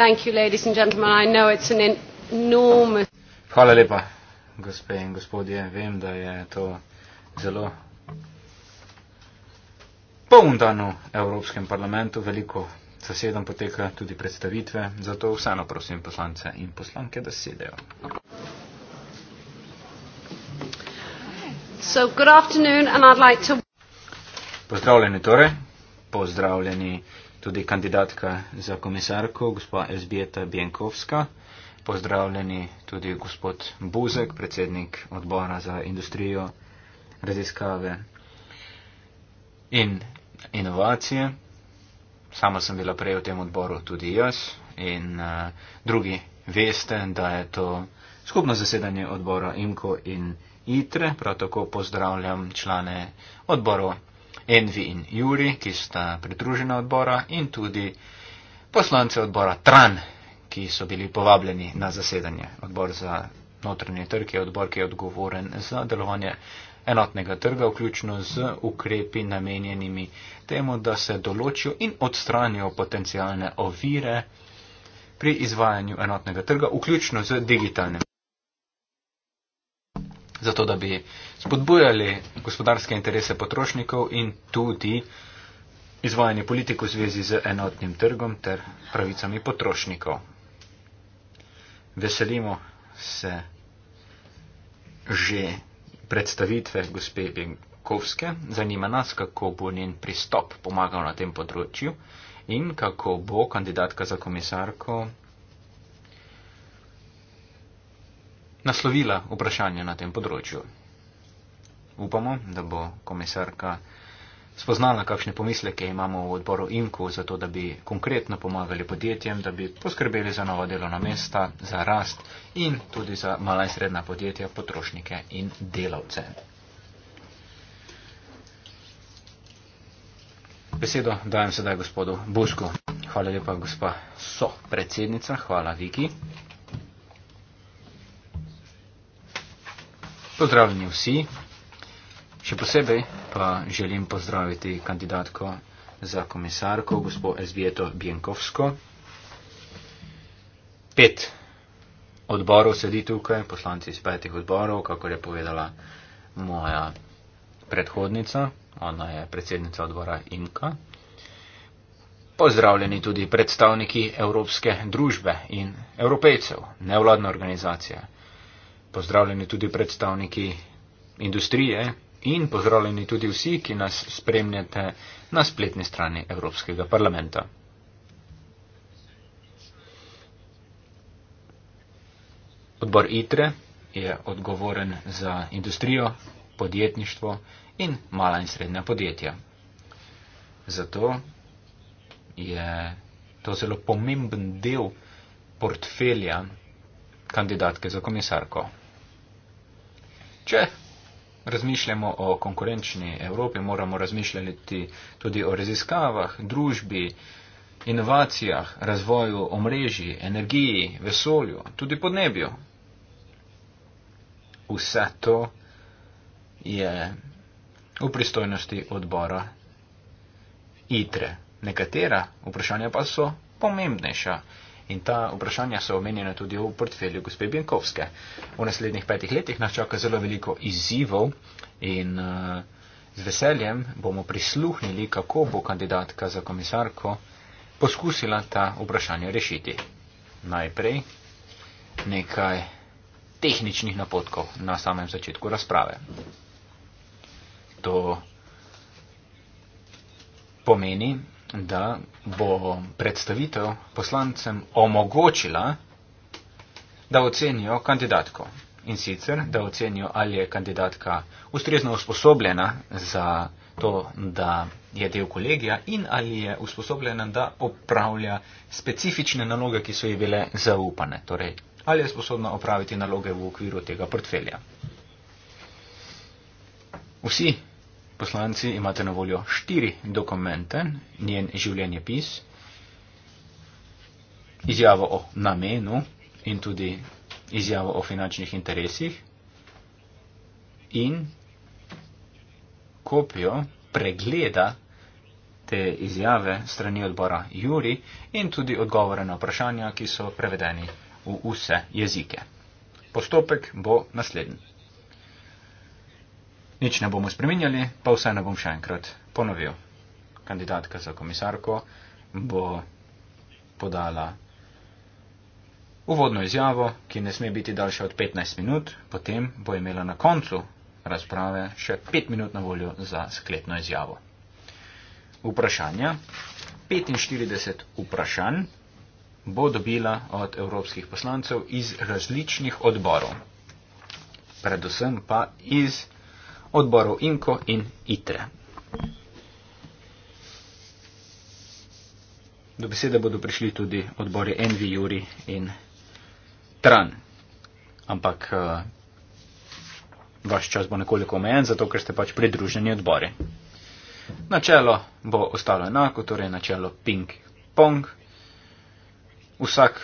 Thank you, ladies and gentlemen. I know it's an enormous... Hvala lepa, gospe in gospodje. Vem, da je to zelo poln dan v Evropskem parlamentu. Veliko zasedam poteka tudi predstavitve, zato vseeno prosim poslance in poslanke, da sedejo. So, good afternoon and I'd like to... Pozdravljeni torej, pozdravljeni tudi kandidatka za komisarko, gospa Elzbieta Bienkovska. Pozdravljeni tudi gospod Buzek, predsednik odbora za industrijo, raziskave in inovacije. Sama sem bila prej v tem odboru tudi jaz in uh, drugi veste, da je to skupno zasedanje odbora IMKO in ITRE. Prav tako pozdravljam člane odborov Envi in Juri, ki sta pridružena odbora, in tudi poslance odbora Tran, ki so bili povabljeni na zasedanje. Odbor za notranje trg je odbor, ki je odgovoren za delovanje enotnega trga, vključno z ukrepi namenjenimi temu, da se določijo in odstranijo potencijalne ovire pri izvajanju enotnega trga, vključno z digitalnim zato da bi spodbujali gospodarske interese potrošnikov in tudi izvajanje politik v zvezi z enotnim trgom ter pravicami potrošnikov. Veselimo se že predstavitve gospe Bjenkovske. Zanima nas, kako bo njen pristop pomagal na tem področju in kako bo kandidatka za komisarko naslovila vprašanje na tem področju. Upamo, da bo komisarka spoznala, kakšne pomisleke imamo v odboru INKU, zato da bi konkretno pomagali podjetjem, da bi poskrbeli za nova delovna mesta, za rast in tudi za mala in srednja podjetja, potrošnike in delavce. Besedo dajem sedaj gospodu Busku. Hvala lepa, gospa so predsednica. Hvala, Viki. Pozdravljeni vsi. Še posebej pa želim pozdraviti kandidatko za komisarko, gospo Elzbieto Bienkovsko. Pet odborov sedi tukaj, poslanci iz petih odborov, kako je povedala moja predhodnica, ona je predsednica odbora IMKA. Pozdravljeni tudi predstavniki Evropske družbe in Evropejcev, nevladne organizacije pozdravljeni tudi predstavniki industrije in pozdravljeni tudi vsi, ki nas spremljate na spletni strani Evropskega parlamenta. Odbor ITRE je odgovoren za industrijo, podjetništvo in mala in srednja podjetja. Zato je to zelo pomemben del portfelja kandidatke za komisarko. Če razmišljamo o konkurenčni Evropi, moramo razmišljati tudi o raziskavah, družbi, inovacijah, razvoju omrežji, energiji, vesolju, tudi podnebju. Vse to je v pristojnosti odbora ITRE. Nekatera vprašanja pa so pomembnejša. In ta vprašanja so omenjena tudi v portfelju gospe Bjankovske. V naslednjih petih letih nas čaka zelo veliko izzivov in uh, z veseljem bomo prisluhnili, kako bo kandidatka za komisarko poskusila ta vprašanja rešiti. Najprej nekaj tehničnih napotkov na samem začetku razprave. To pomeni, da bo predstavitev poslancem omogočila, da ocenijo kandidatko. In sicer, da ocenijo, ali je kandidatka ustrezno usposobljena za to, da je del kolegija in ali je usposobljena, da opravlja specifične naloge, ki so ji bile zaupane. Torej, ali je sposobna opraviti naloge v okviru tega portfelja. Vsi poslanci imate na voljo štiri dokumente, njen življenje pis, izjavo o namenu in tudi izjavo o finančnih interesih in kopijo pregleda te izjave strani odbora Juri in tudi odgovore na vprašanja, ki so prevedeni v vse jezike. Postopek bo naslednji. Nič ne bomo spremenjali, pa vse ne bom še enkrat ponovil. Kandidatka za komisarko bo podala uvodno izjavo, ki ne sme biti daljša od 15 minut, potem bo imela na koncu razprave še 5 minut na voljo za skletno izjavo. Vprašanja. 45 vprašanj bo dobila od evropskih poslancev iz različnih odborov, predvsem pa iz odborov Imko in Itre. Do besede bodo prišli tudi odbori Envi, Juri in Tran. Ampak eh, vaš čas bo nekoliko omejen, zato ker ste pač pridruženi odbori. Načelo bo ostalo enako, torej načelo ping-pong. Vsak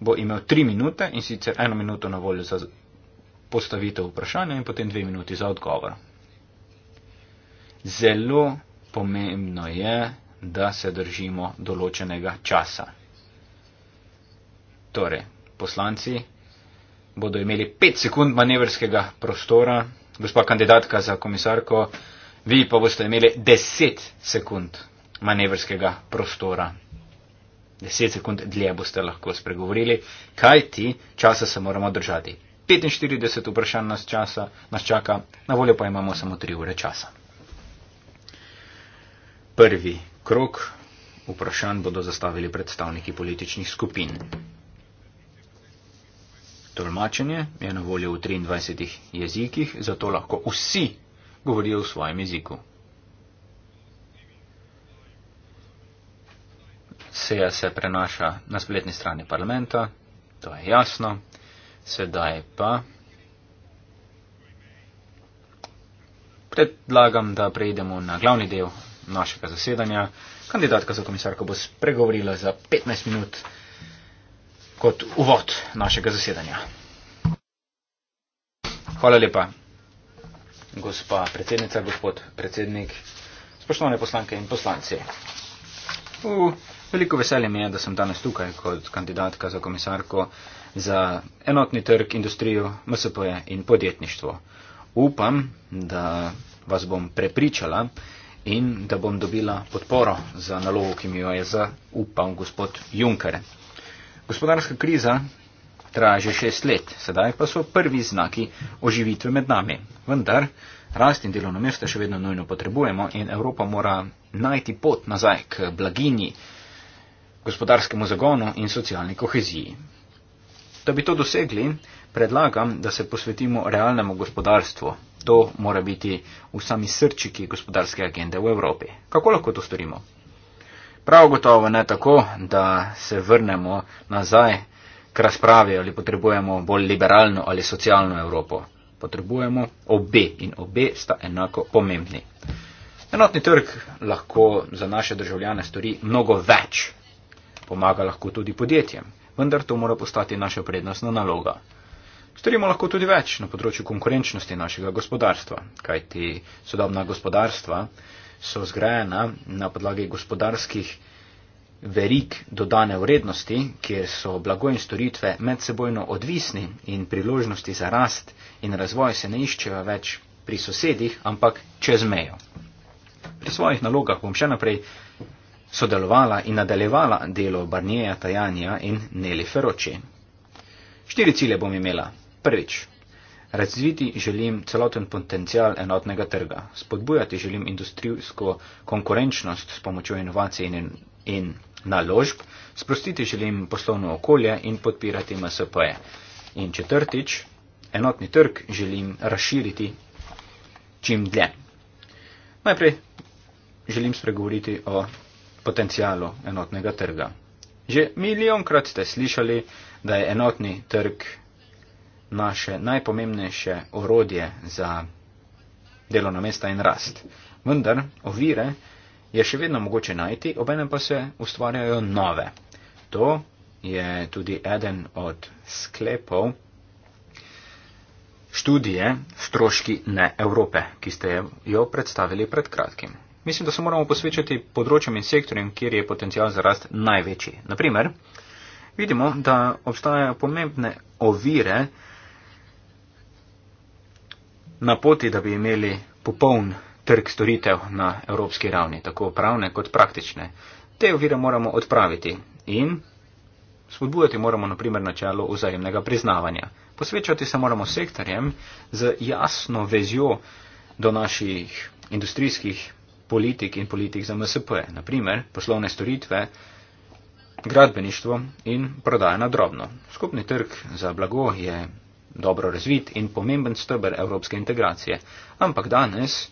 bo imel tri minute in sicer eno minuto na voljo za postavitev vprašanja in potem dve minuti za odgovor. Zelo pomembno je, da se držimo določenega časa. Torej, poslanci bodo imeli pet sekund manevrskega prostora, gospa kandidatka za komisarko, vi pa boste imeli deset sekund manevrskega prostora. Deset sekund dlje boste lahko spregovorili, kaj ti časa se moramo držati. 45 vprašanj nas, časa, nas čaka, na voljo pa imamo samo 3 ure časa. Prvi krok vprašanj bodo zastavili predstavniki političnih skupin. Tolmačenje je na voljo v 23 jezikih, zato lahko vsi govorijo v svojem jeziku. Seja se prenaša na spletni strani parlamenta, to je jasno. Sedaj pa predlagam, da prejdemo na glavni del našega zasedanja. Kandidatka za komisarko bo spregovorila za 15 minut kot uvod našega zasedanja. Hvala lepa, gospa predsednica, gospod predsednik, spoštovane poslanke in poslanci. Veliko veselje mi je, da sem danes tukaj kot kandidatka za komisarko za enotni trg, industrijo, MSP -je in podjetništvo. Upam, da vas bom prepričala in da bom dobila podporo za nalogo, ki mi jo je zaupal gospod Juncker. Gospodarska kriza traja že šest let, sedaj pa so prvi znaki oživitve med nami. Vendar rast in delovno mesto še vedno nujno potrebujemo in Evropa mora najti pot nazaj k blaginji, gospodarskemu zagonu in socialni koheziji. Da bi to dosegli, predlagam, da se posvetimo realnemu gospodarstvu. To mora biti v sami srčiki gospodarske agende v Evropi. Kako lahko to storimo? Prav gotovo ne tako, da se vrnemo nazaj k razpravi, ali potrebujemo bolj liberalno ali socialno Evropo. Potrebujemo obe in obe sta enako pomembni. Enotni trg lahko za naše državljane stori mnogo več. Pomaga lahko tudi podjetjem vendar to mora postati naša prednostna naloga. Storimo lahko tudi več na področju konkurenčnosti našega gospodarstva, kajti sodobna gospodarstva so zgrajena na podlagi gospodarskih verik dodane vrednosti, kjer so blago in storitve medsebojno odvisni in priložnosti za rast in razvoj se ne iščejo več pri sosedih, ampak čez mejo. Pri svojih nalogah bom še naprej sodelovala in nadaljevala delo Barnjeja Tajanja in Neli Feroči. Štiri cilje bom imela. Prvič. Razviti želim celoten potencial enotnega trga. Spodbujati želim industrijsko konkurenčnost s pomočjo inovacij in, in naložb. Sprostiti želim poslovno okolje in podpirati MSP-je. In četrtič. Enotni trg želim razširiti čim dlje. Najprej želim spregovoriti o potencijalu enotnega trga. Že milijonkrat ste slišali, da je enotni trg naše najpomembnejše orodje za delovna mesta in rast. Vendar ovire je še vedno mogoče najti, obenem pa se ustvarjajo nove. To je tudi eden od sklepov študije Stroški ne Evrope, ki ste jo predstavili pred kratkim mislim, da se moramo posvečati področjem in sektorjem, kjer je potencial za rast največji. Naprimer, vidimo, da obstajajo pomembne ovire na poti, da bi imeli popoln trg storitev na evropski ravni, tako pravne kot praktične. Te ovire moramo odpraviti in spodbujati moramo naprimer načelo vzajemnega priznavanja. Posvečati se moramo sektorjem z jasno vezjo do naših industrijskih politik in politik za MSP, naprimer poslovne storitve, gradbeništvo in prodaja na drobno. Skupni trg za blago je dobro razvit in pomemben stebr evropske integracije, ampak danes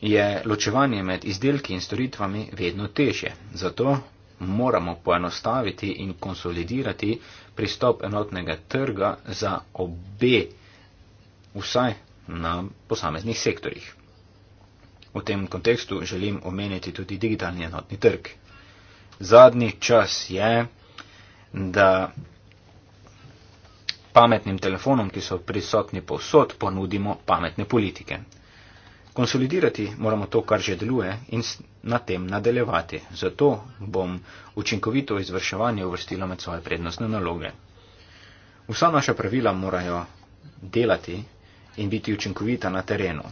je ločevanje med izdelki in storitvami vedno težje. Zato moramo poenostaviti in konsolidirati pristop enotnega trga za obe, vsaj na posameznih sektorjih. V tem kontekstu želim omeniti tudi digitalni enotni trg. Zadnji čas je, da pametnim telefonom, ki so prisotni povsod, ponudimo pametne politike. Konsolidirati moramo to, kar že deluje in na tem nadaljevati. Zato bom učinkovito izvrševanje uvrstila med svoje prednostne naloge. Vsa naša pravila morajo delati in biti učinkovita na terenu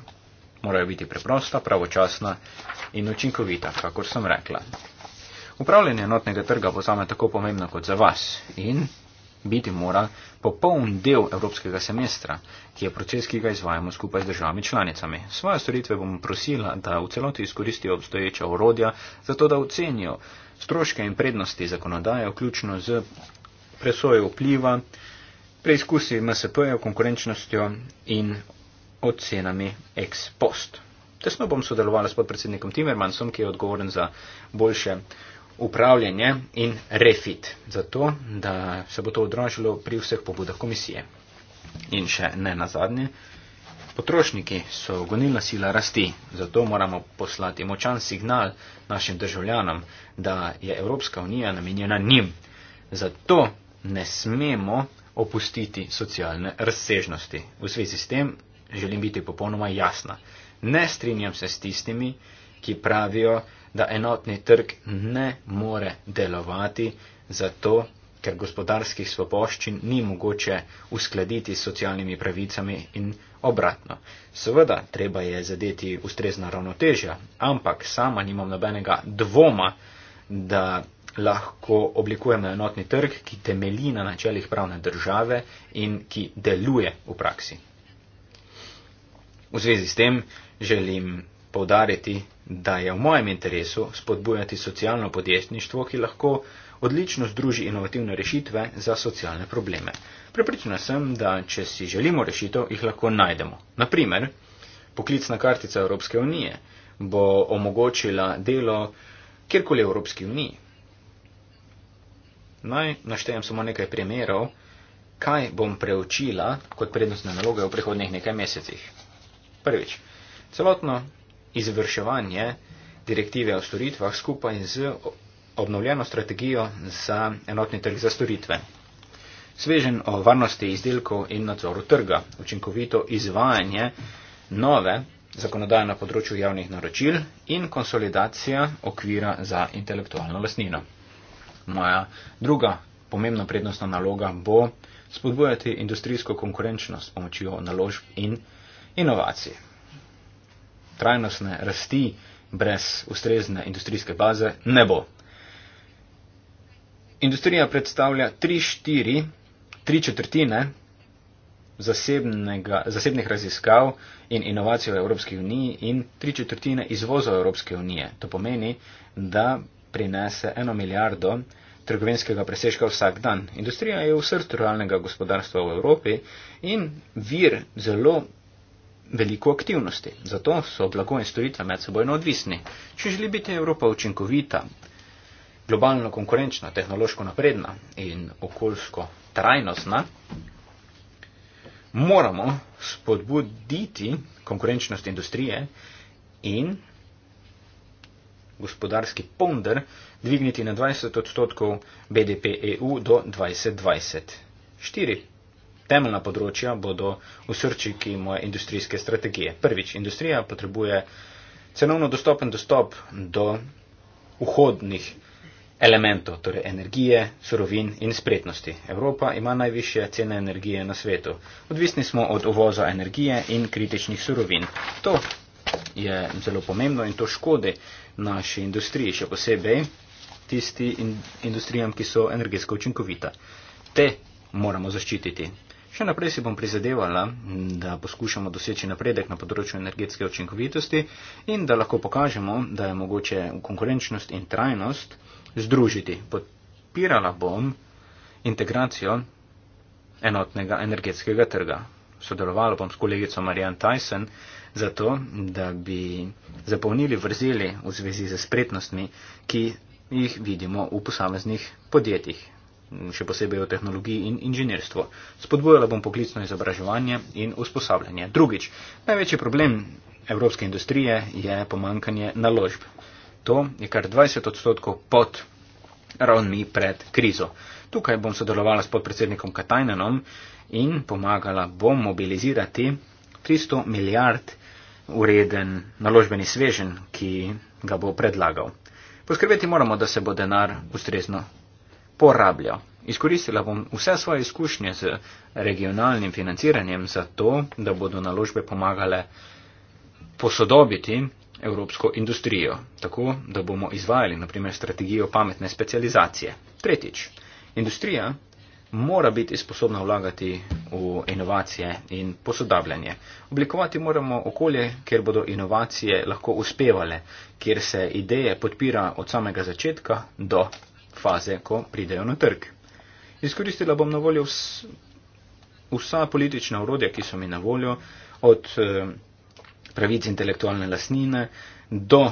morajo biti preprosta, pravočasna in učinkovita, kakor sem rekla. Upravljanje enotnega trga bo zame tako pomembno kot za vas in biti mora popoln del evropskega semestra, ki je proces, ki ga izvajamo skupaj z državami članicami. Svoje storitve bom prosila, da v celoti izkoristijo obstoječa orodja, zato da ocenijo stroške in prednosti zakonodaje, vključno z presojo vpliva, preizkusi MSP-jev konkurenčnostjo in ocenami ex post. Tesno bom sodelovala s podpredsednikom Timermansom, ki je odgovoren za boljše upravljanje in refit, zato da se bo to odražilo pri vseh pobudah komisije. In še ne na zadnje, potrošniki so gonilna sila rasti, zato moramo poslati močan signal našim državljanom, da je Evropska unija namenjena njim. Zato ne smemo opustiti socialne razsežnosti. V zvezi s tem želim biti popolnoma jasna. Ne strinjam se s tistimi, ki pravijo, da enotni trg ne more delovati zato, ker gospodarskih svoboščin ni mogoče uskladiti s socialnimi pravicami in obratno. Seveda, treba je zadeti ustrezna ravnotežja, ampak sama nimam nobenega dvoma, da lahko oblikujemo enotni trg, ki temelji na načelih pravne države in ki deluje v praksi. V zvezi s tem želim povdariti, da je v mojem interesu spodbujati socialno podjetništvo, ki lahko odlično združi inovativne rešitve za socialne probleme. Prepričana sem, da če si želimo rešitev, jih lahko najdemo. Naprimer, poklicna kartica Evropske unije bo omogočila delo kjerkoli Evropski uniji. Naj naštejem samo nekaj primerov, kaj bom preučila kot prednostne naloge v prihodnjih nekaj mesecih. Prvič, celotno izvrševanje direktive o storitvah skupaj z obnovljeno strategijo za enotni trg za storitve. Svežen o varnosti izdelkov in nadzoru trga, učinkovito izvajanje nove zakonodaje na področju javnih naročil in konsolidacija okvira za intelektualno lasnino. Moja druga pomembna prednostna naloga bo spodbujati industrijsko konkurenčnost s pomočjo naložb in naložb inovacije. Trajnostne rasti brez ustrezne industrijske baze ne bo. Industrija predstavlja 3-4 četrtine zasebnega, zasebnih raziskav in inovacij v Evropski uniji in 3 četrtine izvoza Evropske unije. To pomeni, da prinese eno milijardo trgovinskega presežka vsak dan. Industrija je v srcu realnega gospodarstva v Evropi in vir zelo veliko aktivnosti. Zato so blago in storitve med sebojno odvisni. Če želi biti Evropa učinkovita, globalno konkurenčna, tehnološko napredna in okoljsko trajnostna, moramo spodbuditi konkurenčnost industrije in gospodarski ponder dvigniti na 20 odstotkov BDP EU do 2020. 4 temeljna področja bodo usrčiki moje industrijske strategije. Prvič, industrija potrebuje cenovno dostopen dostop do vhodnih elementov, torej energije, surovin in spretnosti. Evropa ima najviše cene energije na svetu. Odvisni smo od uvoza energije in kritičnih surovin. To je zelo pomembno in to škodi naši industriji, še posebej tisti in industrijam, ki so energetsko učinkovita. Te moramo zaščititi. Še naprej si bom prizadevala, da poskušamo doseči napredek na področju energetske učinkovitosti in da lahko pokažemo, da je mogoče konkurenčnost in trajnost združiti. Podpirala bom integracijo enotnega energetskega trga. Sodelovala bom s kolegico Marian Tyson zato, da bi zapolnili vrzeli v zvezi z spretnostmi, ki jih vidimo v posameznih podjetjih še posebej o tehnologiji in inženirstvo. Spodbujala bom poklicno izobraževanje in usposabljanje. Drugič, največji problem evropske industrije je pomankanje naložb. To je kar 20 odstotkov pod ravni pred krizo. Tukaj bom sodelovala s podpredsednikom Katajnenom in pomagala bom mobilizirati 300 milijard ureden naložbeni svežen, ki ga bo predlagal. Poskrbeti moramo, da se bo denar ustrezno porablja. Izkoristila bom vse svoje izkušnje z regionalnim financiranjem za to, da bodo naložbe pomagale posodobiti evropsko industrijo, tako da bomo izvajali naprimer strategijo pametne specializacije. Tretjič, industrija mora biti sposobna vlagati v inovacije in posodabljanje. Oblikovati moramo okolje, kjer bodo inovacije lahko uspevale, kjer se ideje podpira od samega začetka do faze, ko pridejo na trg. Izkoristila bom na voljo vs, vsa politična urodja, ki so mi na voljo, od eh, pravic intelektualne lasnine do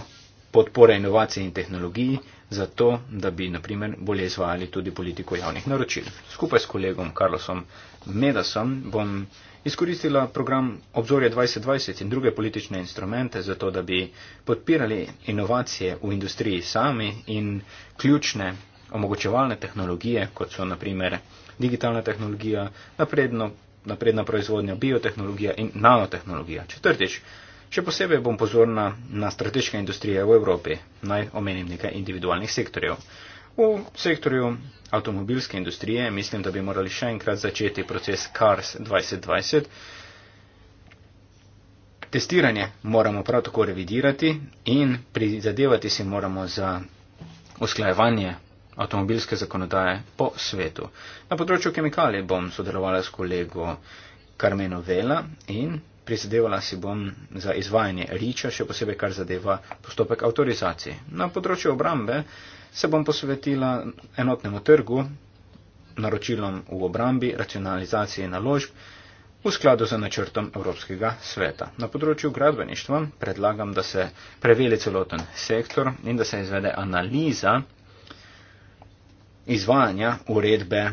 podpore inovacij in tehnologij, zato da bi, na primer, bolje izvajali tudi politiko javnih naročil. Skupaj s kolegom Karlosom Medasom bom izkoristila program Obzorje 2020 in druge politične instrumente, zato da bi podpirali inovacije v industriji sami in ključne omogočevalne tehnologije, kot so naprimer digitalna tehnologija, napredno, napredna proizvodnja, biotehnologija in nanotehnologija. Četrtič, še posebej bom pozorna na strateške industrije v Evropi. Naj omenim nekaj individualnih sektorjev. V sektorju avtomobilske industrije mislim, da bi morali še enkrat začeti proces CARS 2020. Testiranje moramo prav tako revidirati in prizadevati si moramo za usklajevanje avtomobilske zakonodaje po svetu. Na področju kemikalij bom sodelovala s kolego Karmeno Vela in prizadevala si bom za izvajanje riča, še posebej kar zadeva postopek avtorizacije. Na področju obrambe se bom posvetila enotnemu trgu, naročilom v obrambi, racionalizaciji naložb v skladu z načrtom Evropskega sveta. Na področju gradbeništva predlagam, da se preveli celoten sektor in da se izvede analiza izvajanja uredbe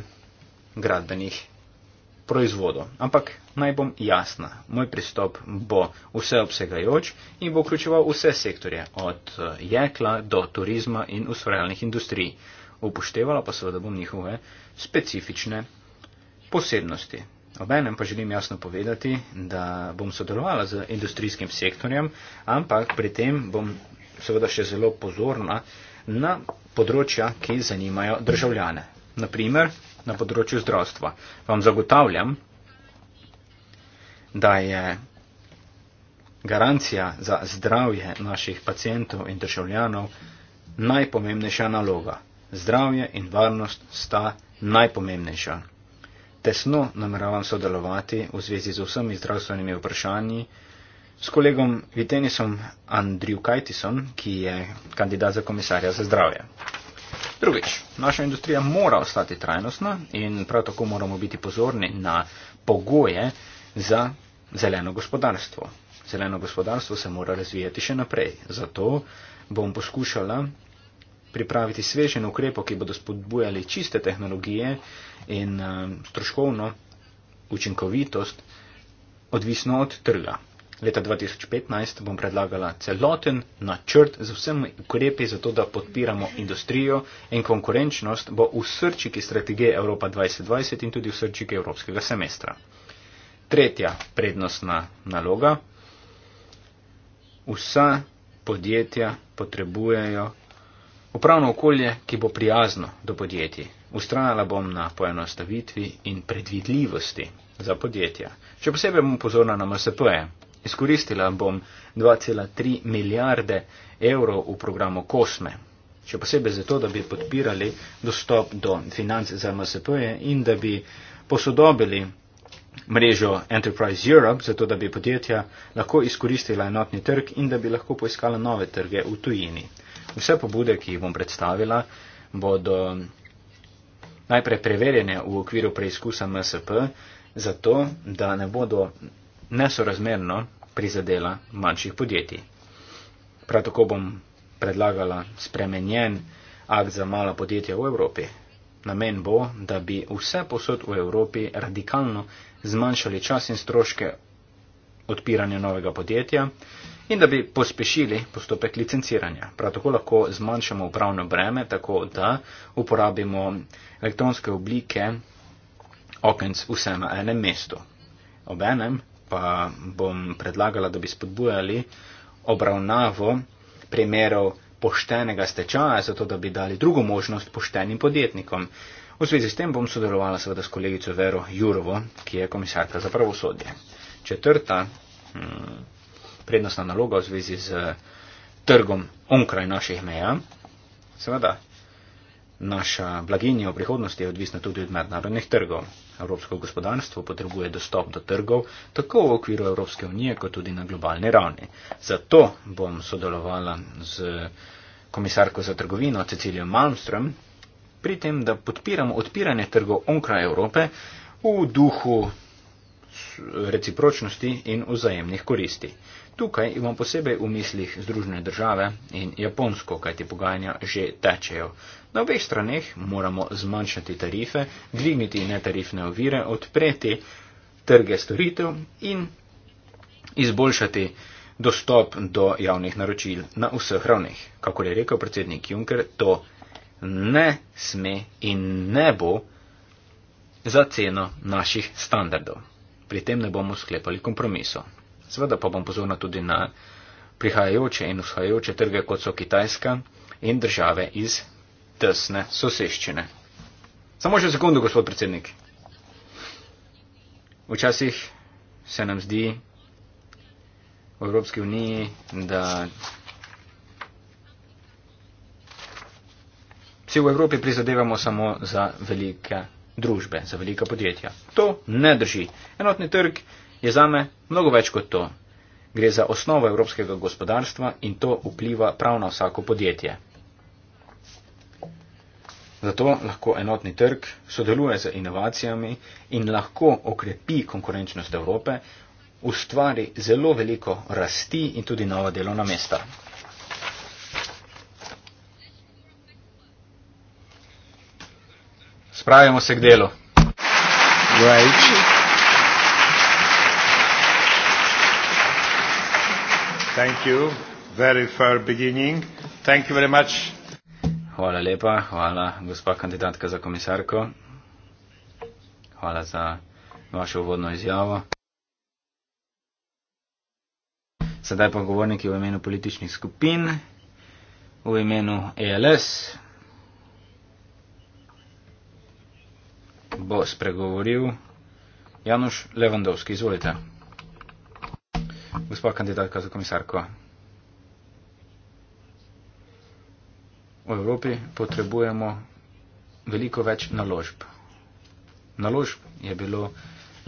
gradbenih proizvodov. Ampak naj bom jasna, moj pristop bo vseobsegajoč in bo vključeval vse sektorje, od eh, jekla do turizma in ustvarjalnih industrij. Upoštevala pa seveda bom njihove specifične posebnosti. Obenem pa želim jasno povedati, da bom sodelovala z industrijskim sektorjem, ampak pri tem bom seveda še zelo pozorna, na področja, ki zanimajo državljane. Naprimer, na področju zdravstva. Vam zagotavljam, da je garancija za zdravje naših pacijentov in državljanov najpomembnejša naloga. Zdravje in varnost sta najpomembnejša. Tesno nameravam sodelovati v zvezi z vsemi zdravstvenimi vprašanji, S kolegom Vitenisom Andriju Kajtisom, ki je kandidat za komisarja za zdravje. Drugič, naša industrija mora ostati trajnostna in prav tako moramo biti pozorni na pogoje za zeleno gospodarstvo. Zeleno gospodarstvo se mora razvijati še naprej. Zato bom poskušala pripraviti svežen ukrep, ki bodo spodbujali čiste tehnologije in eh, stroškovno učinkovitost, odvisno od trga leta 2015 bom predlagala celoten načrt z vsemi ukrepi za to, da podpiramo industrijo in konkurenčnost bo v srčiki strategije Evropa 2020 in tudi v srčiki evropskega semestra. Tretja prednostna naloga. Vsa podjetja potrebujejo upravno okolje, ki bo prijazno do podjetij. Ustrajala bom na poenostavitvi in predvidljivosti za podjetja. Še posebej bom pozorna na MSP-je, Izkoristila bom 2,3 milijarde evrov v programu Kosme, še posebej zato, da bi podpirali dostop do financ za MSP-je in da bi posodobili mrežo Enterprise Europe, zato da bi podjetja lahko izkoristila enotni trg in da bi lahko poiskala nove trge v tujini. Vse pobude, ki jih bom predstavila, bodo najprej preverjene v okviru preizkusa MSP, zato da ne bodo nesorazmerno prizadela manjših podjetij. Prav tako bom predlagala spremenjen akt za mala podjetja v Evropi. Namen bo, da bi vse posod v Evropi radikalno zmanjšali čas in stroške odpiranja novega podjetja in da bi pospešili postopek licenciranja. Prav tako lahko zmanjšamo upravno breme, tako da uporabimo elektronske oblike okens vse na enem mestu. Obenem pa bom predlagala, da bi spodbujali obravnavo primerov poštenega stečaja, zato da bi dali drugo možnost poštenim podjetnikom. V zvezi s tem bom sodelovala seveda s kolegico Vero Jurovo, ki je komisarka za pravosodje. Četrta hm, prednostna naloga v zvezi z trgom onkraj naših meja. Seveda, naša blaginja v prihodnosti je odvisna tudi od mednarodnih trgov. Evropsko gospodarstvo potrebuje dostop do trgov tako v okviru Evropske unije, kot tudi na globalni ravni. Zato bom sodelovala z komisarko za trgovino Cecilijo Malmström pri tem, da podpiramo odpiranje trgov onkraj Evrope v duhu recipročnosti in vzajemnih koristi. Tukaj imam posebej v mislih Združene države in Japonsko, kajti pogajanja že tečejo. Na obeh straneh moramo zmanjšati tarife, dvigniti netarifne ovire, odpreti trge storitev in izboljšati dostop do javnih naročil na vseh ravneh. Kako je rekel predsednik Juncker, to ne sme in ne bo za ceno naših standardov. Pri tem ne bomo sklepali kompromisov. Sveda pa bom pozorna tudi na prihajajoče in vzhajajoče trge, kot so Kitajska in države iz tesne soseščine. Samo še sekundu, gospod predsednik. Včasih se nam zdi v Evropski uniji, da si v Evropi prizadevamo samo za velike družbe, za velika podjetja. To ne drži. Enotni trg je zame mnogo več kot to. Gre za osnovo evropskega gospodarstva in to vpliva prav na vsako podjetje. Zato lahko enotni trg sodeluje z inovacijami in lahko okrepi konkurenčnost Evrope, ustvari zelo veliko rasti in tudi nova delovna mesta. Spravimo se k delu. Great. Thank you. Very fair beginning. Thank you very much. Hvala lepa, hvala gospa kandidatka za komisarko. Hvala za vašo uvodno izjavo. Sedaj pa govorniki v imenu političnih skupin, v imenu ELS. Bo spregovoril Januš Levandovski, izvolite. Gospa kandidatka za komisarko, v Evropi potrebujemo veliko več naložb. Naložb je bilo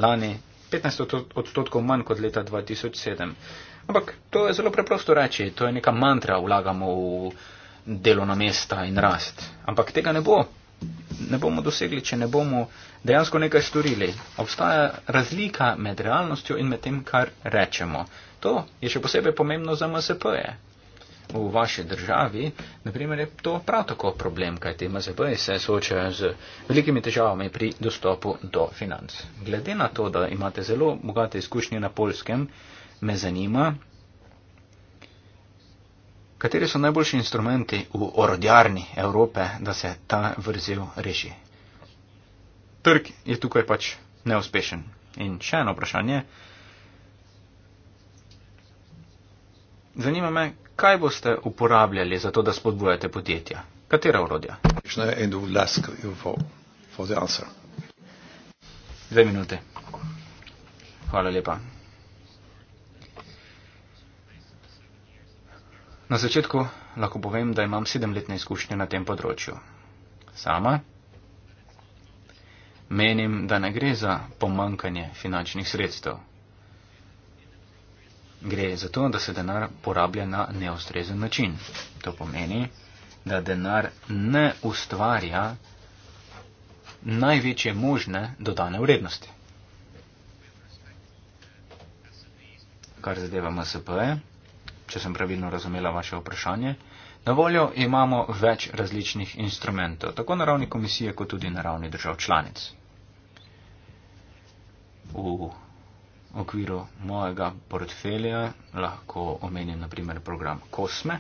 lani 15 odstotkov manj kot leta 2007. Ampak to je zelo preprosto reči, to je neka mantra, vlagamo v delovna mesta in rast. Ampak tega ne bo. Ne bomo dosegli, če ne bomo dejansko nekaj storili. Obstaja razlika med realnostjo in med tem, kar rečemo. To je še posebej pomembno za MSP-je, v vaši državi, naprimer, je to prav tako problem, kaj te MZB se soočajo z velikimi težavami pri dostopu do financ. Glede na to, da imate zelo bogate izkušnje na polskem, me zanima, kateri so najboljši instrumenti v orodjarni Evrope, da se ta vrzel reši. Trg je tukaj pač neuspešen. In še eno vprašanje. Zanima me, kaj boste uporabljali za to, da spodbujate podjetja? Katera urodja? Dve minute. Hvala lepa. Na začetku lahko povem, da imam sedemletne izkušnje na tem področju. Sama menim, da ne gre za pomankanje finančnih sredstev gre za to, da se denar porablja na neustrezen način. To pomeni, da denar ne ustvarja največje možne dodane vrednosti. Kar zadeva MSP-je, če sem pravilno razumela vaše vprašanje, na voljo imamo več različnih instrumentov, tako na ravni komisije, kot tudi na ravni držav članic. V okviru mojega portfelja lahko omenim naprimer program Kosme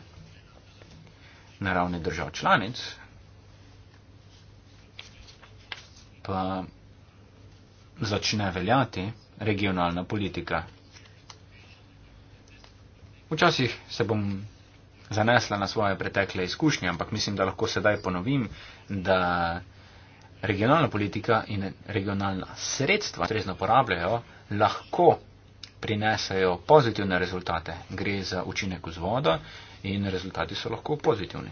na ravni držav članic, pa začne veljati regionalna politika. Včasih se bom zanesla na svoje pretekle izkušnje, ampak mislim, da lahko sedaj ponovim, da regionalna politika in regionalna sredstva, ustrezno porabljajo, lahko prinesajo pozitivne rezultate. Gre za učinek z vodo in rezultati so lahko pozitivni.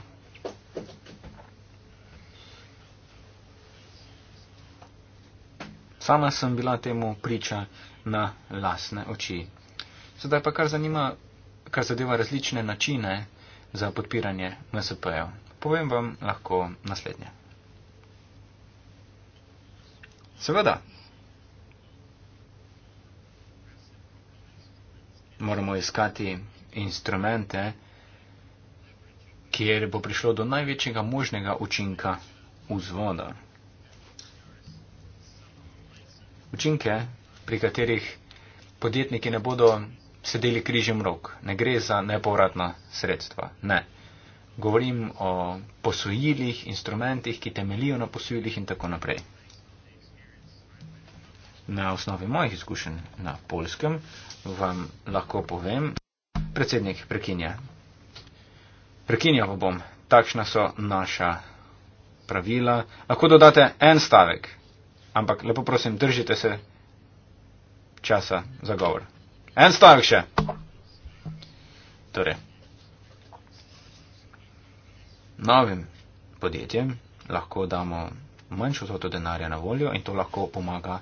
Sama sem bila temu priča na lasne oči. Sedaj pa kar zanima, kar zadeva različne načine za podpiranje MSP-jev. Povem vam lahko naslednje. Seveda. Moramo iskati instrumente, kjer bo prišlo do največjega možnega učinka vzvoda. Učinke, pri katerih podjetniki ne bodo sedeli križem rok. Ne gre za nepovratna sredstva. Ne. Govorim o posojilih, instrumentih, ki temelijo na posojilih in tako naprej na osnovi mojih izkušenj na polskem vam lahko povem, predsednik prekinja. Prekinja pa bom. Takšna so naša pravila. Lahko dodate en stavek, ampak lepo prosim, držite se časa za govor. En stavek še. Torej, novim podjetjem lahko damo manjšo zoto denarja na voljo in to lahko pomaga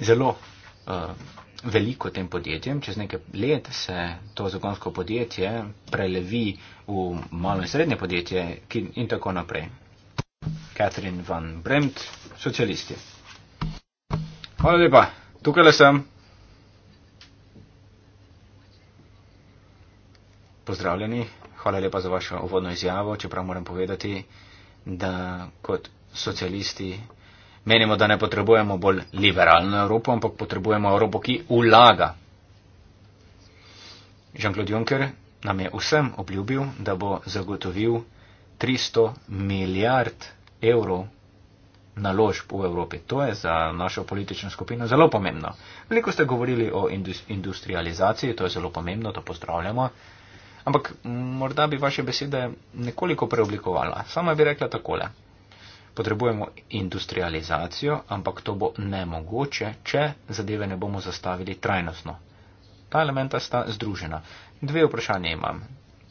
zelo uh, veliko tem podjetjem. Čez nekaj let se to zakonsko podjetje prelevi v malo in srednje podjetje in tako naprej. Catherine van Bremt, socialisti. Hvala lepa, tukaj le sem. Pozdravljeni, hvala lepa za vašo uvodno izjavo, čeprav moram povedati, da kot socialisti Menimo, da ne potrebujemo bolj liberalno Evropo, ampak potrebujemo Evropo, ki vlaga. Jean-Claude Juncker nam je vsem obljubil, da bo zagotovil 300 milijard evrov naložb v Evropi. To je za našo politično skupino zelo pomembno. Veliko ste govorili o industrializaciji, to je zelo pomembno, to pozdravljamo. Ampak morda bi vaše besede nekoliko preoblikovala. Sama bi rekla takole. Potrebujemo industrializacijo, ampak to bo nemogoče, če zadeve ne bomo zastavili trajnostno. Ta elementa sta združena. Dve vprašanje imam.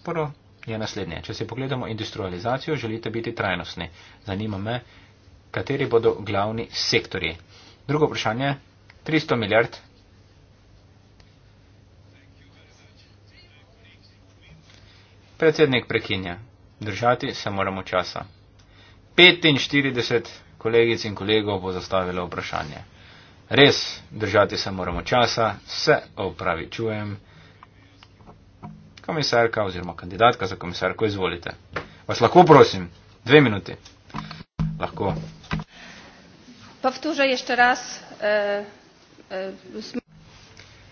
Prvo je naslednje. Če si pogledamo industrializacijo, želite biti trajnostni. Zanima me, kateri bodo glavni sektori. Drugo vprašanje. 300 milijard. Predsednik prekinja. Držati se moramo časa. 45 kolegic in kolegov bo zastavilo vprašanje. Res, držati se moramo časa, se opravičujem. Komisarka oziroma kandidatka za komisarko, izvolite. Vas lahko prosim, dve minuti. Lahko. Povtuže ešte raz. Eh, eh,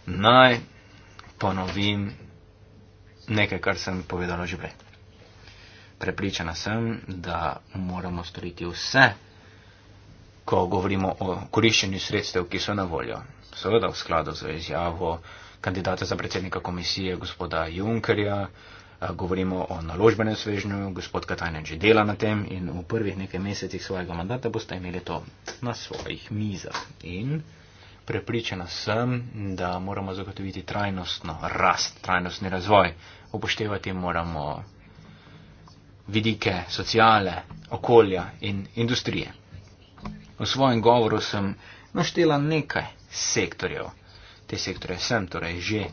Naj ponovim nekaj, kar sem povedala že prej. Prepričana sem, da moramo storiti vse, ko govorimo o koriščenju sredstev, ki so na voljo. Seveda v skladu z izjavo kandidata za predsednika komisije, gospoda Junkerja, govorimo o naložbenem svežnju, gospod Katajne že dela na tem in v prvih nekaj mesecih svojega mandata boste imeli to na svojih mizah. In prepričana sem, da moramo zagotoviti trajnostno rast, trajnostni razvoj. Upoštevati moramo vidike sociale, okolja in industrije. V svojem govoru sem naštela nekaj sektorjev. Te sektore sem torej že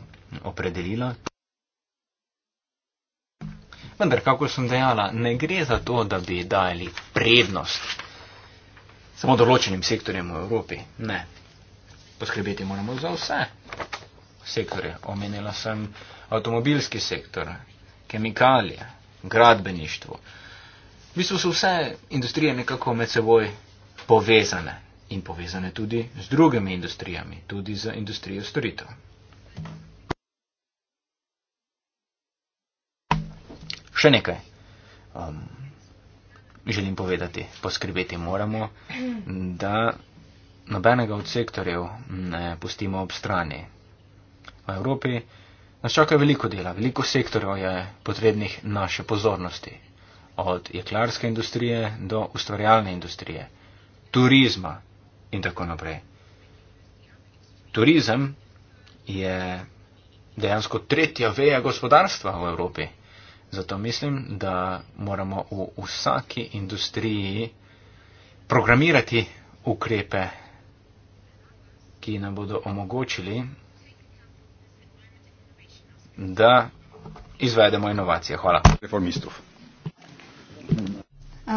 opredelila. Vendar, kako sem dejala, ne gre za to, da bi dajali prednost samo določenim sektorjem v Evropi. Ne. Poskrbeti moramo za vse sektorje. Omenila sem avtomobilski sektor, kemikalije, gradbeništvu. V bistvu so vse industrije nekako med seboj povezane in povezane tudi z drugimi industrijami, tudi z industrijo storitev. Še nekaj um, želim povedati, poskrbeti moramo, da nobenega od sektorjev ne pustimo ob strani. V Evropi Nas čaka veliko dela, veliko sektorjev je potrebnih naše pozornosti. Od jeklarske industrije do ustvarjalne industrije, turizma in tako naprej. Turizem je dejansko tretja veja gospodarstva v Evropi. Zato mislim, da moramo v vsaki industriji programirati ukrepe, ki nam bodo omogočili, da izvedemo inovacije. Hvala. Reformistov.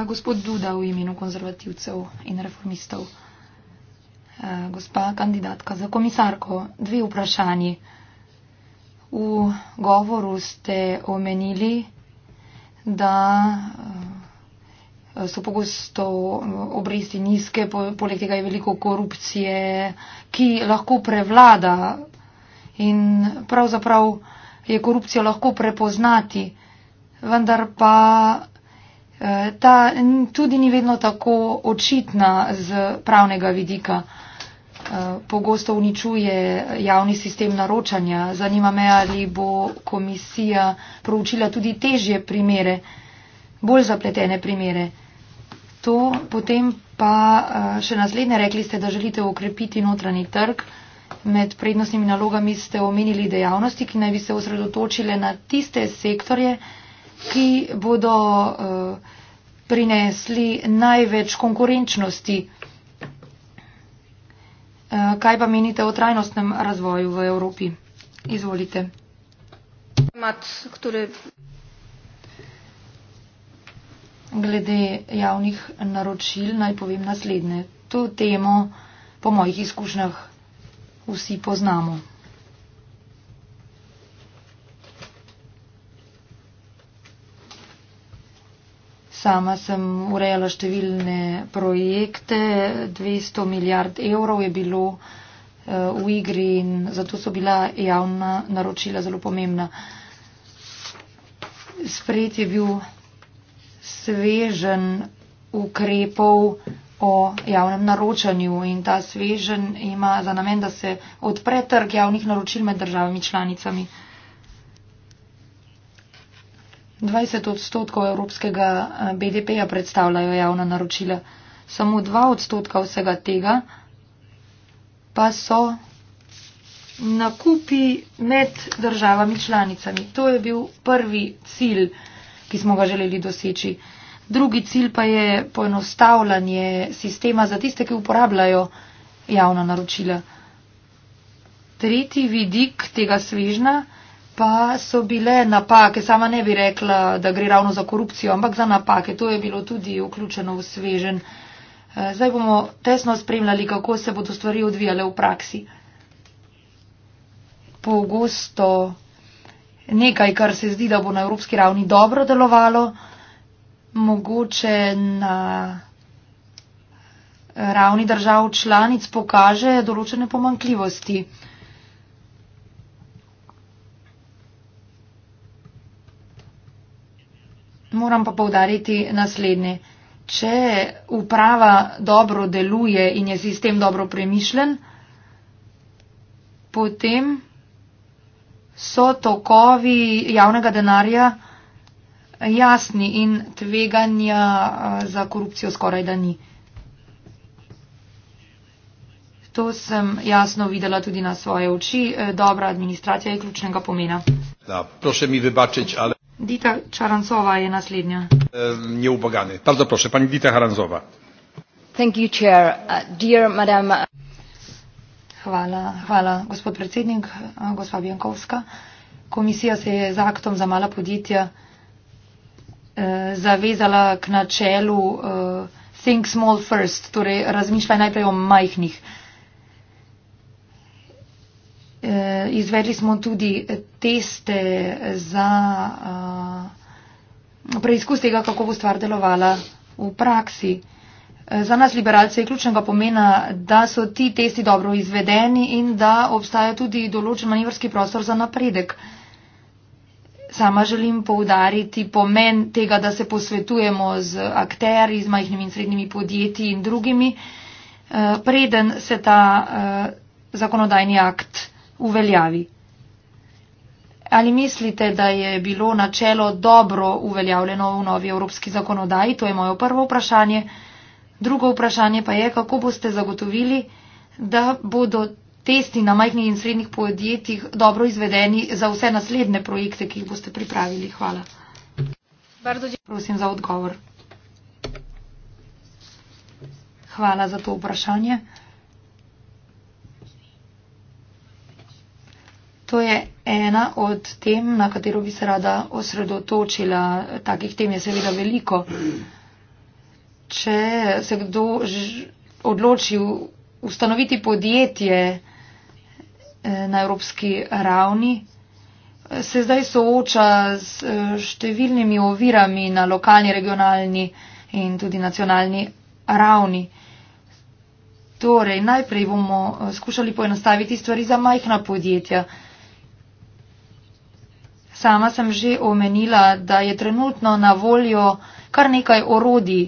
Gospod Duda v imenu konzervativcev in reformistov. Gospa kandidatka za komisarko, dve vprašanji. V govoru ste omenili, da so pogosto obresti nizke, poleg tega je veliko korupcije, ki lahko prevlada. In pravzaprav je korupcijo lahko prepoznati, vendar pa eh, ta tudi ni vedno tako očitna z pravnega vidika. Eh, pogosto uničuje javni sistem naročanja. Zanima me, ali bo komisija proučila tudi težje primere, bolj zapletene primere. To potem pa eh, še naslednje, rekli ste, da želite ukrepiti notranji trg. Med prednostnimi nalogami ste omenili dejavnosti, ki naj bi se osredotočile na tiste sektorje, ki bodo eh, prinesli največ konkurenčnosti. Eh, kaj pa menite o trajnostnem razvoju v Evropi? Izvolite. Glede javnih naročil naj povem naslednje. To temo po mojih izkušnjah vsi poznamo. Sama sem urejala številne projekte, 200 milijard evrov je bilo eh, v igri in zato so bila javna naročila zelo pomembna. Sprejet je bil svežen ukrepov o javnem naročanju in ta svežen ima za namen, da se odpre trg javnih naročil med državami članicami. 20 odstotkov evropskega eh, BDP-ja predstavljajo javna naročila. Samo 2 odstotka vsega tega pa so nakupi med državami članicami. To je bil prvi cilj, ki smo ga želeli doseči. Drugi cilj pa je poenostavljanje sistema za tiste, ki uporabljajo javna naročila. Tretji vidik tega svežna pa so bile napake. Sama ne bi rekla, da gre ravno za korupcijo, ampak za napake. To je bilo tudi vključeno v svežen. Eh, zdaj bomo tesno spremljali, kako se bodo stvari odvijale v praksi. Pogosto nekaj, kar se zdi, da bo na evropski ravni dobro delovalo, mogoče na ravni držav članic pokaže določene pomankljivosti. Moram pa povdariti naslednje. Če uprava dobro deluje in je sistem dobro premišljen, potem so tokovi javnega denarja jasni in tveganja za korupcijo skoraj da ni. To sem jasno videla tudi na svoje oči. E, dobra administracija je ključnega pomena. Da, prosim mi vybačiť, ale... Dita Čarancova je naslednja. E, nie ubagany. Bardzo proszę, pani Dita Čarancova. Thank you, Chair. Uh, dear Madam... Hvala, hvala, gospod predsednik, gospa Bjankovska. Komisija se je z aktom za mala podjetja Eh, zavezala k načelu uh, think small first, torej razmišljaj najprej o majhnih. Eh, izvedli smo tudi teste za preizkus tega, kako bo stvar delovala v praksi. Za nas liberalce je ključnega pomena, da so ti testi dobro izvedeni in da obstaja tudi določen manjvrski prostor za napredek. Sama želim poudariti pomen tega, da se posvetujemo z akteri, z majhnimi in srednjimi podjetji in drugimi, eh, preden se ta eh, zakonodajni akt uveljavi. Ali mislite, da je bilo načelo dobro uveljavljeno v novi evropski zakonodaji? To je moje prvo vprašanje. Drugo vprašanje pa je, kako boste zagotovili, da bodo testi na majhnih in srednjih podjetjih dobro izvedeni za vse naslednje projekte, ki jih boste pripravili? Hvala. Prosim za odgovor. Hvala za to vprašanje. To je ena od tem, na katero bi se rada osredotočila. Takih tem je seveda veliko. Če se kdo odloči ustanoviti podjetje, Eh, na evropski ravni, eh, se zdaj sooča z eh, številnimi ovirami na lokalni, regionalni in tudi nacionalni ravni. Torej, najprej bomo skušali poenostaviti stvari za majhna podjetja. Sama sem že omenila, da je trenutno na voljo kar nekaj orodij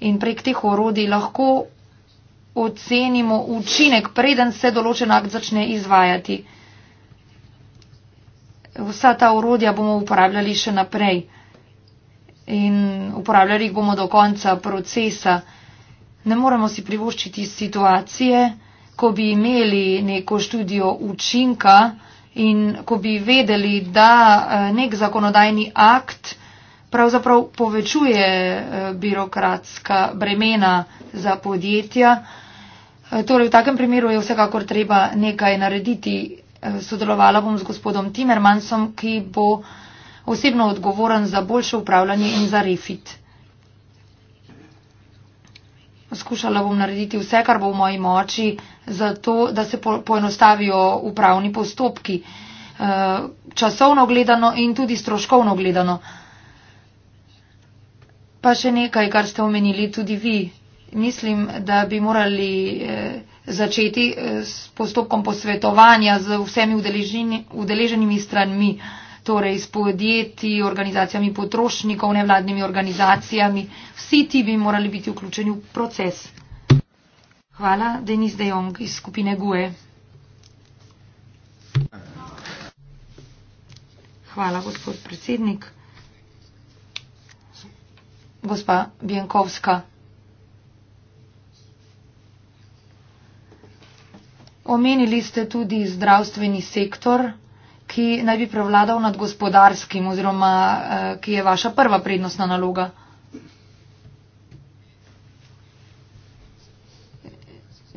in prek teh orodij lahko ocenimo učinek, preden se določen akt začne izvajati. Vsa ta urodja bomo uporabljali še naprej in uporabljali jih bomo do konca procesa. Ne moremo si privoščiti situacije, ko bi imeli neko študijo učinka in ko bi vedeli, da eh, nek zakonodajni akt pravzaprav povečuje eh, birokratska bremena za podjetja. Eh, torej, v takem primeru je vsekakor treba nekaj narediti. Eh, sodelovala bom z gospodom Timmermansom, ki bo osebno odgovoren za boljše upravljanje in za refit. Skušala bom narediti vse, kar bo v moji moči, zato, da se poenostavijo upravni postopki, časovno gledano in tudi stroškovno gledano. Pa še nekaj, kar ste omenili tudi vi. Mislim, da bi morali eh, začeti eh, s postopkom posvetovanja z vsemi udeleženimi stranmi, torej s podjetji, organizacijami potrošnikov, nevladnimi organizacijami. Vsi ti bi morali biti vključeni v proces. Hvala, Denis De Jong iz skupine GUE. Hvala, gospod predsednik gospa Bienkovska. Omenili ste tudi zdravstveni sektor, ki naj bi prevladal nad gospodarskim oziroma eh, ki je vaša prva prednostna naloga.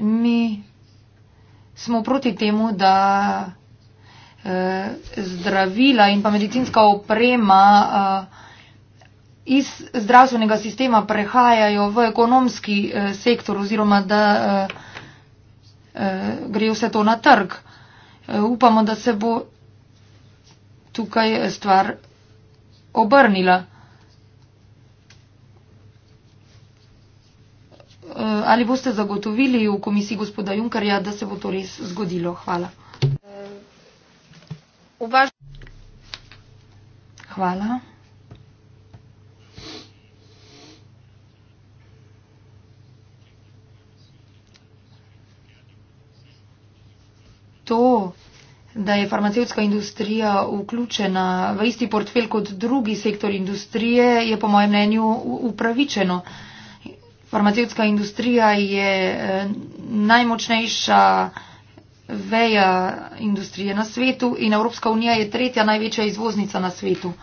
Mi smo proti temu, da eh, zdravila in pa medicinska oprema eh, iz zdravstvenega sistema prehajajo v ekonomski eh, sektor oziroma da eh, eh, gre vse to na trg. Upamo, da se bo tukaj stvar obrnila. Ali boste zagotovili v komisiji gospoda Junkarja, da se bo to res zgodilo? Hvala. Hvala. to, da je farmacevtska industrija vključena v isti portfelj kot drugi sektor industrije, je po mojem mnenju upravičeno. Farmacevtska industrija je eh, najmočnejša veja industrije na svetu in Evropska unija je tretja največja izvoznica na svetu.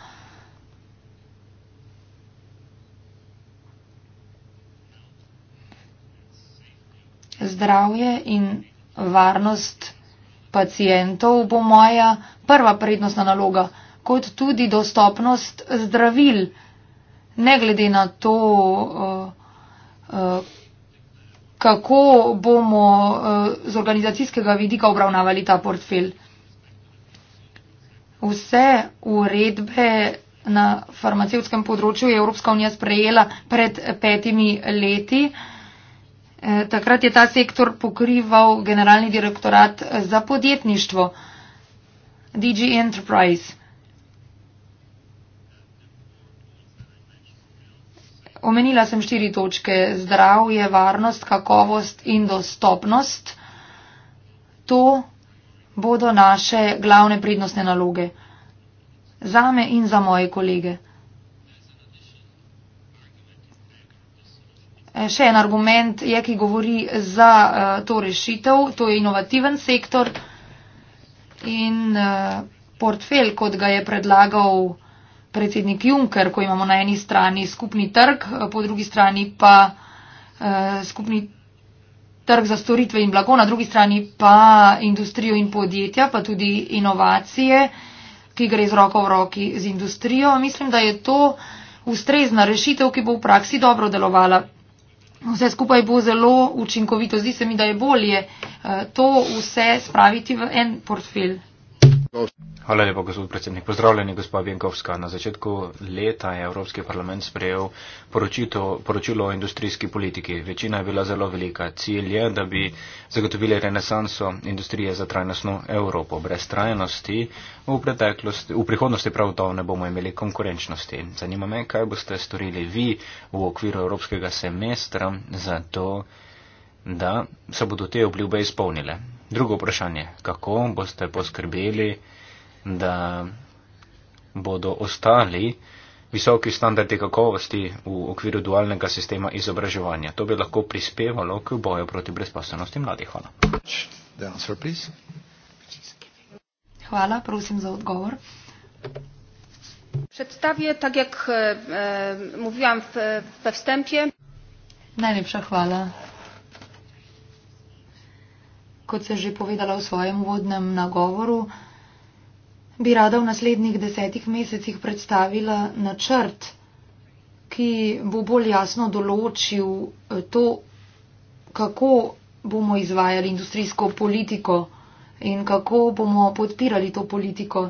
Zdravje in varnost pacijentov bo moja prva prednostna naloga, kot tudi dostopnost zdravil, ne glede na to, eh, eh, kako bomo eh, z organizacijskega vidika obravnavali ta portfelj. Vse uredbe na farmacevskem področju je Evropska unija sprejela pred petimi leti. Eh, takrat je ta sektor pokrival generalni direktorat eh, za podjetništvo, DG Enterprise. Omenila sem štiri točke. Zdravje, varnost, kakovost in dostopnost. To bodo naše glavne prednostne naloge. Zame in za moje kolege. Še en argument je, ki govori za eh, to rešitev, to je inovativen sektor in eh, portfelj, kot ga je predlagal predsednik Juncker, ko imamo na eni strani skupni trg, eh, po drugi strani pa skupni trg za storitve in blago, na drugi strani pa industrijo in podjetja, pa tudi inovacije, ki gre z roko v roki z industrijo. Mislim, da je to ustrezna rešitev, ki bo v praksi dobro delovala vse skupaj bo zelo učinkovito. Zdi se mi, da je bolje eh, to vse spraviti v en portfelj. Hvala lepa, gospod predsednik. Pozdravljeni, gospod Vinkovska. Na začetku leta je Evropski parlament sprejel poročito, poročilo o industrijski politiki. Večina je bila zelo velika. Cilj je, da bi zagotovili renesanso industrije za trajnostno Evropo. Brez trajnosti v, v prihodnosti prav to ne bomo imeli konkurenčnosti. Zanima me, kaj boste storili vi v okviru Evropskega semestra za to, da se bodo te obljube izpolnile drugo vprašanje, kako boste poskrbeli, da bodo ostali visoki standardi kakovosti v okviru dualnega sistema izobraževanja. To bi lahko prispevalo k boju proti brezposobnosti mladih. Hvala. Hvala, prosim za odgovor. Predstavljam, tak jak e, e mówiłam v, v vstępie. Najlepša hvala kot sem že povedala v svojem vodnem nagovoru, bi rada v naslednjih desetih mesecih predstavila načrt, ki bo bolj jasno določil eh, to, kako bomo izvajali industrijsko politiko in kako bomo podpirali to politiko.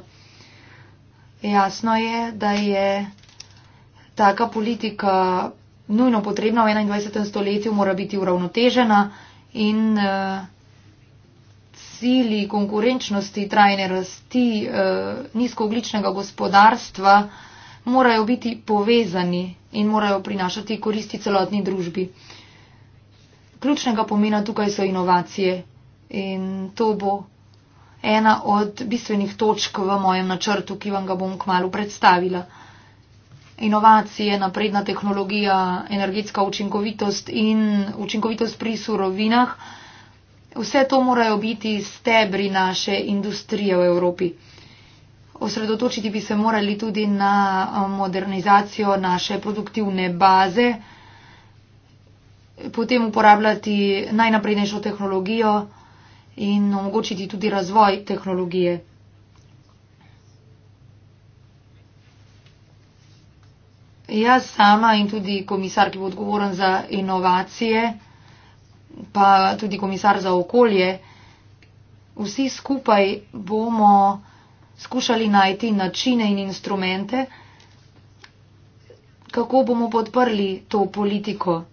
Jasno je, da je taka politika nujno potrebna v 21. stoletju, mora biti uravnotežena in uh, sili, konkurenčnosti, trajne rasti, eh, nizkoogličnega gospodarstva morajo biti povezani in morajo prinašati koristi celotni družbi. Ključnega pomena tukaj so inovacije in to bo ena od bistvenih točk v mojem načrtu, ki vam ga bom kmalo predstavila. Inovacije, napredna tehnologija, energetska učinkovitost in učinkovitost pri surovinah. Vse to morajo biti stebri naše industrije v Evropi. Osredotočiti bi se morali tudi na eh, modernizacijo naše produktivne baze, potem uporabljati najnaprednejšo tehnologijo in omogočiti tudi razvoj tehnologije. Jaz sama in tudi komisar, ki bo odgovoren za inovacije, pa tudi komisar za okolje, vsi skupaj bomo skušali najti načine in instrumente, kako bomo podprli to politiko.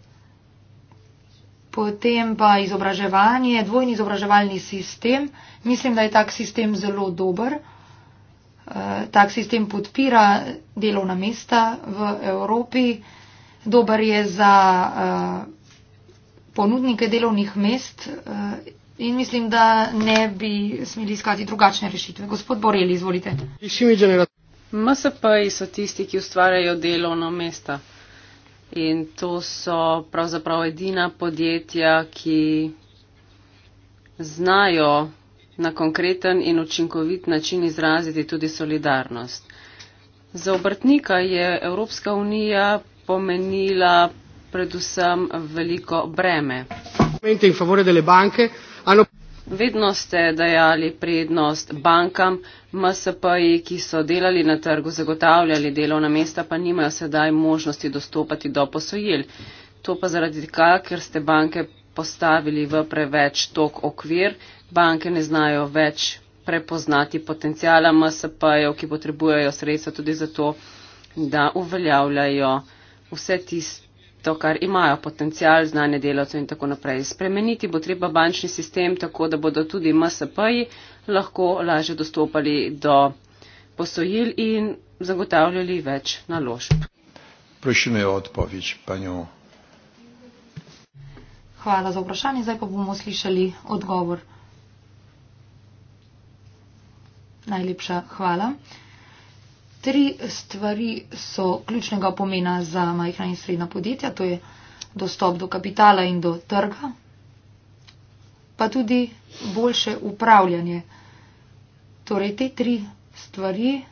Potem pa izobraževanje, dvojni izobraževalni sistem. Mislim, da je tak sistem zelo dober. Eh, tak sistem podpira delovna mesta v Evropi. Dober je za eh, ponudnike delovnih mest eh, in mislim, da ne bi smeli iskati drugačne rešitve. Gospod Boreli, izvolite. MSP so tisti, ki ustvarjajo delovno mesta in to so pravzaprav edina podjetja, ki znajo na konkreten in učinkovit način izraziti tudi solidarnost. Za obrtnika je Evropska unija pomenila predvsem veliko breme. Vedno ste dajali prednost bankam, MSP-ji, ki so delali na trgu, zagotavljali delovna mesta, pa nimajo sedaj možnosti dostopati do posojil. To pa zaradi tega, ker ste banke postavili v preveč tok okvir, banke ne znajo več prepoznati potencijala MSP-jev, ki potrebujejo sredstva tudi zato, da uveljavljajo vse tisto, to, kar imajo potencial, znanje delavcev in tako naprej. Spremeniti bo treba bančni sistem tako, da bodo tudi MSP-ji lahko lažje dostopali do posojil in zagotavljali več naložb. Prošljujem odpovič, panjo. Hvala za vprašanje. Zdaj pa bomo slišali odgovor. Najlepša hvala tri stvari so ključnega pomena za majhna in srednja podjetja, to je dostop do kapitala in do trga, pa tudi boljše upravljanje. Torej, te tri stvari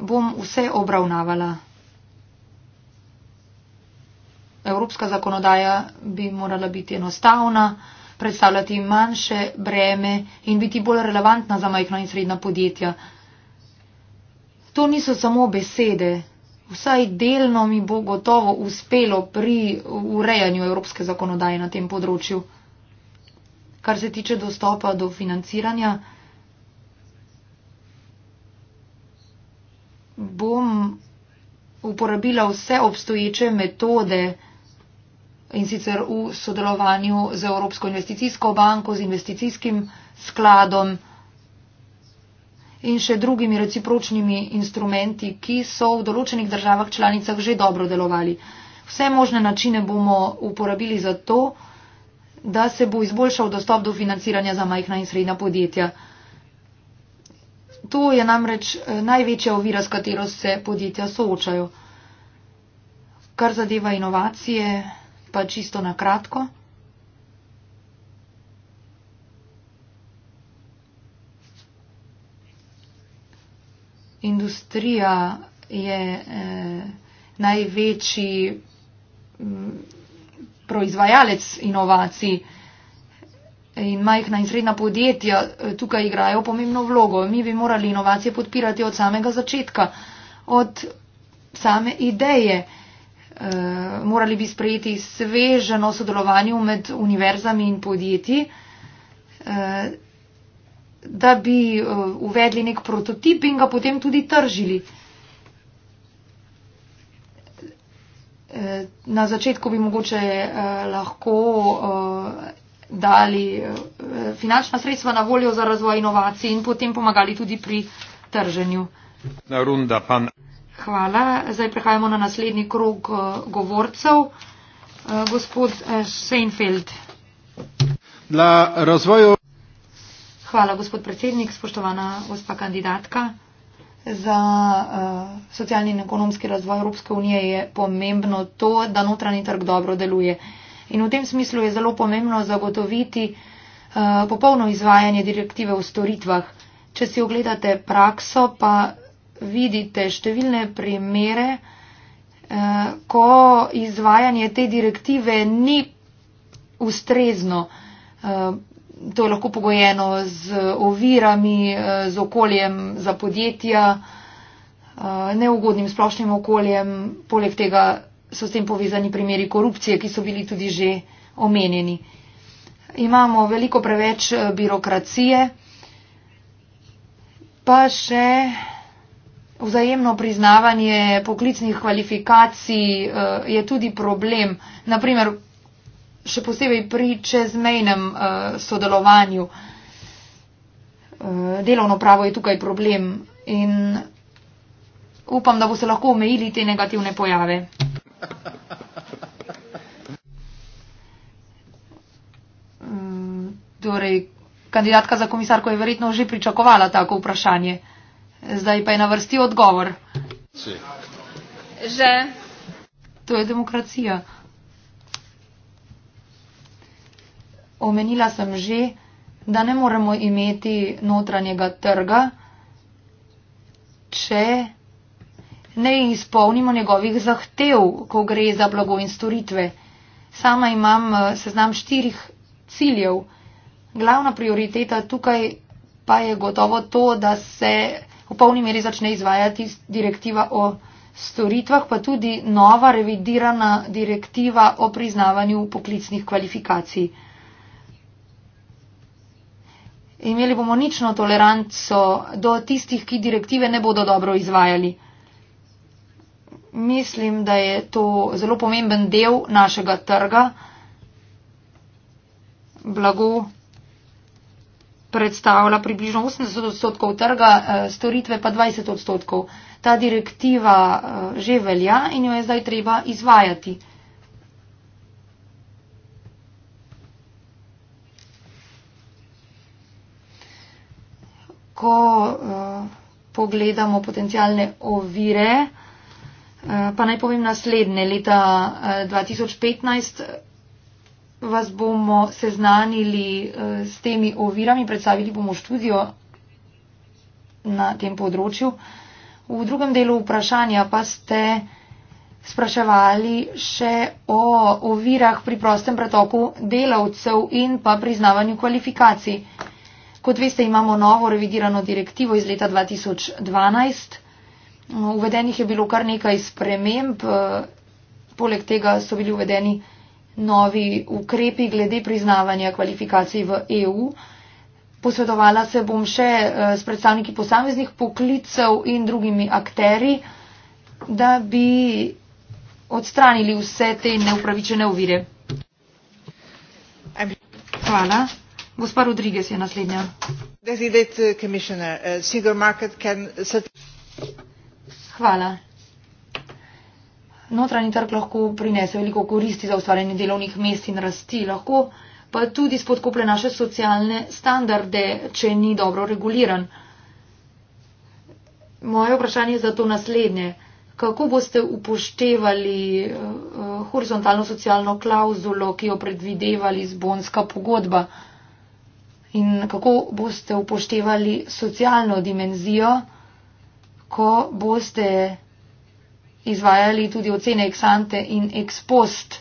bom vse obravnavala. Evropska zakonodaja bi morala biti enostavna, predstavljati manjše breme in biti bolj relevantna za majhna in srednja podjetja to niso samo besede. Vsaj delno mi bo gotovo uspelo pri urejanju evropske zakonodaje na tem področju. Kar se tiče dostopa do financiranja, bom uporabila vse obstoječe metode in sicer v sodelovanju z Evropsko investicijsko banko, z investicijskim skladom in še drugimi recipročnimi instrumenti, ki so v določenih državah članicah že dobro delovali. Vse možne načine bomo uporabili za to, da se bo izboljšal dostop do financiranja za majhna in srednja podjetja. To je namreč eh, največja ovira, s katero se podjetja soočajo. Kar zadeva inovacije, pa čisto na kratko. industrija je eh, največji mm, proizvajalec inovacij in majhna in srednja podjetja eh, tukaj igrajo pomembno vlogo. Mi bi morali inovacije podpirati od samega začetka, od same ideje. Eh, morali bi sprejeti sveženo sodelovanje med univerzami in podjetji. Eh, da bi eh, uvedli nek prototip in ga potem tudi tržili. Eh, na začetku bi mogoče eh, lahko dali finančna sredstva na voljo za razvoj inovacij in potem pomagali tudi pri trženju. Runda, pan. Hvala. Zdaj prehajamo na naslednji krog govorcev. Gospod Seinfeld. La razvoju. Hvala, gospod predsednik, spoštovana gospa kandidatka. Za uh, socialni in ekonomski razvoj Evropske unije je pomembno to, da notranji trg dobro deluje. In v tem smislu je zelo pomembno zagotoviti uh, popolno izvajanje direktive v storitvah. Če si ogledate prakso, pa vidite številne primere, uh, ko izvajanje te direktive ni ustrezno. Uh, to je lahko pogojeno z ovirami, eh, z okoljem za podjetja, eh, neugodnim splošnim okoljem. Poleg tega so s tem povezani primeri korupcije, ki so bili tudi že omenjeni. Imamo veliko preveč eh, birokracije, pa še vzajemno priznavanje poklicnih kvalifikacij je tudi problem. Naprimer, še posebej pri čezmejnem uh, sodelovanju. Eh, delovno pravo je tukaj problem in upam, da bo se lahko omejili te negativne pojave. Mm, torej, kandidatka za komisarko je verjetno že pričakovala tako vprašanje. Zdaj pa je na vrsti odgovor. Že. To je demokracija. omenila sem že, da ne moremo imeti notranjega trga, če ne izpolnimo njegovih zahtev, ko gre za blago in storitve. Sama imam eh, seznam štirih ciljev. Glavna prioriteta tukaj pa je gotovo to, da se v polni meri začne izvajati direktiva o storitvah, pa tudi nova revidirana direktiva o priznavanju poklicnih kvalifikacij imeli bomo nično toleranco do tistih, ki direktive ne bodo dobro izvajali. Mislim, da je to zelo pomemben del našega trga. Blago predstavlja približno 80 odstotkov trga, eh, storitve pa 20 odstotkov. Ta direktiva eh, že velja in jo je zdaj treba izvajati. ko uh, pogledamo potencijalne ovire, uh, pa naj povem naslednje. Leta uh, eh, 2015 vas bomo seznanili uh, s temi ovirami, predstavili bomo študijo na tem področju. V drugem delu vprašanja pa ste spraševali še o ovirah pri prostem pretoku delavcev in pa priznavanju kvalifikacij. Kot veste, imamo novo revidirano direktivo iz leta 2012. Uvedenih je bilo kar nekaj sprememb. Poleg tega so bili uvedeni novi ukrepi glede priznavanja kvalifikacij v EU. Posvetovala se bom še s predstavniki posameznih poklicev in drugimi akteri, da bi odstranili vse te neupravičene ovire. Hvala. Gospa Rodriguez je naslednja. Eh, eh, Hvala. Notranji trg lahko prinese veliko koristi za ustvarjanje delovnih mest in rasti, lahko pa tudi spodkople naše socialne standarde, če ni dobro reguliran. Moje vprašanje je zato naslednje. Kako boste upoštevali eh, horizontalno socialno klauzulo, ki jo predvideva Lizbonska pogodba? in kako boste upoštevali socialno dimenzijo, ko boste izvajali tudi ocene eksante in ekspost.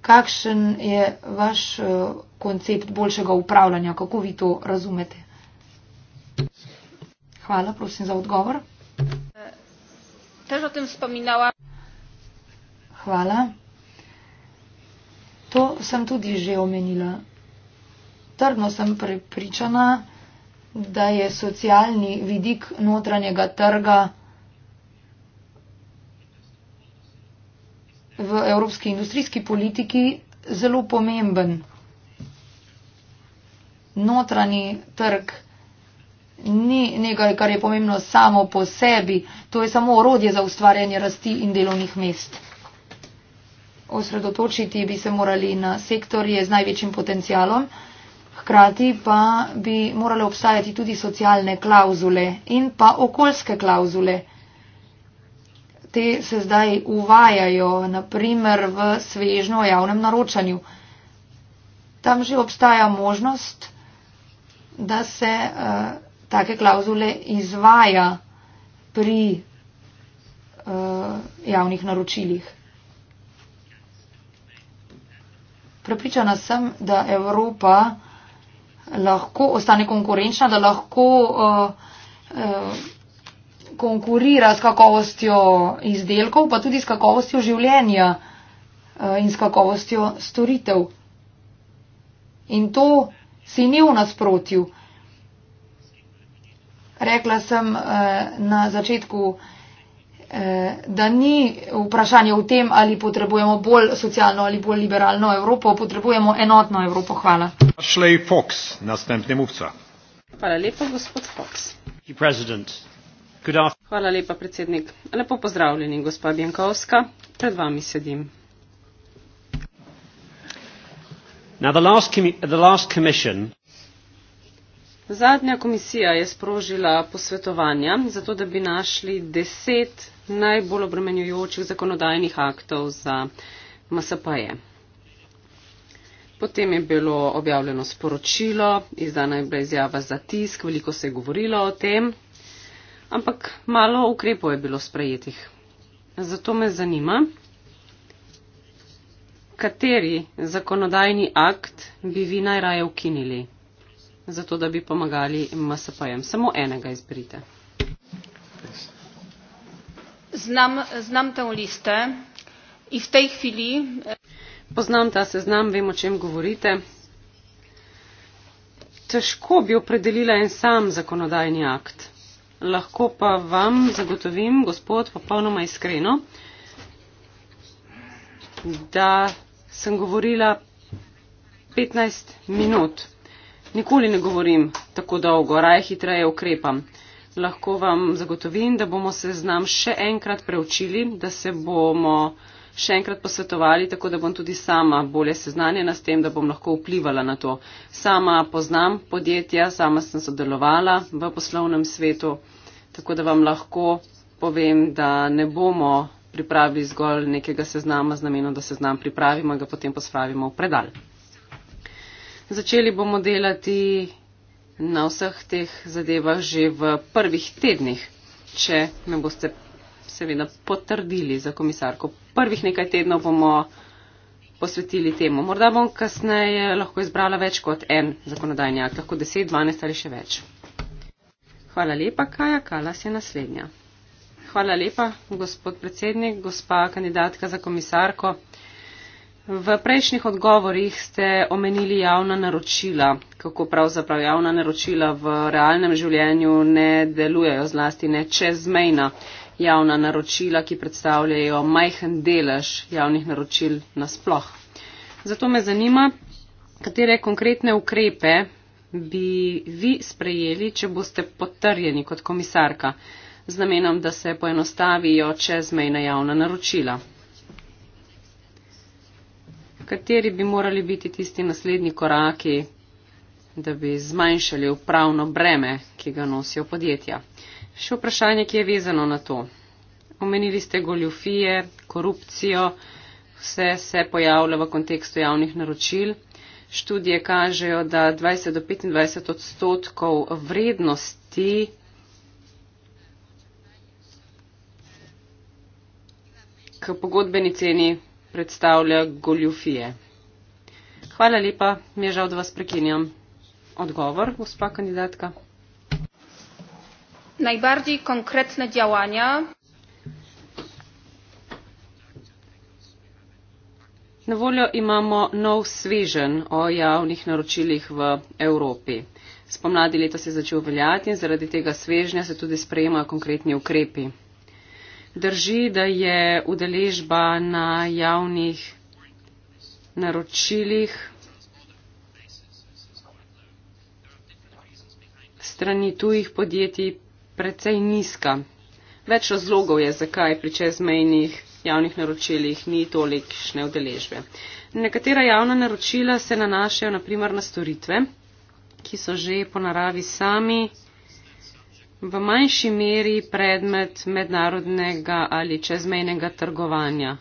Kakšen je vaš eh, koncept boljšega upravljanja? Kako vi to razumete? Hvala, prosim, za odgovor. Tež o tem spominjala. Hvala. To sem tudi že omenila trdno sem prepričana, da je socialni vidik notranjega trga v evropski industrijski politiki zelo pomemben. Notranji trg ni nekaj, kar je pomembno samo po sebi, to je samo orodje za ustvarjanje rasti in delovnih mest. Osredotočiti bi se morali na sektorje z največjim potencialom. Hkrati pa bi morale obstajati tudi socialne klauzule in pa okoljske klauzule. Te se zdaj uvajajo, naprimer, v svežno javnem naročanju. Tam že obstaja možnost, da se uh, take klauzule izvaja pri uh, javnih naročilih. Prepričana sem, da Evropa lahko ostane konkurenčna, da lahko uh, uh, konkurira s kakovostjo izdelkov, pa tudi s kakovostjo življenja uh, in s kakovostjo storitev. In to si ni v nasprotju. Rekla sem uh, na začetku, uh, Eh, da ni vprašanje v tem, ali potrebujemo bolj socialno ali bolj liberalno Evropo, potrebujemo enotno Evropo. Hvala. Ashley Fox, naslednji mufca. Hvala lepa, gospod Fox. Hvala lepa, predsednik. Lepo pozdravljeni, gospa Bjankovska. Pred vami sedim. Now the last the last commission... Zadnja komisija je sprožila posvetovanja, zato da bi našli deset najbolj obremenjujočih zakonodajnih aktov za MSP-je. Potem je bilo objavljeno sporočilo, izdana je bila izjava za tisk, veliko se je govorilo o tem, ampak malo ukrepov je bilo sprejetih. Zato me zanima, kateri zakonodajni akt bi vi najraje ukinili, zato da bi pomagali MSP-jem. Samo enega izberite znam tę listę i w tej chwili e, poznam ta seznam wiem o czym mówicie Težko bi opredelila en sam zakonodajni akt. Lahko pa vam zagotovim, gospod, popolnoma iskreno, da sem govorila 15 minut. Nikoli ne govorim tako dolgo, raje hitreje ukrepam lahko vam zagotovim, da bomo se z nam še enkrat preučili, da se bomo še enkrat posvetovali, tako da bom tudi sama bolje seznanjena s tem, da bom lahko vplivala na to. Sama poznam podjetja, sama sem sodelovala v poslovnem svetu, tako da vam lahko povem, da ne bomo pripravili zgolj nekega seznama z namenom, da seznam pripravimo in ga potem pospravimo v predal. Začeli bomo delati na vseh teh zadevah že v prvih tednih, če me boste seveda potrdili za komisarko. Prvih nekaj tednov bomo posvetili temu. Morda bom kasneje lahko izbrala več kot en zakonodajnjak, lahko 10, 12 ali še več. Hvala lepa, Kaja Kalas je naslednja. Hvala lepa, gospod predsednik, gospa kandidatka za komisarko. V prejšnjih odgovorjih ste omenili javna naročila, kako pravzaprav javna naročila v realnem življenju ne delujejo zlasti ne čezmejna javna naročila, ki predstavljajo majhen delež javnih naročil nasploh. Zato me zanima, katere konkretne ukrepe bi vi sprejeli, če boste potrjeni kot komisarka z namenom, da se poenostavijo čezmejna javna naročila kateri bi morali biti tisti naslednji koraki, da bi zmanjšali upravno breme, ki ga nosijo podjetja. Še vprašanje, ki je vezano na to. Omenili ste goljufije, korupcijo, vse se pojavlja v kontekstu javnih naročil. Študije kažejo, da 20 do 25 odstotkov vrednosti k pogodbeni ceni predstavlja goljufije. Hvala lepa, mi je žal, da vas prekinjam. Odgovor, gospa kandidatka. Najbardziej konkretne działania. Na voljo imamo nov svežen o javnih naročilih v Evropi. Spomladi leta se je začel veljati in zaradi tega svežnja se tudi sprejemajo konkretni ukrepi drži, da je udeležba na javnih naročilih strani tujih podjetij precej nizka. Več razlogov je, zakaj pri čezmejnih javnih naročilih ni tolikšne udeležbe. Nekatera javna naročila se nanašajo naprimer na storitve, ki so že po naravi sami v manjši meri predmet mednarodnega ali čezmejnega trgovanja.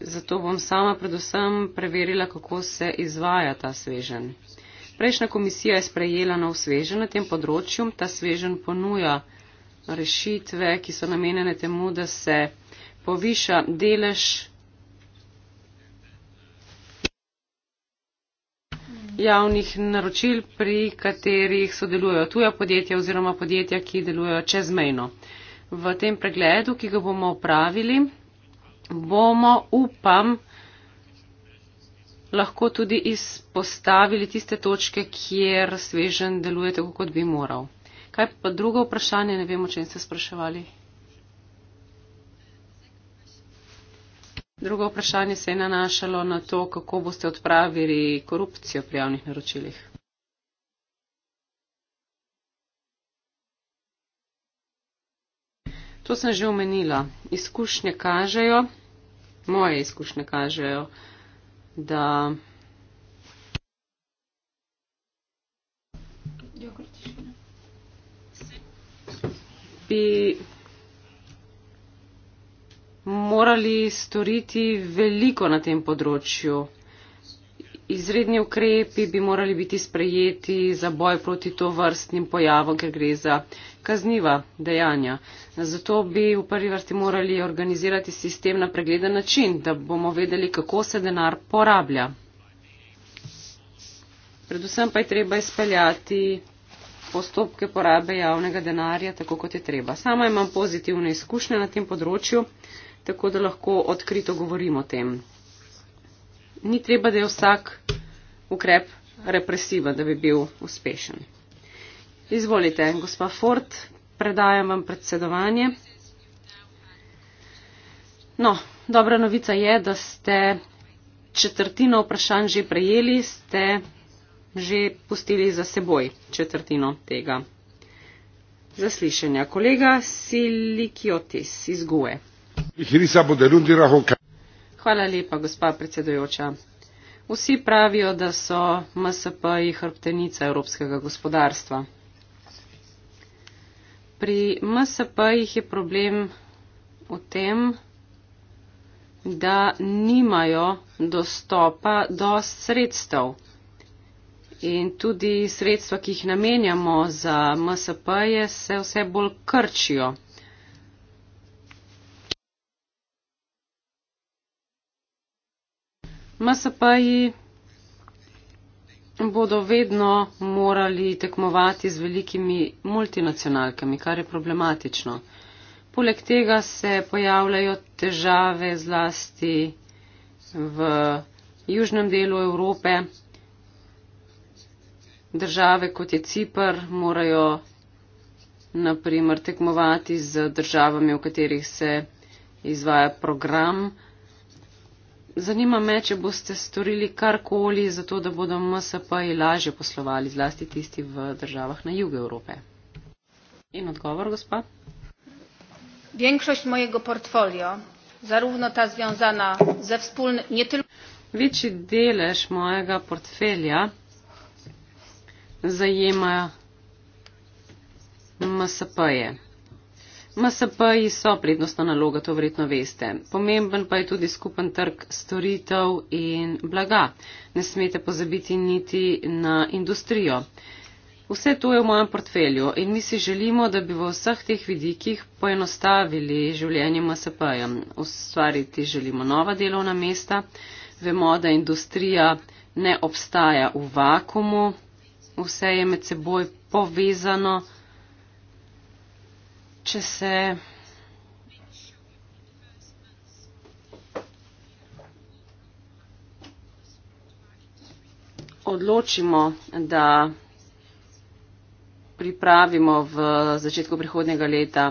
Zato bom sama predvsem preverila, kako se izvaja ta svežen. Prejšnja komisija je sprejela nov svežen na tem področju. Ta svežen ponuja rešitve, ki so namenjene temu, da se poviša delež javnih naročil, pri katerih sodelujejo tuja podjetja oziroma podjetja, ki delujejo čezmejno. V tem pregledu, ki ga bomo upravili, bomo, upam, lahko tudi izpostavili tiste točke, kjer svežen deluje tako, kot bi moral. Kaj pa drugo vprašanje, ne vemo, če ste spraševali. Drugo vprašanje se je nanašalo na to, kako boste odpravili korupcijo pri javnih naročilih. To sem že omenila. Izkušnje kažejo, moje izkušnje kažejo, da. Bi morali storiti veliko na tem področju. Izredni ukrepi bi morali biti sprejeti za boj proti to vrstnim pojavom, ker gre za kazniva dejanja. Zato bi v prvi vrsti morali organizirati sistem na pregleden način, da bomo vedeli, kako se denar porablja. Predvsem pa je treba izpeljati postopke porabe javnega denarja, tako kot je treba. Sama imam pozitivne izkušnje na tem področju tako da lahko odkrito govorimo o tem. Ni treba, da je vsak ukrep represiva, da bi bil uspešen. Izvolite, gospa Ford, predajam vam predsedovanje. No, dobra novica je, da ste četrtino vprašanj že prejeli, ste že pustili za seboj četrtino tega zaslišanja. Kolega Silikiotis iz GUE. Hvala lepa, gospa predsedujoča. Vsi pravijo, da so MSP-ji hrbtenica evropskega gospodarstva. Pri MSP-jih je problem v tem, da nimajo dostopa do sredstev. In tudi sredstva, ki jih namenjamo za MSP-je, se vse bolj krčijo. MSP-ji bodo vedno morali tekmovati z velikimi multinacionalkami, kar je problematično. Poleg tega se pojavljajo težave zlasti v južnem delu Evrope. Države kot je Cipr morajo naprimer tekmovati z državami, v katerih se izvaja program Zanima me, če boste storili karkoli za to, da bodo MSP-ji lažje poslovali, zlasti tisti v državah na jugu Evrope. In odgovor, gospa. Większość mojega portfolio, zarovno ta zvezana ze vspolni. Tylko... Večji delež mojega portfelja zajema MSP-je. -e. MSP-ji so prednostna naloga, to verjetno veste. Pomemben pa je tudi skupen trg storitev in blaga. Ne smete pozabiti niti na industrijo. Vse to je v mojem portfelju in mi si želimo, da bi v vseh teh vidikih poenostavili življenje MSP-jem. Ustvariti želimo nova delovna mesta. Vemo, da industrija ne obstaja v vakumu. Vse je med seboj povezano če se odločimo, da pripravimo v začetku prihodnjega leta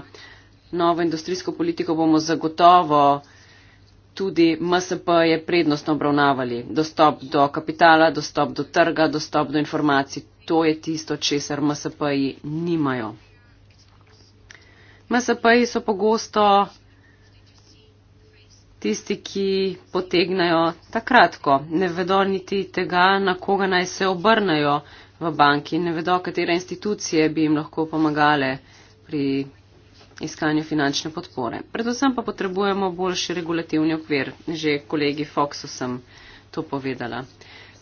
novo industrijsko politiko, bomo zagotovo tudi MSP je prednostno obravnavali. Dostop do kapitala, dostop do trga, dostop do informacij. To je tisto, česar MSP-ji nimajo. MSP-ji so pogosto tisti, ki potegnajo takratko. Ne vedo niti tega, na koga naj se obrnajo v banki, ne vedo, katere institucije bi jim lahko pomagale pri iskanju finančne podpore. Predvsem pa potrebujemo boljši regulativni okvir. Že kolegi Foxu sem to povedala.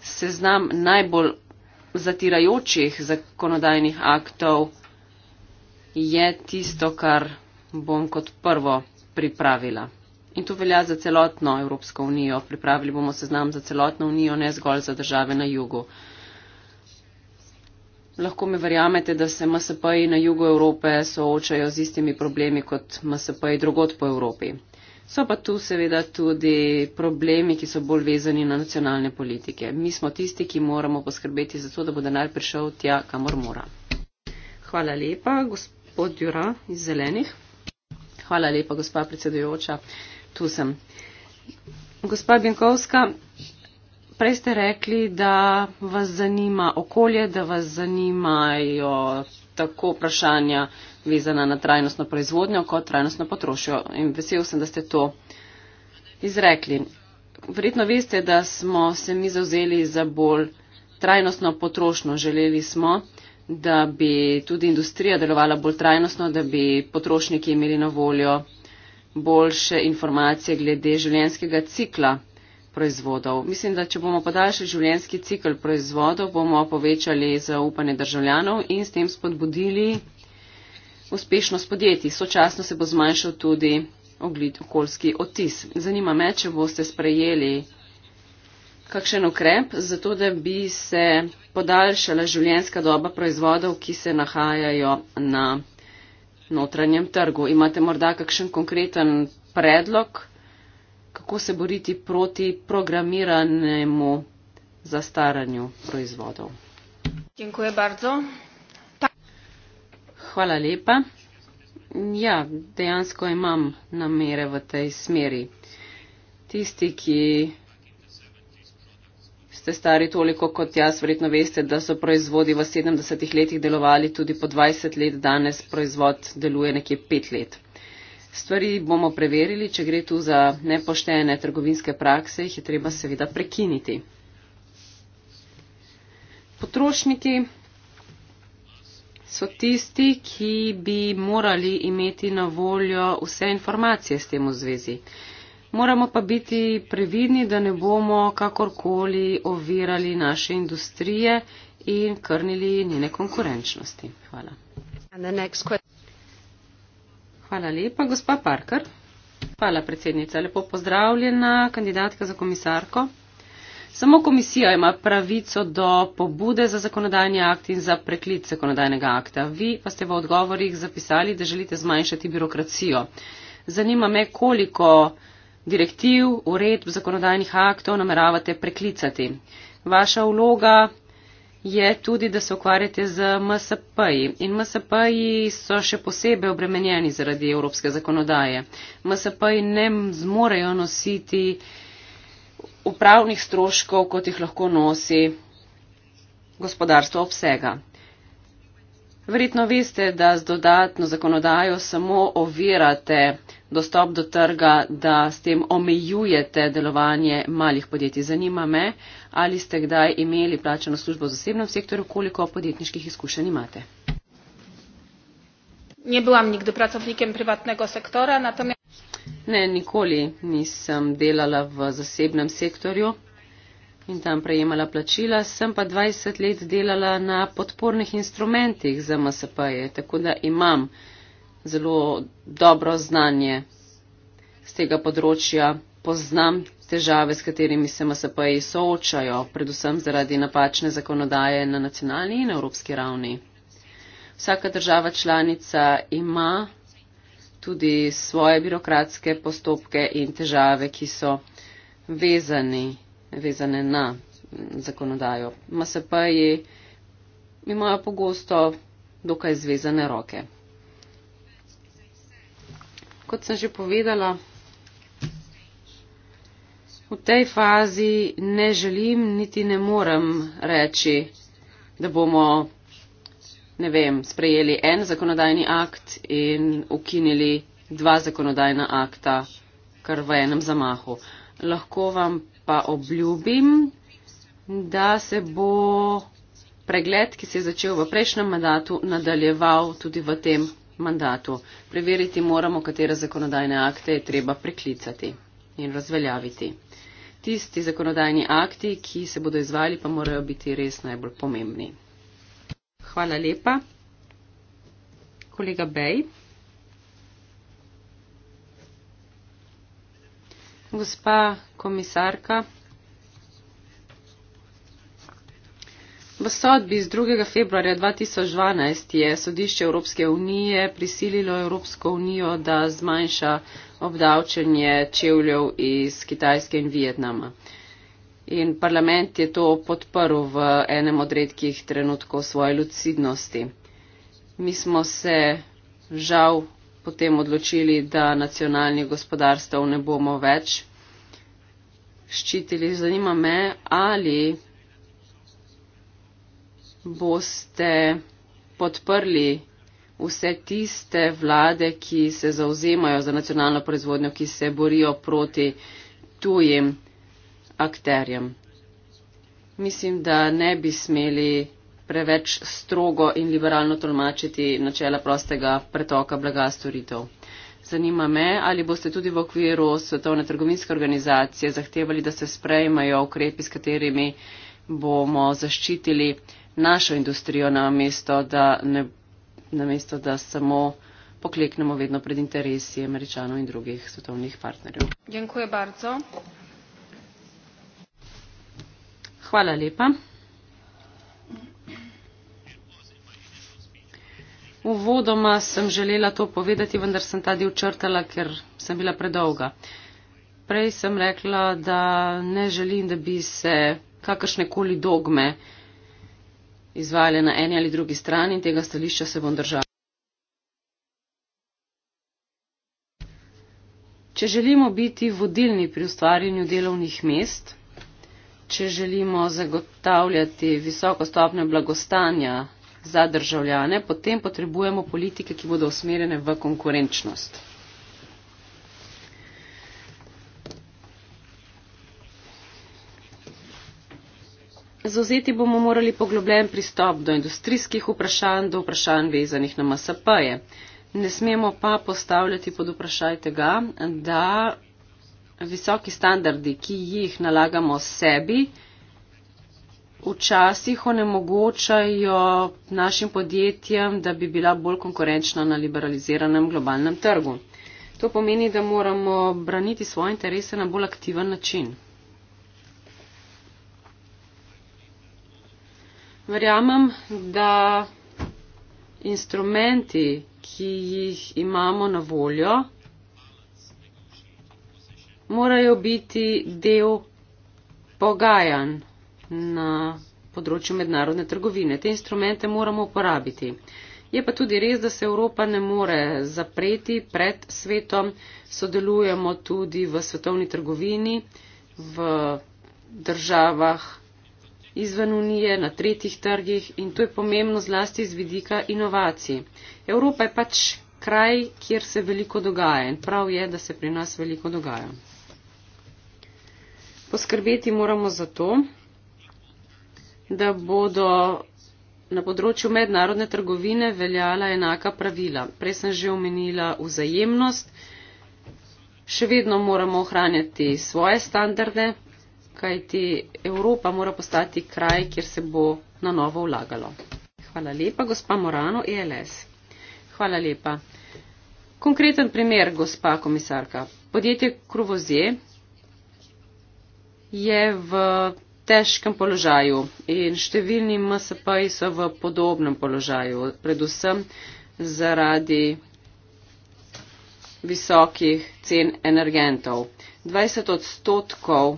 Seznam najbolj zatirajočih zakonodajnih aktov je tisto, kar bom kot prvo pripravila. In to velja za celotno Evropsko unijo. Pripravili bomo seznam za celotno unijo, ne zgolj za države na jugu. Lahko mi verjamete, da se MSP-ji na jugu Evrope soočajo z istimi problemi kot MSP-ji drugot po Evropi. So pa tu seveda tudi problemi, ki so bolj vezani na nacionalne politike. Mi smo tisti, ki moramo poskrbeti za to, da bo denar prišel tja, kamor mora. Hvala lepa. Gospod gospod Jura iz Zelenih. Hvala lepa, gospa predsedujoča. Tu sem. Gospa Binkovska, prej ste rekli, da vas zanima okolje, da vas zanimajo tako vprašanja vezana na trajnostno proizvodnjo kot trajnostno potrošnjo. In vesel sem, da ste to izrekli. Verjetno veste, da smo se mi zauzeli za bolj trajnostno potrošnjo. Želeli smo, da bi tudi industrija delovala bolj trajnostno, da bi potrošniki imeli na voljo boljše informacije glede življenskega cikla proizvodov. Mislim, da če bomo podaljšali življenski cikl proizvodov, bomo povečali zaupanje državljanov in s tem spodbudili uspešnost podjetij. Sočasno se bo zmanjšal tudi okoljski otis. Zanima me, če boste sprejeli kakšen ukrep, zato da bi se podaljšala življenska doba proizvodov, ki se nahajajo na notranjem trgu. Imate morda kakšen konkreten predlog, kako se boriti proti programiranemu zastaranju proizvodov? Hvala lepa. Ja, dejansko imam namere v tej smeri. Tisti, ki ste stari toliko kot jaz, verjetno veste, da so proizvodi v 70-ih letih delovali tudi po 20 let, danes proizvod deluje nekje 5 let. Stvari bomo preverili, če gre tu za nepoštene trgovinske prakse, jih je treba seveda prekiniti. Potrošniki so tisti, ki bi morali imeti na voljo vse informacije s tem v zvezi. Moramo pa biti previdni, da ne bomo kakorkoli ovirali naše industrije in krnili njene konkurenčnosti. Hvala. Hvala lepa, gospa Parker. Hvala, predsednica. Lepo pozdravljena, kandidatka za komisarko. Samo komisija ima pravico do pobude za zakonodajni akt in za preklic zakonodajnega akta. Vi pa ste v odgovorih zapisali, da želite zmanjšati birokracijo. Zanima me, koliko direktiv, uredb, zakonodajnih aktov nameravate preklicati. Vaša vloga je tudi, da se ukvarjate z MSP-ji. In MSP-ji so še posebej obremenjeni zaradi evropske zakonodaje. MSP-ji ne zmorejo nositi upravnih stroškov, kot jih lahko nosi gospodarstvo obsega. Verjetno veste, da z dodatno zakonodajo samo ovirate dostop do trga, da s tem omejujete delovanje malih podjetij. Zanima me, ali ste kdaj imeli plačeno službo v zasebnem sektorju, koliko podjetniških izkušenj imate. Ne, sektora, natomja... ne, nikoli nisem delala v zasebnem sektorju in tam prejemala plačila, sem pa 20 let delala na podpornih instrumentih za MSP-je, tako da imam zelo dobro znanje z tega področja, poznam težave, s katerimi se MSP-ji soočajo, predvsem zaradi napačne zakonodaje na nacionalni in evropski ravni. Vsaka država članica ima tudi svoje birokratske postopke in težave, ki so vezani vezane na mm, zakonodajo. MSP-ji imajo pogosto dokaj zvezane roke. Kot sem že povedala, v tej fazi ne želim niti ne morem reči, da bomo ne vem, sprejeli en zakonodajni akt in ukinili dva zakonodajna akta kar v enem zamahu. Lahko vam pa obljubim, da se bo pregled, ki se je začel v prejšnjem mandatu, nadaljeval tudi v tem mandatu. Preveriti moramo, katere zakonodajne akte je treba preklicati in razveljaviti. Tisti zakonodajni akti, ki se bodo izvali, pa morajo biti res najbolj pomembni. Hvala lepa. Kolega Bej. Gospa komisarka, v sodbi iz 2. februarja 2012 je sodišče Evropske unije prisililo Evropsko unijo, da zmanjša obdavčenje čevljev iz Kitajske in Vietnama. In parlament je to podprl v enem od redkih trenutkov svoje lucidnosti. Mi smo se žal potem odločili, da nacionalnih gospodarstv ne bomo več ščitili. Zanima me, ali boste podprli vse tiste vlade, ki se zauzemajo za nacionalno proizvodnjo, ki se borijo proti tujim akterjem. Mislim, da ne bi smeli preveč strogo in liberalno tolmačiti načela prostega pretoka blaga storitev. Zanima me, ali boste tudi v okviru Svetovne trgovinske organizacije zahtevali, da se sprejmajo ukrepi, s katerimi bomo zaščitili našo industrijo, namesto da, ne, namesto, da samo pokleknemo vedno pred interesi američanov in drugih svetovnih partnerjev. Hvala lepa. Uvodoma sem želela to povedati, vendar sem ta del črtala, ker sem bila predolga. Prej sem rekla, da ne želim, da bi se kakršne koli dogme izvajale na eni ali drugi strani in tega stališča se bom držala. Če želimo biti vodilni pri ustvarjanju delovnih mest, če želimo zagotavljati visoko stopnjo blagostanja za državljane, potem potrebujemo politike, ki bodo usmerjene v konkurenčnost. Zauzeti bomo morali poglobljen pristop do industrijskih vprašanj, do vprašanj vezanih na MSP-je. Ne smemo pa postavljati pod vprašaj tega, da visoki standardi, ki jih nalagamo sebi, včasih onemogočajo našim podjetjem, da bi bila bolj konkurenčna na liberaliziranem globalnem trgu. To pomeni, da moramo braniti svoje interese na bolj aktiven način. Verjamem, da instrumenti, ki jih imamo na voljo, morajo biti del pogajanj na področju mednarodne trgovine. Te instrumente moramo uporabiti. Je pa tudi res, da se Evropa ne more zapreti pred svetom. Sodelujemo tudi v svetovni trgovini, v državah izven Unije, na tretjih trgih in to je pomembno zlasti z vidika inovacij. Evropa je pač kraj, kjer se veliko dogaja in prav je, da se pri nas veliko dogaja. Poskrbeti moramo za to, da bodo na področju mednarodne trgovine veljala enaka pravila. Prej sem že omenila vzajemnost. Še vedno moramo ohranjati svoje standarde, kajti Evropa mora postati kraj, kjer se bo na novo vlagalo. Hvala lepa, gospa Morano, ELS. Hvala lepa. Konkreten primer, gospa komisarka. Podjetje Kruvozje je v težkem položaju in številni MSP-ji so v podobnem položaju, predvsem zaradi visokih cen energentov. 20 odstotkov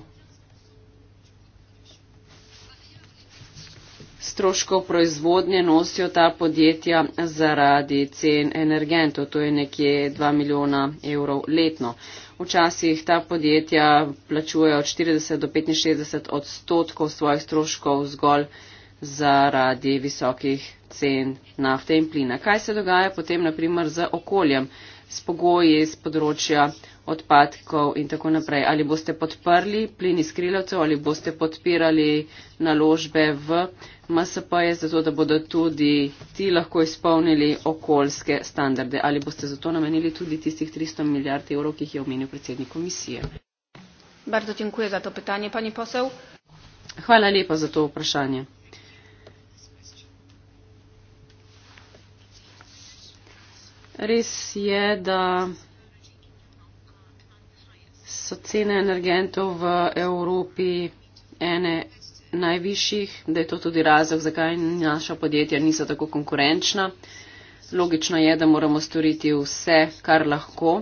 stroškov proizvodnje nosijo ta podjetja zaradi cen energentov, to je nekje 2 milijona evrov letno. Včasih ta podjetja plačujejo od 40 do 65 odstotkov svojih stroškov zgolj zaradi visokih cen nafte in plina. Kaj se dogaja potem naprimer z okoljem? s pogoji z področja odpadkov in tako naprej. Ali boste podprli plin iz krilovcev ali boste podpirali naložbe v MSP, zato da bodo tudi ti lahko izpolnili okoljske standarde. Ali boste zato namenili tudi tistih 300 milijard evrov, ki jih je omenil predsednik komisije? Bardzo dziękuję za to pytanie, pani poseł. Hvala lepa za to vprašanje. Res je, da so cene energentov v Evropi ene najvišjih, da je to tudi razlog, zakaj naša podjetja niso tako konkurenčna. Logično je, da moramo storiti vse, kar lahko.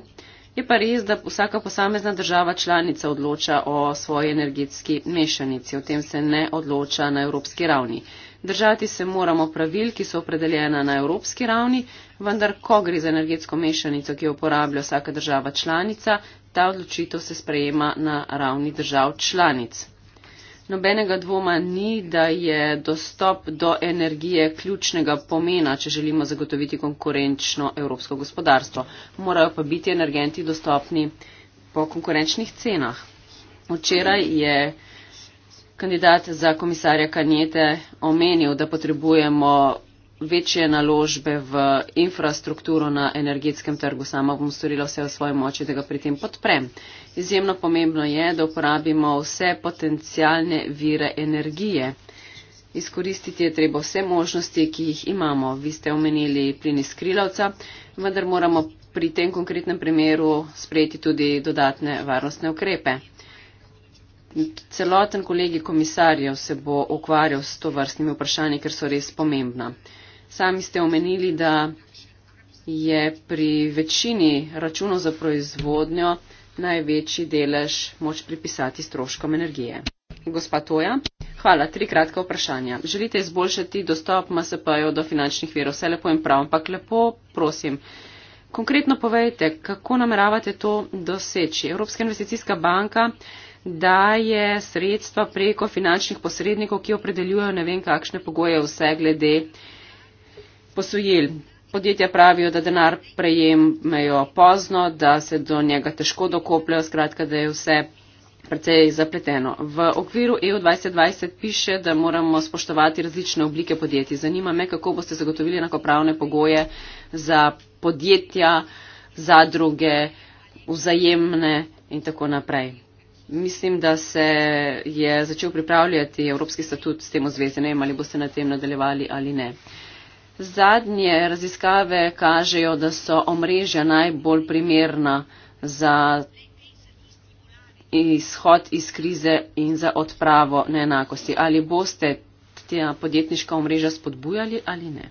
Je pa res, da vsaka posamezna država članica odloča o svoji energetski mešanici. O tem se ne odloča na evropski ravni. Držati se moramo pravil, ki so opredeljena na evropski ravni, vendar ko gre za energetsko mešanico, ki jo uporablja vsaka država članica, ta odločitev se sprejema na ravni držav članic. Nobenega dvoma ni, da je dostop do energije ključnega pomena, če želimo zagotoviti konkurenčno evropsko gospodarstvo. Morajo pa biti energenti dostopni po konkurenčnih cenah. Včeraj je kandidat za komisarja Kanjete omenil, da potrebujemo večje naložbe v infrastrukturo na energetskem trgu. Sama bom storila vse v svoji moči, da ga pri tem podprem. Izjemno pomembno je, da uporabimo vse potencijalne vire energije. Izkoristiti je treba vse možnosti, ki jih imamo. Vi ste omenili plin iz krilavca, vendar moramo pri tem konkretnem primeru sprejeti tudi dodatne varnostne ukrepe celoten kolegi komisarjev se bo ukvarjal s to vrstnimi vprašanji, ker so res pomembna. Sami ste omenili, da je pri večini računov za proizvodnjo največji delež moč pripisati stroškom energije. Gospa Toja, hvala, tri kratka vprašanja. Želite izboljšati dostop MSP-jo do finančnih virov, vse lepo in prav, ampak lepo prosim, konkretno povejte, kako nameravate to doseči. Evropska investicijska banka da je sredstva preko finančnih posrednikov, ki opredeljujejo ne vem kakšne pogoje vse glede posojil. Podjetja pravijo, da denar prejemajo pozno, da se do njega težko dokopljajo, skratka, da je vse precej zapleteno. V okviru EU 2020 piše, da moramo spoštovati različne oblike podjetij. Zanima me, kako boste zagotovili enakopravne pogoje za podjetja, zadruge, vzajemne in tako naprej. Mislim, da se je začel pripravljati Evropski statut s tem ozvezenjem, ali boste na tem nadaljevali ali ne. Zadnje raziskave kažejo, da so omrežja najbolj primerna za izhod iz krize in za odpravo neenakosti. Ali boste ta podjetniška omrežja spodbujali ali ne?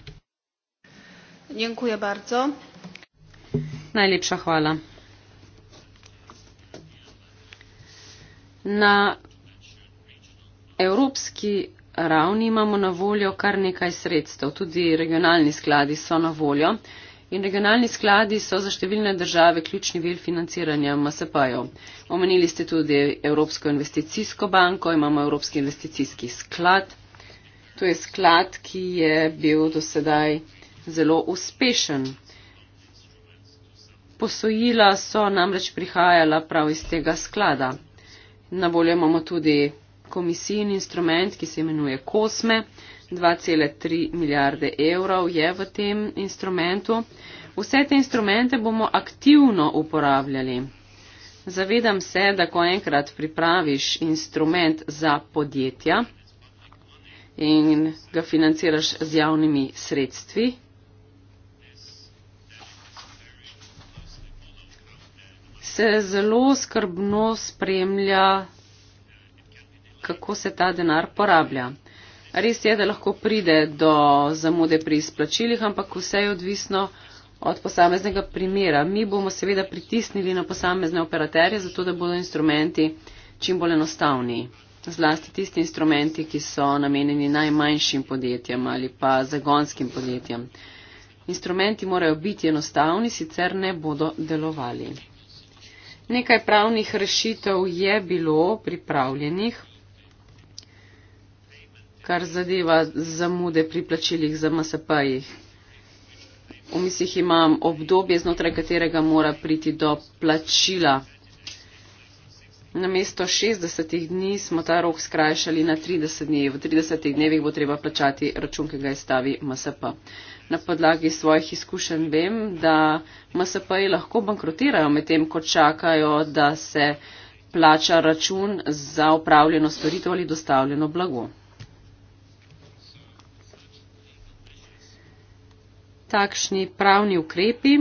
Najlepša hvala. Na evropski ravni imamo na voljo kar nekaj sredstev, tudi regionalni skladi so na voljo. In regionalni skladi so za številne države ključni vir financiranja MSP-jev. Omenili ste tudi Evropsko investicijsko banko, imamo Evropski investicijski sklad. To je sklad, ki je bil do sedaj zelo uspešen. Posojila so namreč prihajala prav iz tega sklada. Na voljo imamo tudi komisijin instrument, ki se imenuje Kosme. 2,3 milijarde evrov je v tem instrumentu. Vse te instrumente bomo aktivno uporabljali. Zavedam se, da ko enkrat pripraviš instrument za podjetja in ga financiraš z javnimi sredstvi, se zelo skrbno spremlja, kako se ta denar porablja. Res je, da lahko pride do zamude pri izplačilih, ampak vse je odvisno od posameznega primera. Mi bomo seveda pritisnili na posamezne operaterje, zato da bodo instrumenti čim bolj enostavni. Zlasti tisti instrumenti, ki so namenjeni najmanjšim podjetjem ali pa zagonskim podjetjem. Instrumenti morajo biti enostavni, sicer ne bodo delovali. Nekaj pravnih rešitev je bilo pripravljenih, kar zadeva zamude pri plačilih za MSP-jih. V mislih imam obdobje, znotraj katerega mora priti do plačila Namesto 60 dni smo ta rok skrajšali na 30 dni. V 30 dnevih bo treba plačati račun, ki ga izstavi MSP. Na podlagi svojih izkušenj vem, da MSP-ji lahko bankrotirajo medtem, ko čakajo, da se plača račun za upravljeno storitev ali dostavljeno blago. Takšni pravni ukrepi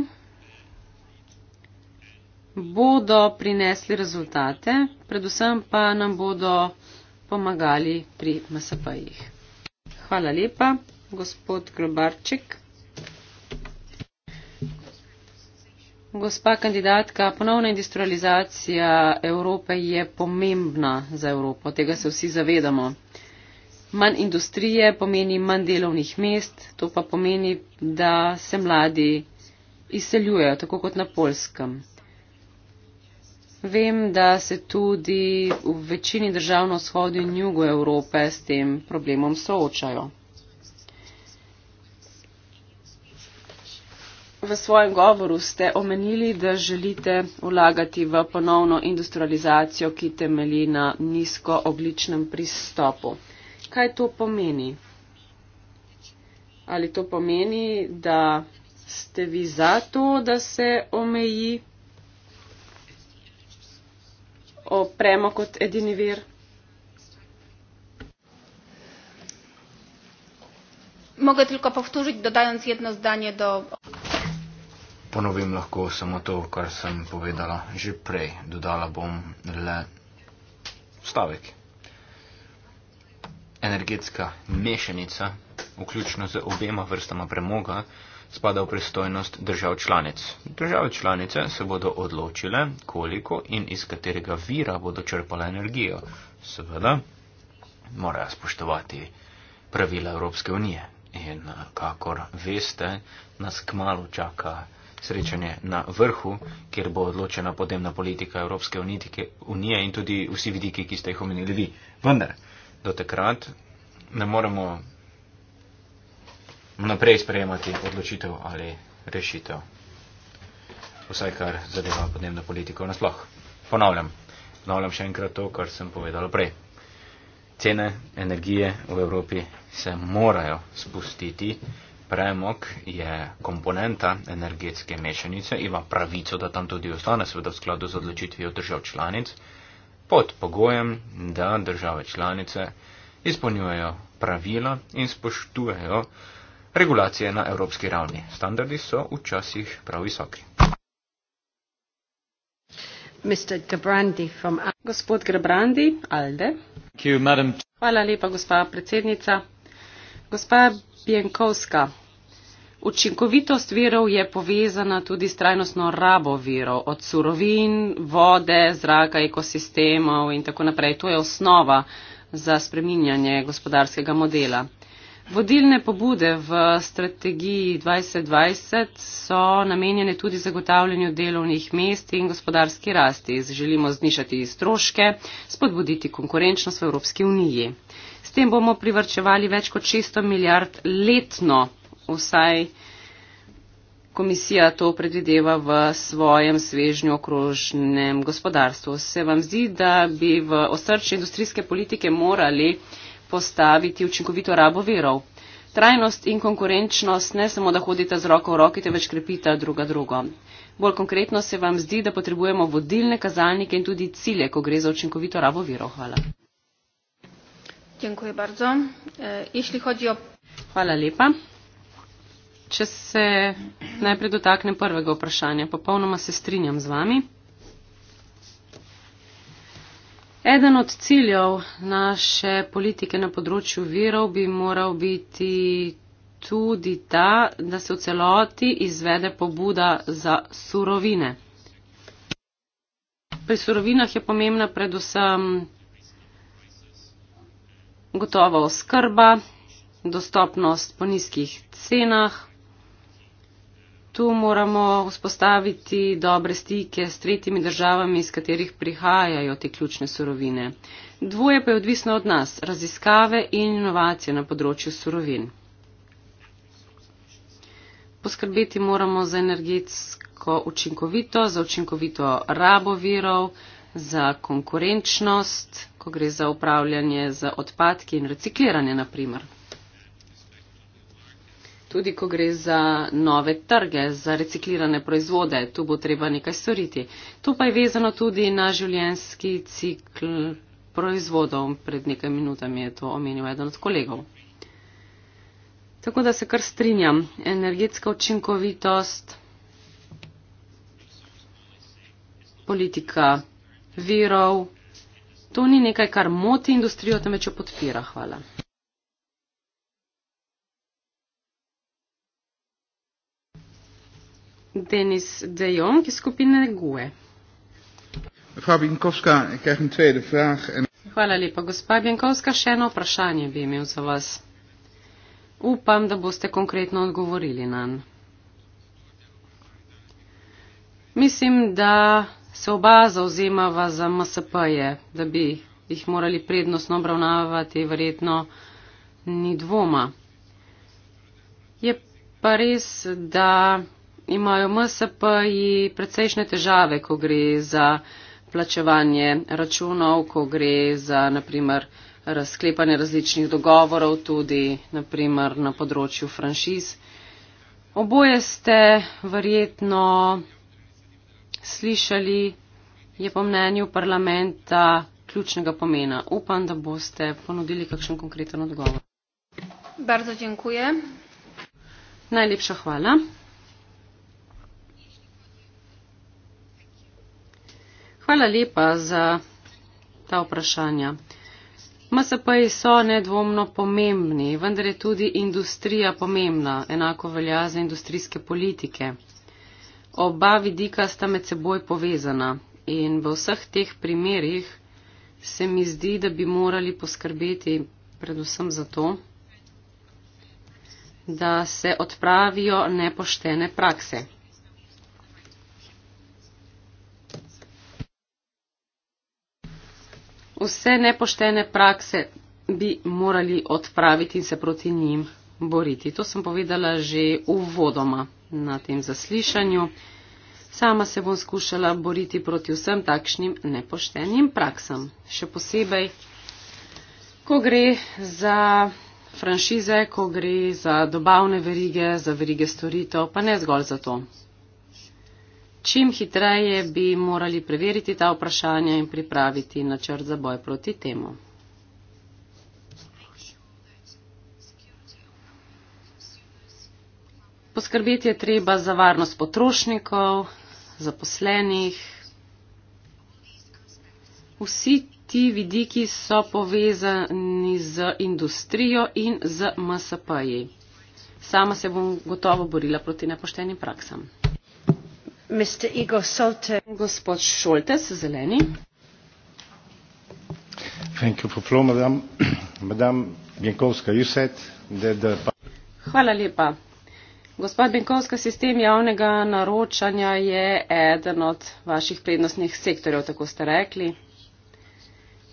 bodo prinesli rezultate, predvsem pa nam bodo pomagali pri MSP-jih. Hvala lepa, gospod Grobarček. Gospa kandidatka, ponovna industrializacija Evrope je pomembna za Evropo, tega se vsi zavedamo. Manj industrije pomeni manj delovnih mest, to pa pomeni, da se mladi izseljujejo, tako kot na polskem. Vem, da se tudi v večini držav na vzhodu in jugu Evrope s tem problemom soočajo. V svojem govoru ste omenili, da želite vlagati v ponovno industrializacijo, ki temelji na nizkoogličnem pristopu. Kaj to pomeni? Ali to pomeni, da ste vi za to, da se omeji o premo kot edini vir? Mogo tudi povtoriti, dodajanje jedno zdanje do. Ponovim lahko samo to, kar sem povedala že prej. Dodala bom le stavek. Energetska mešanica, vključno z obema vrstama premoga, spada v pristojnost držav članic. Države članice se bodo odločile, koliko in iz katerega vira bodo črpale energijo. Seveda morajo spoštovati pravila Evropske unije. In eh, kakor veste, nas kmalo čaka srečanje na vrhu, kjer bo odločena podnebna politika Evropske unije in tudi vsi vidiki, ki ste jih omenili vi. Vendar, do takrat ne moremo naprej sprejemati odločitev ali rešitev. Vsaj kar zadeva podnebno politiko nasloh. Ponavljam. Ponavljam še enkrat to, kar sem povedal prej. Cene energije v Evropi se morajo spustiti. Premok je komponenta energetske mešanice, ima pravico, da tam tudi ostane, seveda v skladu z odločitvijo držav članic, pod pogojem, da države članice izpolnjujejo pravila in spoštujejo regulacije na evropski ravni. Standardi so včasih prav visoki. Gospod Grebrandi, Alde. You, Hvala lepa, gospa predsednica. Gospa Bjenkovska, učinkovitost virov je povezana tudi s trajnostno rabo virov, od surovin, vode, zraka, ekosistemov in tako naprej. To je osnova za spreminjanje gospodarskega modela. Vodilne pobude v strategiji 2020 so namenjene tudi zagotavljanju delovnih mest in gospodarski rasti. Želimo znišati stroške, spodbuditi konkurenčnost v Evropski uniji. S tem bomo privrčevali več kot 600 milijard letno, vsaj komisija to predvideva v svojem svežnju okrožnem gospodarstvu. Se vam zdi, da bi v osrčju industrijske politike morali postaviti učinkovito rabo verov. Trajnost in konkurenčnost ne samo, da hodite z roko v roki, te več krepita druga drugo. Bolj konkretno se vam zdi, da potrebujemo vodilne kazalnike in tudi cilje, ko gre za učinkovito rabo verov. Hvala. E, Hvala lepa. Če se najprej dotaknem prvega vprašanja, popolnoma se strinjam z vami. Eden od ciljev naše politike na področju virov bi moral biti tudi ta, da se v celoti izvede pobuda za surovine. Pri surovinah je pomembna predvsem gotova oskrba, dostopnost po nizkih cenah, tu moramo vzpostaviti dobre stike s tretjimi državami, iz katerih prihajajo te ključne surovine. Dvoje pa je odvisno od nas - raziskave in inovacije na področju surovin. Poskrbeti moramo za energetsko učinkovitost, za učinkovito rabo virov, za konkurenčnost, ko gre za upravljanje z odpadki in recikliranje, naprimer. Tudi, ko gre za nove trge, za reciklirane proizvode, tu bo treba nekaj storiti. To pa je vezano tudi na življenski cikl proizvodov. Pred nekaj minutami je to omenil eden od kolegov. Tako da se kar strinjam. Energetska učinkovitost, politika virov, to ni nekaj, kar moti industrijo, temveč jo podpira. Hvala. Dennis de Jong, skupine GUE. Mevrouw Binkowska, ik krijg een tweede vraag. En... Hvala lepa, gospa Binkowska, še eno vprašanje bi imel za vas. Upam, da boste konkretno odgovorili na nj. Mislim, da se oba zauzemava za MSP-je, da bi jih morali prednostno obravnavati, verjetno ni dvoma. Je pa res, da imajo MSP-ji precejšnje težave, ko gre za plačevanje računov, ko gre za naprimer razklepanje različnih dogovorov, tudi naprimer na področju franšiz. Oboje ste verjetno slišali, je po mnenju parlamenta ključnega pomena. Upam, da boste ponudili kakšen konkreten odgovor. Bardzo dziękuję. Najlepša hvala. Hvala lepa za ta vprašanja. MSP-ji so nedvomno pomembni, vendar je tudi industrija pomembna, enako velja za industrijske politike. Oba vidika sta med seboj povezana in v vseh teh primerjih se mi zdi, da bi morali poskrbeti predvsem za to, da se odpravijo nepoštene prakse. Vse nepoštene prakse bi morali odpraviti in se proti njim boriti. To sem povedala že uvodoma na tem zaslišanju. Sama se bom skušala boriti proti vsem takšnim nepoštenim praksam. Še posebej, ko gre za franšize, ko gre za dobavne verige, za verige storitev, pa ne zgolj za to čim hitreje bi morali preveriti ta vprašanja in pripraviti načrt za boj proti temu. Poskrbeti je treba za varnost potrošnikov, zaposlenih. Vsi ti vidiki so povezani z industrijo in z MSP-ji. Sama se bom gotovo borila proti nepoštenim praksam gospod binkovska sistem javnega naročanja je eden od vaših prednostnih sektorjev tako ste rekli.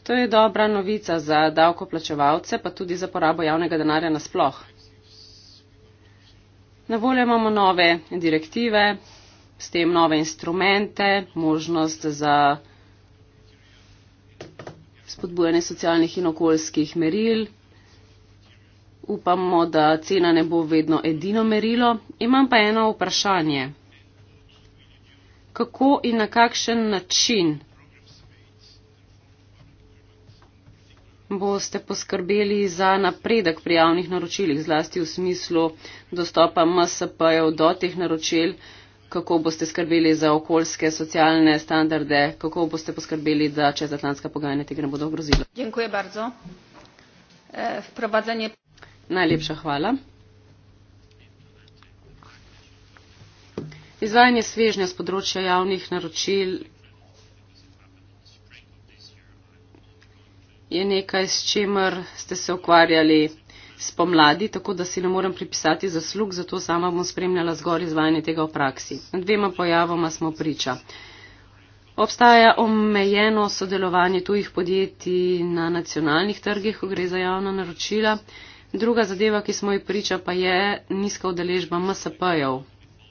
to je dobra novica za davkoplačevalce pa tudi za porabo javnega denarja nasploh. na voljo imamo nove direktive s tem nove instrumente, možnost za spodbujanje socialnih in okoljskih meril. Upamo, da cena ne bo vedno edino merilo. Imam pa eno vprašanje. Kako in na kakšen način boste poskrbeli za napredek pri javnih naročilih, zlasti v smislu dostopa MSP-jev do teh naročil? kako boste skrbeli za okoljske, socialne standarde, kako boste poskrbeli, da čezatlantska pogajanja tega ne bodo ogrozila. Dziękuję bardzo. E, wprowadzenie. Najlepša hvala. Izvajanje svežnja z področja javnih naročil je nekaj, s čimer ste se ukvarjali spomladi, tako da si ne morem pripisati zaslug, zato sama bom spremljala zgor izvajanje tega v praksi. Na dvema pojavoma smo priča. Obstaja omejeno sodelovanje tujih podjetij na nacionalnih trgih, ko gre za javna naročila. Druga zadeva, ki smo jih priča, pa je nizka udeležba MSP-jev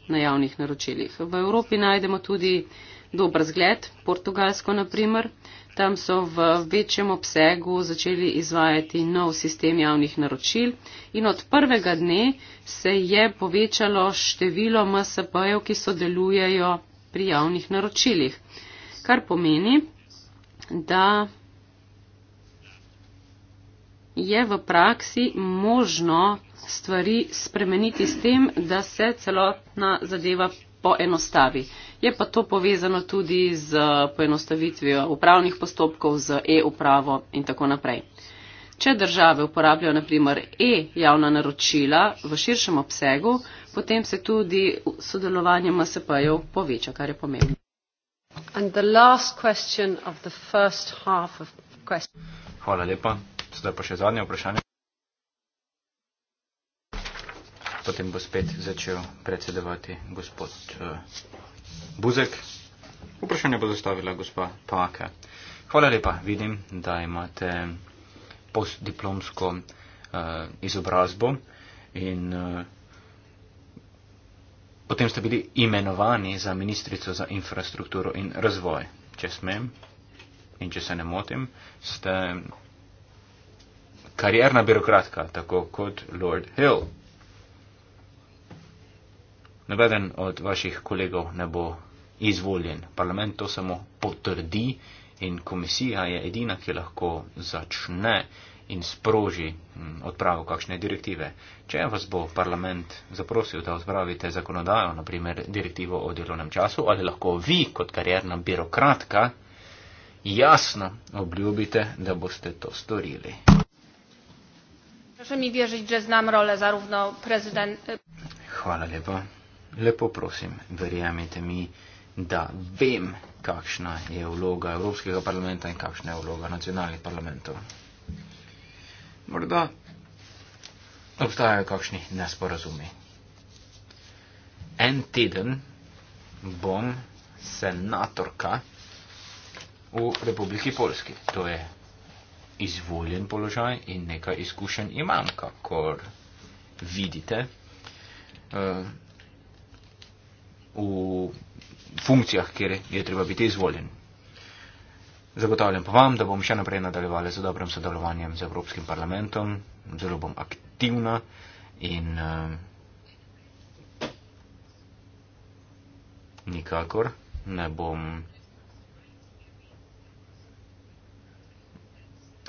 na javnih naročilih. V Evropi najdemo tudi dober zgled, Portugalsko naprimer, Tam so v večjem obsegu začeli izvajati nov sistem javnih naročil in od prvega dne se je povečalo število MSP-jev, ki sodelujejo pri javnih naročilih. Kar pomeni, da je v praksi možno stvari spremeniti s tem, da se celotna zadeva poenostavi. Je pa to povezano tudi z poenostavitvijo upravnih postopkov, z e-upravo in tako naprej. Če države uporabljajo naprimer e-javna naročila v širšem obsegu, potem se tudi sodelovanje MSP-jev poveča, kar je pomembno. Hvala lepa. Zdaj pa še zadnje vprašanje. potem bo spet začel predsedovati gospod uh, Buzek. Vprašanje bo zastavila gospa Pavaka. Hvala lepa, vidim, da imate postdiplomsko uh, izobrazbo in uh, potem ste bili imenovani za ministrico za infrastrukturo in razvoj. Če smem in če se ne motim, ste karjerna birokratka, tako kot Lord Hill. Nobeden od vaših kolegov ne bo izvoljen. Parlament to samo potrdi in komisija je edina, ki lahko začne in sproži hm, odpravo kakšne direktive. Če vas bo parlament zaprosil, da odpravite zakonodajo, naprimer direktivo o delovnem času, ali lahko vi kot karjerna birokratka jasno obljubite, da boste to storili. Proszę mi wierzyć, że znam rolę zarówno prezydent. Hvala lepa. Lepo prosim, verjamete mi, da vem, kakšna je vloga Evropskega parlamenta in kakšna je vloga nacionalnih parlamentov. Morda obstajajo kakšni nesporazumi. En teden bom senatorka v Republiki Polski. To je izvoljen položaj in nekaj izkušenj imam, kakor vidite. Uh, v funkcijah, kjer je treba biti izvoljen. Zagotavljam pa vam, da bom še naprej nadaljevala z dobrim sodelovanjem z Evropskim parlamentom, zelo bom aktivna in uh, nikakor ne bom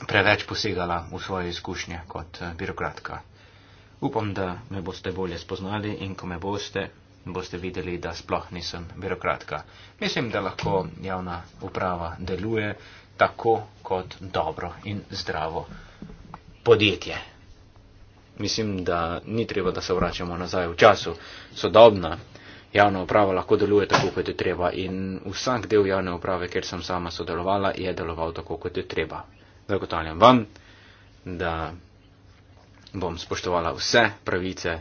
preveč posegala v svoje izkušnje kot uh, birokratka. Upam, da me boste bolje spoznali in ko me boste, in boste videli, da sploh nisem birokratka. Mislim, da lahko javna uprava deluje tako kot dobro in zdravo podjetje. Mislim, da ni treba, da se vračamo nazaj v času. Sodobna javna uprava lahko deluje tako, kot je treba in vsak del javne uprave, kjer sem sama sodelovala, je deloval tako, kot je treba. Zagotavljam vam, da bom spoštovala vse pravice,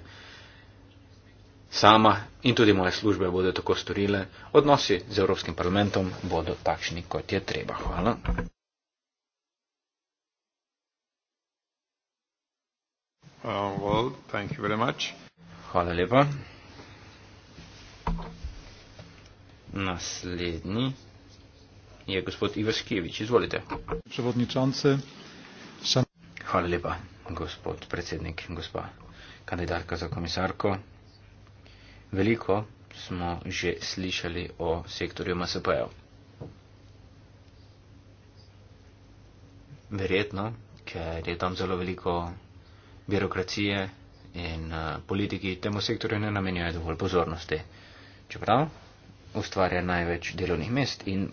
sama in tudi moje službe bodo tako storile, odnosi z Evropskim parlamentom bodo takšni, kot je treba. Hvala. Uh, well, thank you very much. Hvala lepa. Naslednji je gospod Ivaškevič. Izvolite. Hvala lepa, gospod predsednik, gospa kandidatka za komisarko. Veliko smo že slišali o sektorju MSP-jev. Verjetno, ker je tam zelo veliko birokracije in eh, politiki temu sektorju ne namenjajo dovolj pozornosti. Čeprav ustvarja največ delovnih mest in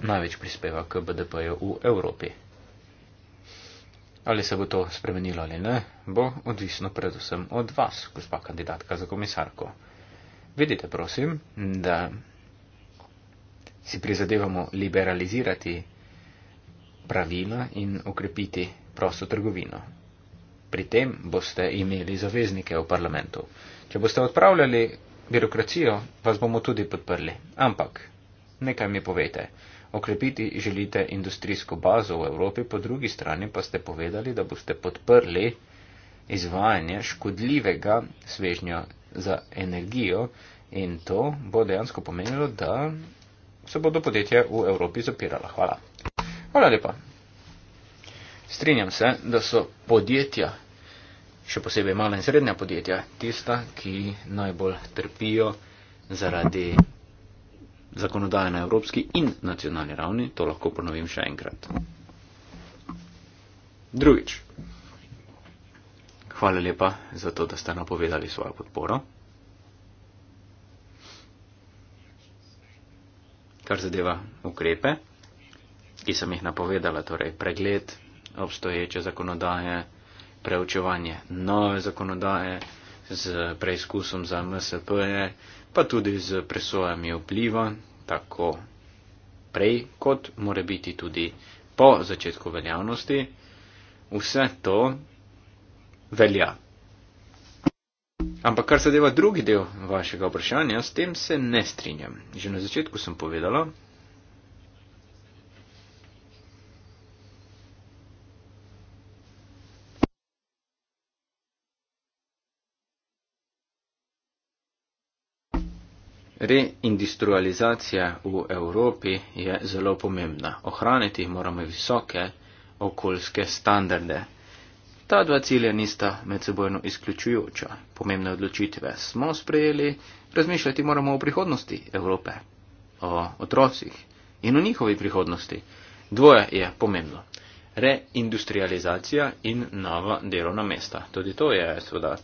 največ prispeva k BDP-ju v Evropi. Ali se bo to spremenilo ali ne, bo odvisno predvsem od vas, gospa kandidatka za komisarko. Vedite, prosim, da si prizadevamo liberalizirati pravila in ukrepiti prosto trgovino. Pri tem boste imeli zaveznike v parlamentu. Če boste odpravljali birokracijo, vas bomo tudi podprli. Ampak, nekaj mi povete. Okrepiti želite industrijsko bazo v Evropi, po drugi strani pa ste povedali, da boste podprli izvajanje škodljivega svežnja za energijo in to bo dejansko pomenilo, da se bodo podjetja v Evropi zapirala. Hvala. Hvala lepa. Strinjam se, da so podjetja, še posebej mala in srednja podjetja, tista, ki najbolj trpijo zaradi zakonodaje na evropski in nacionalni ravni. To lahko ponovim še enkrat. Drugič. Hvala lepa za to, da ste napovedali svojo podporo. Kar zadeva ukrepe, ki sem jih napovedala, torej pregled obstoječe zakonodaje, preučevanje nove zakonodaje z preizkusom za MSP-je, pa tudi z presojami vpliva, tako prej kot more biti tudi po začetku veljavnosti. Vse to velja. Ampak kar zadeva drugi del vašega vprašanja, s tem se ne strinjam. Že na začetku sem povedala, Reindustrializacija v Evropi je zelo pomembna. Ohraniti moramo visoke okoljske standarde. Ta dva cilja nista medsebojno izključujoča. Pomembne odločitve smo sprejeli, razmišljati moramo o prihodnosti Evrope, o otrocih in o njihovi prihodnosti. Dvoje je pomembno. Reindustrializacija in nova delovna mesta. Tudi to je seveda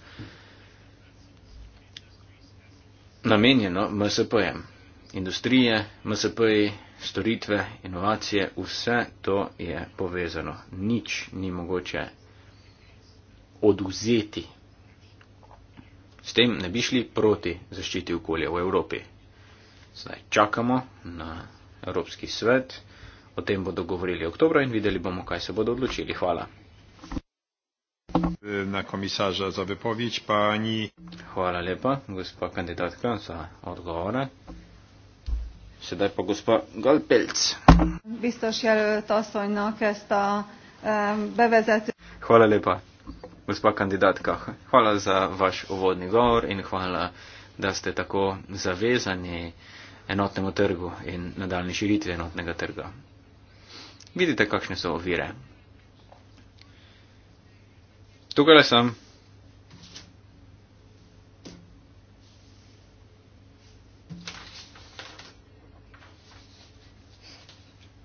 namenjeno MSP-jem. Industrije, MSP-ji, storitve, inovacije, vse to je povezano. Nič ni mogoče oduzeti. S tem ne bi šli proti zaščiti okolja v Evropi. Zdaj čakamo na Evropski svet, o tem bodo govorili oktober in videli bomo, kaj se bodo odločili. Hvala. Na komisarža za vepovič, pani. Hvala lepa, gospa kandidatka, za odgovore. Sedaj pa gospa Galpelc. Hvala lepa gospa kandidatka, hvala za vaš uvodni govor in hvala, da ste tako zavezani enotnemu trgu in nadaljni širitvi enotnega trga. Vidite, kakšne so ovire. Tukaj sem.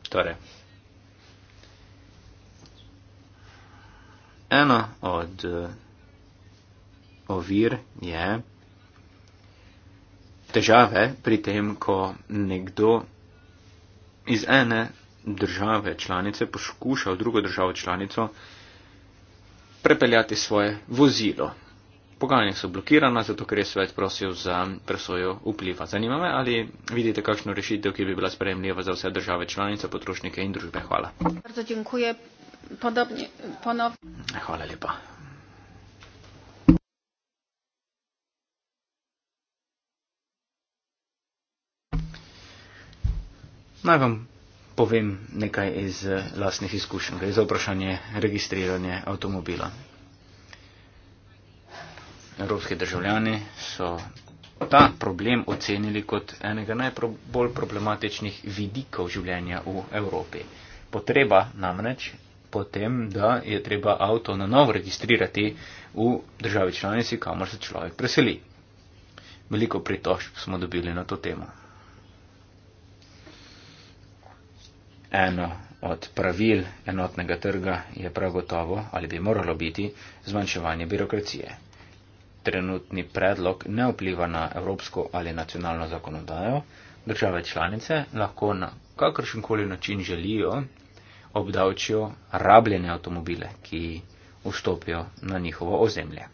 Torej. ena od eh, ovir je težave pri tem, ko nekdo iz ene države članice poskuša v drugo državo članico prepeljati svoje vozilo. Pogajanja so blokirana, zato ker je svet prosil za presojo vpliva. Zanima me, ali vidite kakšno rešitev, ki bi bila sprejemljiva za vse države članice, potrošnike in družbe. Hvala podobnje, ponovno. Hvala lepa. Naj vam povem nekaj iz eh, lastnih izkušenj, gre za vprašanje registriranja avtomobila. Evropski državljani so ta problem ocenili kot enega najbolj problematičnih vidikov življenja v Evropi. Potreba namreč potem, da je treba avto na novo registrirati v državi članici, kamor se človek preseli. Veliko pritožb smo dobili na to temo. Eno od pravil enotnega trga je prav gotovo, ali bi moralo biti, zmanjševanje birokracije. Trenutni predlog ne vpliva na evropsko ali nacionalno zakonodajo. Države članice lahko na kakršen koli način želijo obdavčijo rabljene avtomobile, ki vstopijo na njihovo ozemlje.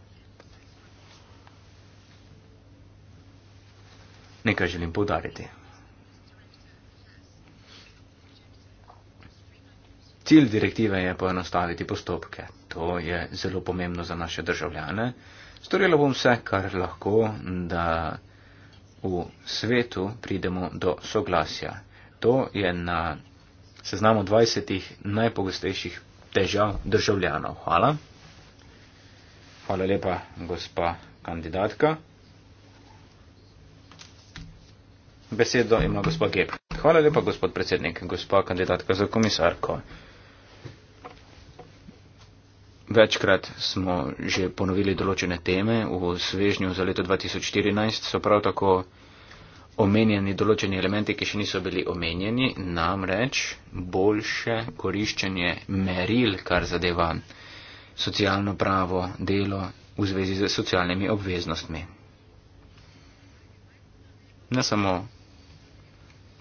Nekaj želim povdariti. Cilj direktive je poenostaviti postopke. To je zelo pomembno za naše državljane. Storila bom vse, kar lahko, da v svetu pridemo do soglasja. To je na seznamu 20 najpogostejših težav državljanov. Hvala. Hvala lepa, gospa kandidatka. Besedo ima gospa Geb. Hvala lepa, gospod predsednik, gospa kandidatka za komisarko. Večkrat smo že ponovili določene teme. V svežnju za leto 2014 so prav tako omenjeni določeni elementi, ki še niso bili omenjeni, namreč boljše koriščenje meril, kar zadeva socialno pravo, delo v zvezi z socialnimi obveznostmi. Ne samo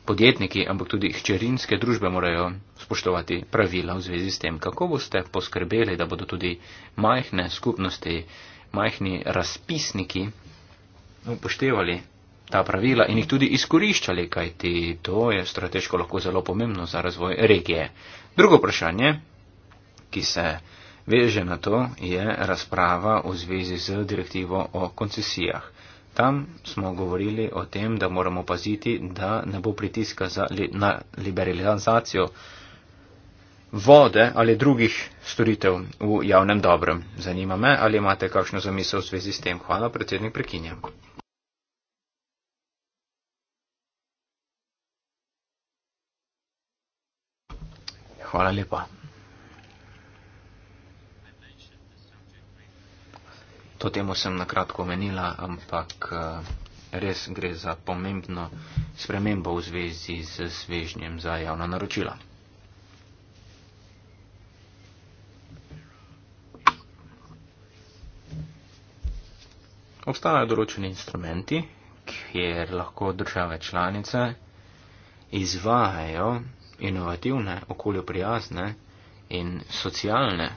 podjetniki, ampak tudi hčerinske družbe morajo spoštovati pravila v zvezi s tem, kako boste poskrbeli, da bodo tudi majhne skupnosti, majhni razpisniki upoštevali ta pravila in jih tudi izkoriščali, kajti to je strateško lahko zelo pomembno za razvoj regije. Drugo vprašanje, ki se veže na to, je razprava v zvezi z direktivo o koncesijah. Tam smo govorili o tem, da moramo paziti, da ne bo pritiska za, na liberalizacijo vode ali drugih storitev v javnem dobrem. Zanima me, ali imate kakšno zamisel v zvezi s tem. Hvala, predsednik, prekinjam. Hvala lepa. To temo sem nakratko omenila, ampak eh, res gre za pomembno spremembo v zvezi z svežnjem za javna naročila. Obstajajo določeni instrumenti, kjer lahko države članice izvajajo inovativne, okoljoprijazne in socialne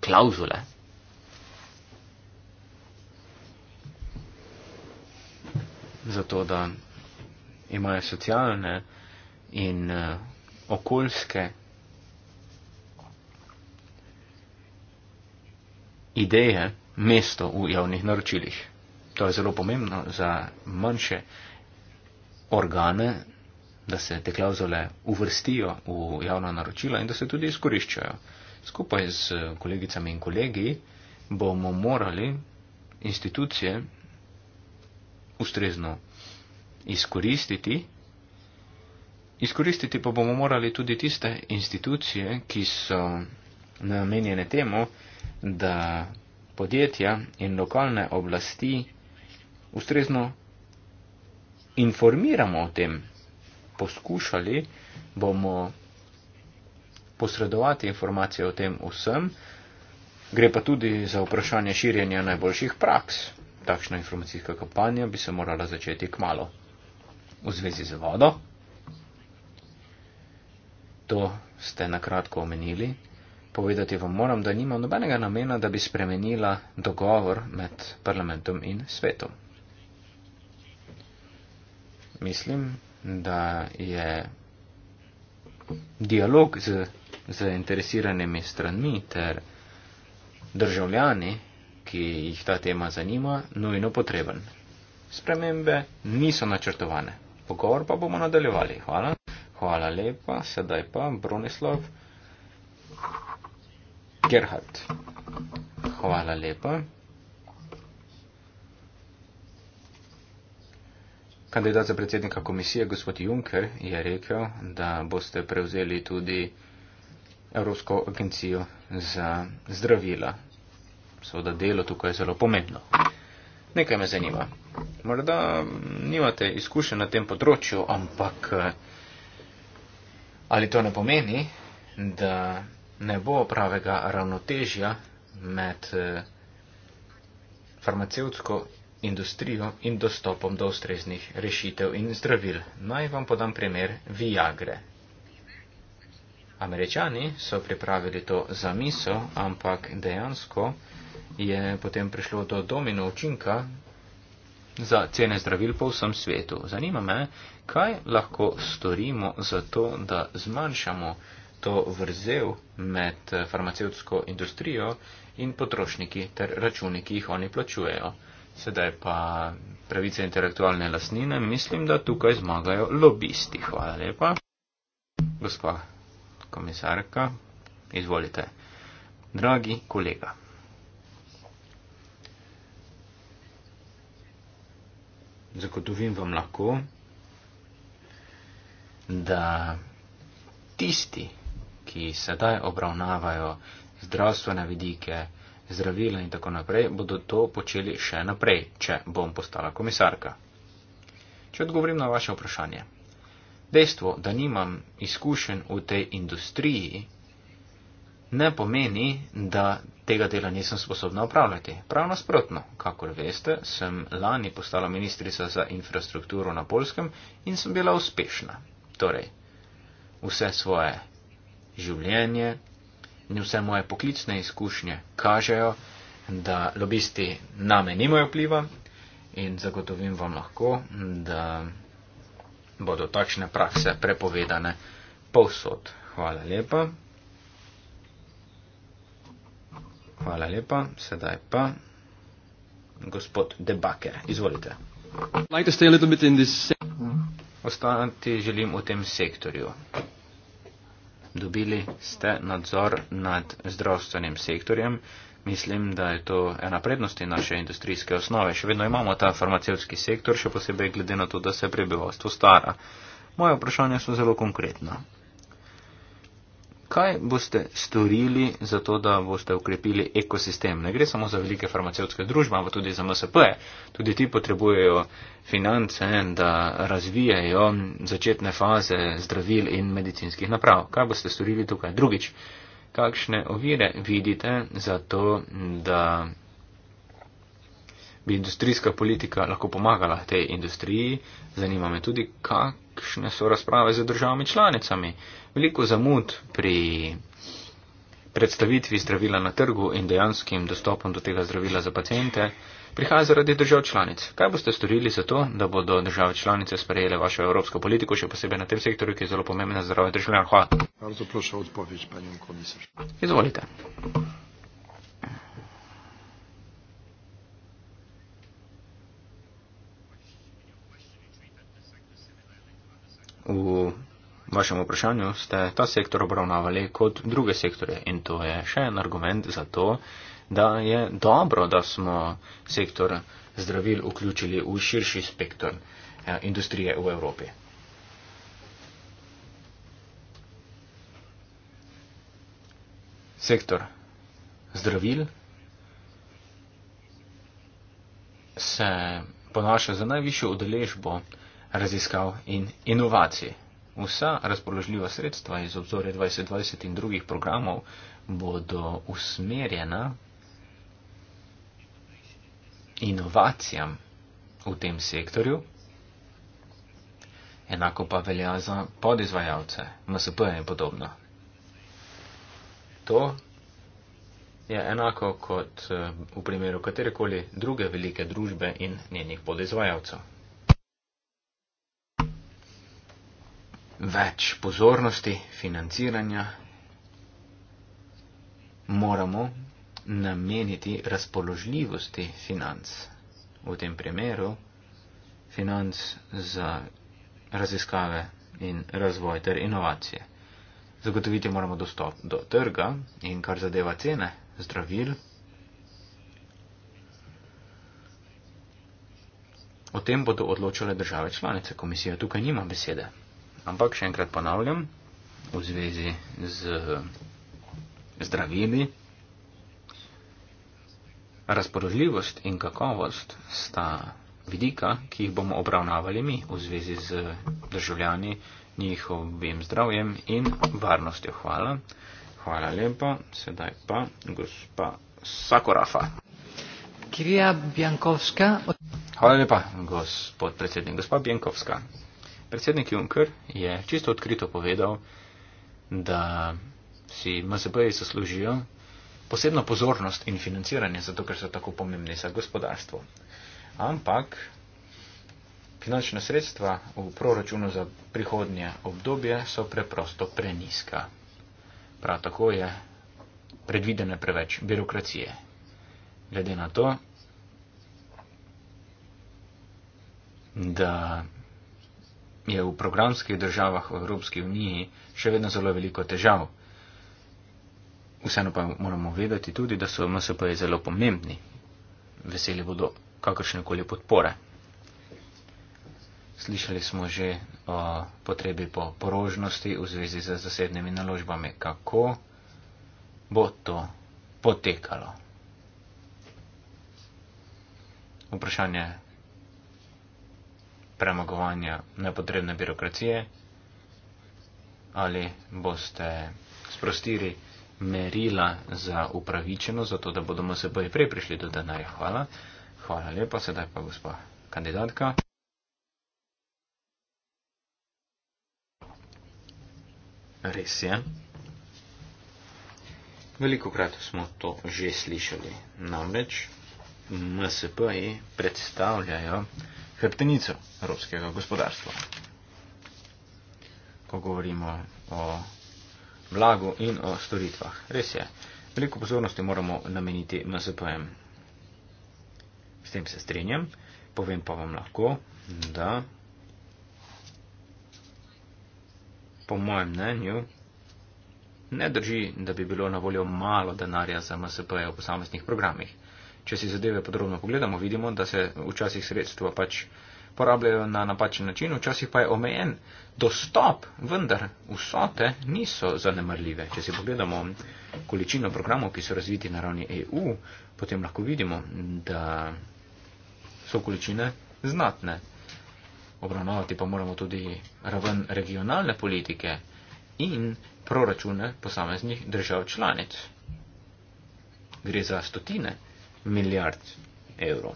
klauzule. Zato, da imajo socialne in eh, okoljske ideje mesto v javnih naročilih. To je zelo pomembno za manjše organe da se te klauzule uvrstijo v javna naročila in da se tudi izkoriščajo. Skupaj z eh, kolegicami in kolegi bomo morali institucije ustrezno izkoristiti, izkoristiti pa bomo morali tudi tiste institucije, ki so namenjene temu, da podjetja in lokalne oblasti ustrezno informiramo o tem, poskušali, bomo posredovati informacije o tem vsem. Gre pa tudi za vprašanje širjenja najboljših praks. Takšna informacijska kampanja bi se morala začeti k malo. V zvezi z vodo, to ste nakratko omenili, povedati vam moram, da nima nobenega namena, da bi spremenila dogovor med parlamentom in svetom. Mislim, da je dialog z zainteresiranimi stranmi ter državljani, ki jih ta tema zanima, nujno potreben. Spremembe niso načrtovane. Pogovor pa bomo nadaljevali. Hvala. Hvala lepa. Sedaj pa Bronislav Gerhardt. Hvala lepa. Kandidat za predsednika komisije, gospod Juncker, je rekel, da boste prevzeli tudi Evropsko agencijo za zdravila. Seveda delo tukaj je zelo pomembno. Nekaj me zanima. Morda mm, nimate izkušen na tem področju, ampak eh, ali to ne pomeni, da ne bo pravega ravnotežja med eh, farmacevtsko industrijo in dostopom do ustreznih rešitev in zdravil. Naj vam podam primer Viagre. Američani so pripravili to za misel, ampak dejansko je potem prišlo do domino učinka za cene zdravil po vsem svetu. Zanima me, kaj lahko storimo za to, da zmanjšamo to vrzel med farmacevtsko industrijo in potrošniki ter računi, ki jih oni plačujejo sedaj pa pravice intelektualne lasnine, mislim, da tukaj zmagajo lobisti. Hvala lepa. Gospa komisarka, izvolite. Dragi kolega. Zagotovim vam lahko, da tisti, ki sedaj obravnavajo zdravstvene vidike, zdravila in tako naprej, bodo to počeli še naprej, če bom postala komisarka. Če odgovorim na vaše vprašanje. Dejstvo, da nimam izkušen v tej industriji, ne pomeni, da tega dela nisem sposobna upravljati. Prav nasprotno, kakor veste, sem lani postala ministrica za infrastrukturo na Polskem in sem bila uspešna. Torej, vse svoje življenje, in vse moje poklicne izkušnje kažejo, da lobisti name nimajo vpliva in zagotovim vam lahko, da bodo takšne prakse prepovedane povsod. Hvala lepa. Hvala lepa. Sedaj pa gospod Debaker. Izvolite. Like Ostati želim v tem sektorju dobili ste nadzor nad zdravstvenim sektorjem. Mislim, da je to ena prednosti naše industrijske osnove. Še vedno imamo ta farmacevski sektor, še posebej glede na to, da se prebivalstvo stara. Moje vprašanje so zelo konkretna kaj boste storili za to, da boste ukrepili ekosistem. Ne gre samo za velike farmacevtske družbe, ampak tudi za MSP. -e. Tudi ti potrebujejo finance, da razvijajo začetne faze zdravil in medicinskih naprav. Kaj boste storili tukaj? Drugič, kakšne ovire vidite za to, da bi industrijska politika lahko pomagala tej industriji? Zanima me tudi, kak kakšne so razprave z državami članicami, veliko zamud pri predstavitvi zdravila na trgu in dejanskim dostopom do tega zdravila za pacijente, prihaja zaradi držav članic. Kaj boste storili za to, da bodo države članice sprejele vašo evropsko politiko, še posebej na tem sektorju, ki je zelo pomembna za zdravje državljanov? Hvala. Hvala za vprašanje, odpoveč, panjim komisar. Izvolite. v vašem vprašanju ste ta sektor obravnavali kot druge sektore in to je še en argument za to, da je dobro, da smo sektor zdravil vključili v širši spektr eh, industrije v Evropi. Sektor zdravil se ponaša za najvišjo udeležbo raziskav in inovacij. Vsa razpoložljiva sredstva iz obzorja 2020 in drugih programov bodo usmerjena inovacijam v tem sektorju. Enako pa velja za podizvajalce, MSP in podobno. To je enako kot eh, v primeru katerekoli druge velike družbe in njenih podizvajalcev. več pozornosti, financiranja moramo nameniti razpoložljivosti financ. V tem primeru financ za raziskave in razvoj ter inovacije. Zagotoviti moramo dostop do trga in kar zadeva cene zdravil. O tem bodo odločile države članice. Komisija tukaj nima besede. Ampak še enkrat ponavljam, v zvezi z zdravili, razporožljivost in kakovost sta vidika, ki jih bomo obravnavali mi v zvezi z državljani, njihovim zdravjem in varnostjo. Hvala. Hvala lepa. Sedaj pa gospa Sakorafa. Kirija Bjankovska. Hvala lepa, gospod predsednik. Gospa Bjankovska. Predsednik Juncker je čisto odkrito povedal, da si MSB-ji zaslužijo posebno pozornost in financiranje, zato ker so tako pomembni za gospodarstvo. Ampak finančna sredstva v proračunu za prihodnje obdobje so preprosto preniska. Prav tako je predvidene preveč birokracije. Glede na to, da je v programskih državah v Evropski uniji še vedno zelo veliko težav. Vseeno pa moramo vedeti tudi, da so MSP-ji zelo pomembni. Veseli bodo kakršnekoli podpore. Slišali smo že o potrebi po porožnosti v zvezi z zasebnimi naložbami. Kako bo to potekalo? Vprašanje premagovanja nepotrebne birokracije ali boste sprostili merila za upravičeno, zato da bodo MSB-ji prej prišli do denarja. Hvala. Hvala lepa, sedaj pa gospa kandidatka. Res je. Veliko krat smo to že slišali. Namreč MSP-ji predstavljajo hrbtenico evropskega gospodarstva. Ko govorimo o blagu in o storitvah. Res je, veliko pozornosti moramo nameniti MSP-jem. S tem se strenjam, povem pa vam lahko, da po mojem mnenju ne drži, da bi bilo na voljo malo denarja za MSP-je v posameznih programih če si zadeve podrobno pogledamo, vidimo, da se včasih sredstva pač porabljajo na napačen način, včasih pa je omejen dostop, vendar vsote niso zanemarljive. Če si pogledamo količino programov, ki so razviti na ravni EU, potem lahko vidimo, da so količine znatne. Obravnavati pa moramo tudi raven regionalne politike in proračune posameznih držav članic. Gre za stotine milijard evrov.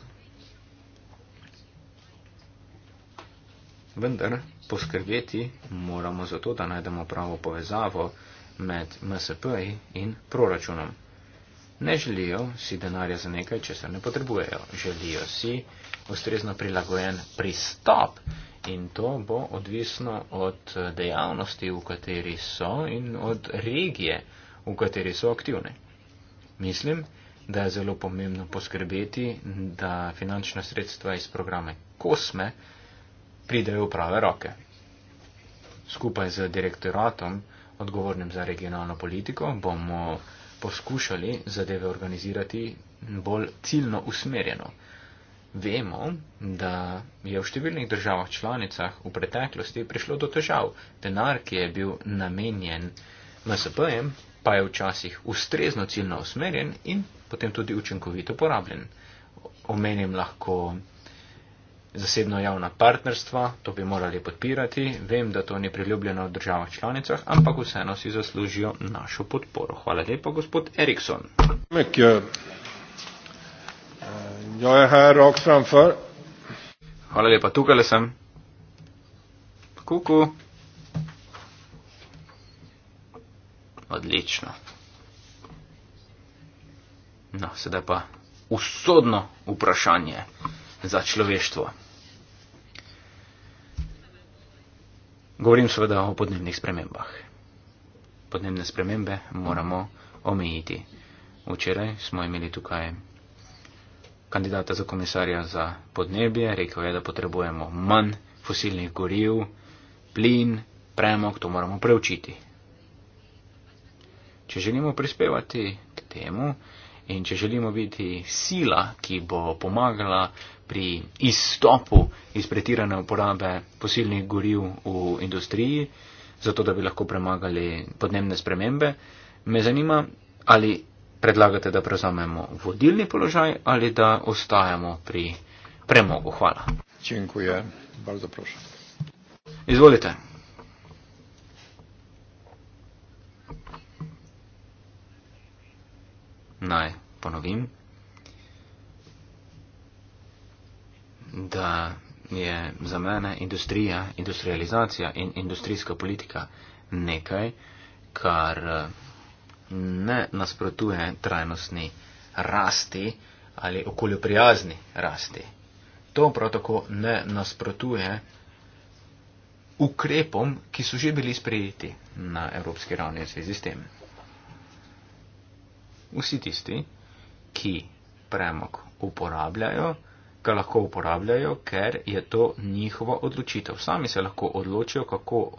Vendar poskrbeti moramo za to, da najdemo pravo povezavo med MSP in proračunom. Ne želijo si denarja za nekaj, če se ne potrebujejo. Želijo si ustrezno prilagojen pristop in to bo odvisno od dejavnosti, v kateri so in od regije, v kateri so aktivne. Mislim, da je zelo pomembno poskrbeti, da finančna sredstva iz programa Kosme pridejo v prave roke. Skupaj z direktoratom, odgovornim za regionalno politiko, bomo poskušali zadeve organizirati bolj ciljno usmerjeno. Vemo, da je v številnih državah članicah v preteklosti prišlo do težav. Denar, ki je bil namenjen MSP-jem, pa je včasih ustrezno ciljno usmerjen in potem tudi učinkovito porabljen. Omenim lahko zasebno javna partnerstva, to bi morali podpirati, vem, da to ni priljubljeno v državah članicah, ampak vseeno si zaslužijo našo podporo. Hvala lepa, gospod Erikson. Uh, ja, ja, ja, Hvala lepa, tukaj sem. Kuku. odlično. No, sedaj pa usodno vprašanje za človeštvo. Govorim seveda o podnebnih spremembah. Podnebne spremembe moramo omejiti. Včeraj smo imeli tukaj kandidata za komisarja za podnebje, rekel je, da potrebujemo manj fosilnih goriv, plin, premog, to moramo preučiti. Če želimo prispevati k temu in če želimo biti sila, ki bo pomagala pri izstopu iz pretirane uporabe posilnih goriv v industriji, zato da bi lahko premagali podnebne spremembe, me zanima, ali predlagate, da prevzamemo vodilni položaj ali da ostajamo pri premogu. Hvala. Čenkuje. Bardzo proszę. Izvolite. naj ponovim, da je za mene industrija, industrializacija in industrijska politika nekaj, kar ne nasprotuje trajnostni rasti ali okoljoprijazni rasti. To prav tako ne nasprotuje ukrepom, ki so že bili sprejeti na evropski ravni v zvezi s tem vsi tisti, ki premog uporabljajo, ga lahko uporabljajo, ker je to njihova odločitev. Sami se lahko odločijo, kako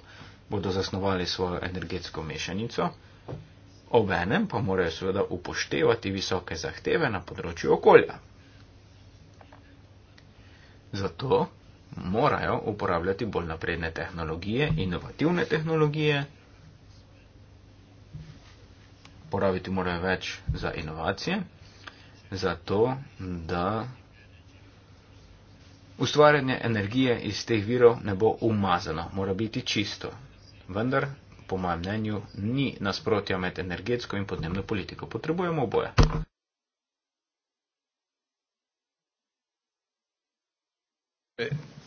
bodo zasnovali svojo energetsko mešanico, obenem pa morajo seveda upoštevati visoke zahteve na področju okolja. Zato morajo uporabljati bolj napredne tehnologije, inovativne tehnologije, porabiti morajo več za inovacije, za to, da ustvarjanje energije iz teh virov ne bo umazano, mora biti čisto. Vendar, po mojem mnenju, ni nasprotja med energetsko in podnebno politiko. Potrebujemo oboje.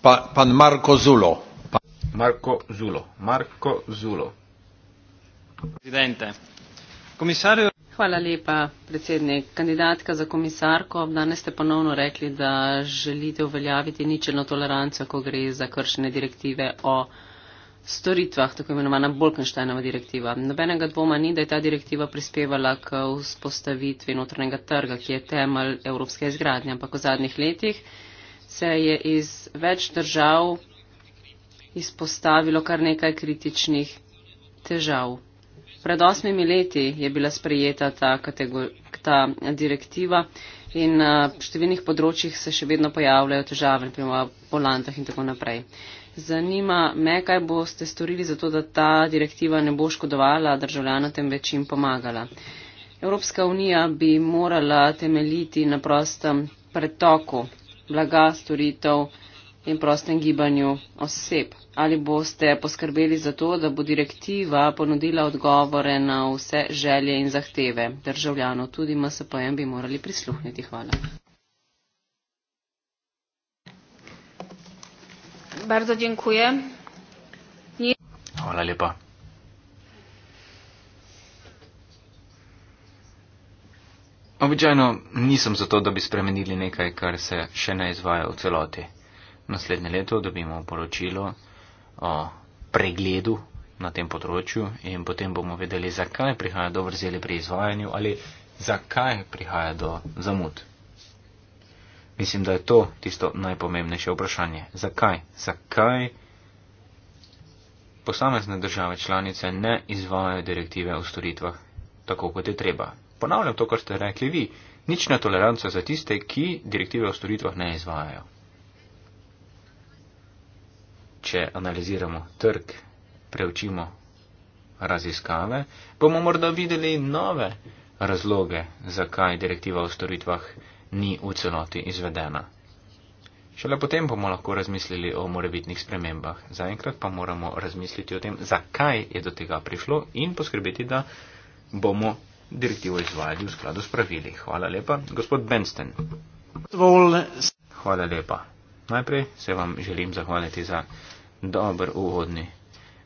Pa, pan Marko Zulo. Pa... Marko Zulo. Marko Zulo. Presidente. Komisarju. Hvala lepa, predsednik. Kandidatka za komisarko, danes ste ponovno rekli, da želite uveljaviti ničelno toleranco, ko gre za kršene direktive o storitvah, tako imenovana Bolkensteinova direktiva. Nobenega dvoma ni, da je ta direktiva prispevala k vzpostavitvi notranjega trga, ki je temelj evropske izgradnje, ampak v zadnjih letih se je iz več držav izpostavilo kar nekaj kritičnih težav. Pred osmimi leti je bila sprejeta ta, ta direktiva in na eh, številnih področjih se še vedno pojavljajo težave, naprimer v volantah in tako naprej. Zanima me, kaj boste storili za to, da ta direktiva ne bo škodovala državljanom, temveč jim pomagala. Evropska unija bi morala temeljiti na prostem pretoku blaga, storitev, in prostem gibanju oseb? Ali boste poskrbeli za to, da bo direktiva ponudila odgovore na vse želje in zahteve državljanov? Tudi MSPM bi morali prisluhniti. Hvala. Bardzo dziękuję. Nie... Hvala lepa. Običajno nisem zato, da bi spremenili nekaj, kar se še ne izvaja v celoti naslednje leto dobimo poročilo o pregledu na tem področju in potem bomo vedeli, zakaj prihaja do vrzeli pri izvajanju ali zakaj prihaja do zamud. Mislim, da je to tisto najpomembnejše vprašanje. Zakaj? Zakaj posamezne države članice ne izvajajo direktive o storitvah tako, kot je treba? Ponavljam to, kar ste rekli vi. Nič ne toleranca za tiste, ki direktive o storitvah ne izvajajo če analiziramo trg, preučimo raziskave, bomo morda videli nove razloge, zakaj direktiva o storitvah ni v celoti izvedena. Šele potem bomo lahko razmislili o morebitnih spremembah. Zaenkrat pa moramo razmisliti o tem, zakaj je do tega prišlo in poskrbeti, da bomo direktivo izvajali v skladu s pravili. Hvala lepa, gospod Benston. Hvala lepa. Najprej se vam želim zahvaliti za dober uhodni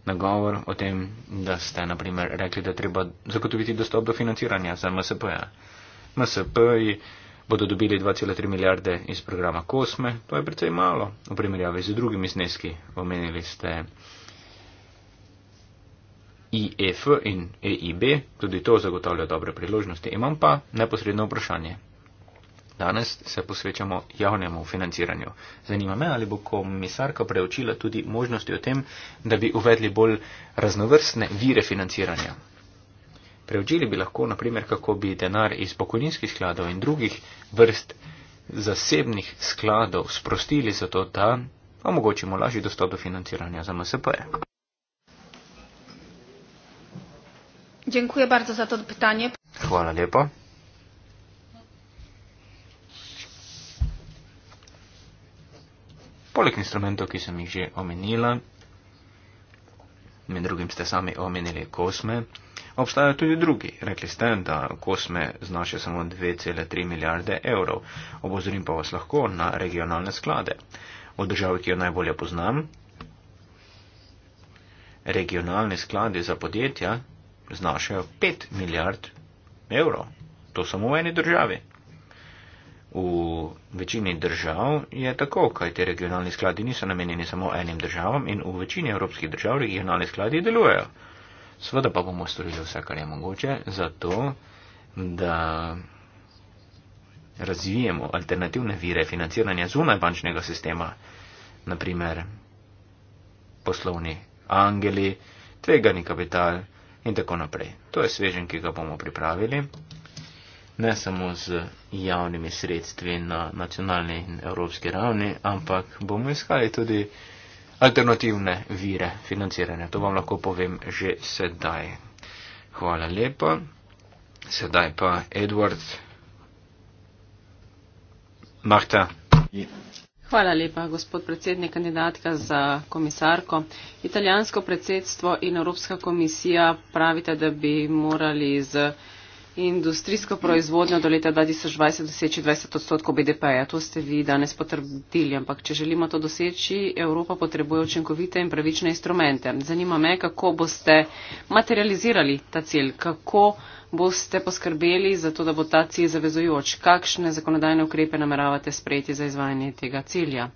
nagovor o tem, da ste naprimer rekli, da treba zagotoviti dostop do financiranja za MSP-ja. MSP-ji bodo dobili 2,3 milijarde iz programa Kosme, to je precej malo v primerjavi z drugimi zneski. Omenili ste IEF in EIB, tudi to zagotavlja dobre priložnosti. Imam pa neposredno vprašanje. Danes se posvečamo javnemu financiranju. Zanima me, ali bo komisarka preučila tudi možnosti o tem, da bi uvedli bolj raznovrstne vire financiranja. Preučili bi lahko, na primer, kako bi denar iz pokojninskih skladov in drugih vrst zasebnih skladov sprostili za to, da omogočimo lažji dostop do financiranja za MSP-je. Hvala lepa. Poleg instrumentov, ki sem jih že omenila, med drugim ste sami omenili kosme, obstajajo tudi drugi. Rekli ste, da kosme znašajo samo 2,3 milijarde evrov. Obozorim pa vas lahko na regionalne sklade. Od države, ki jo najbolje poznam, regionalne sklade za podjetja znašajo 5 milijard evrov. To samo v eni državi. V večini držav je tako, kaj te regionalni skladi niso namenjeni samo enim državam in v večini evropskih držav regionalni skladi delujejo. Sveda pa bomo storili vse, kar je mogoče, zato, da razvijemo alternativne vire financiranja zunaj bančnega sistema, naprimer poslovni angeli, tvegani kapital in tako naprej. To je svežen, ki ga bomo pripravili ne samo z javnimi sredstvi na nacionalni in evropski ravni, ampak bomo iskali tudi alternativne vire financiranja. To vam lahko povem že sedaj. Hvala lepa. Sedaj pa Edward. Marta. Hvala lepa, gospod predsednik, kandidatka za komisarko. Italijansko predsedstvo in Evropska komisija pravite, da bi morali z industrijsko proizvodnjo do leta 2020 doseči 20 odstotkov BDP-ja. To ste vi danes potrdili, ampak če želimo to doseči, Evropa potrebuje učinkovite in pravične instrumente. Zanima me, kako boste materializirali ta cilj, kako boste poskrbeli za to, da bo ta cilj zavezujoč, kakšne zakonodajne ukrepe nameravate sprejeti za izvajanje tega cilja.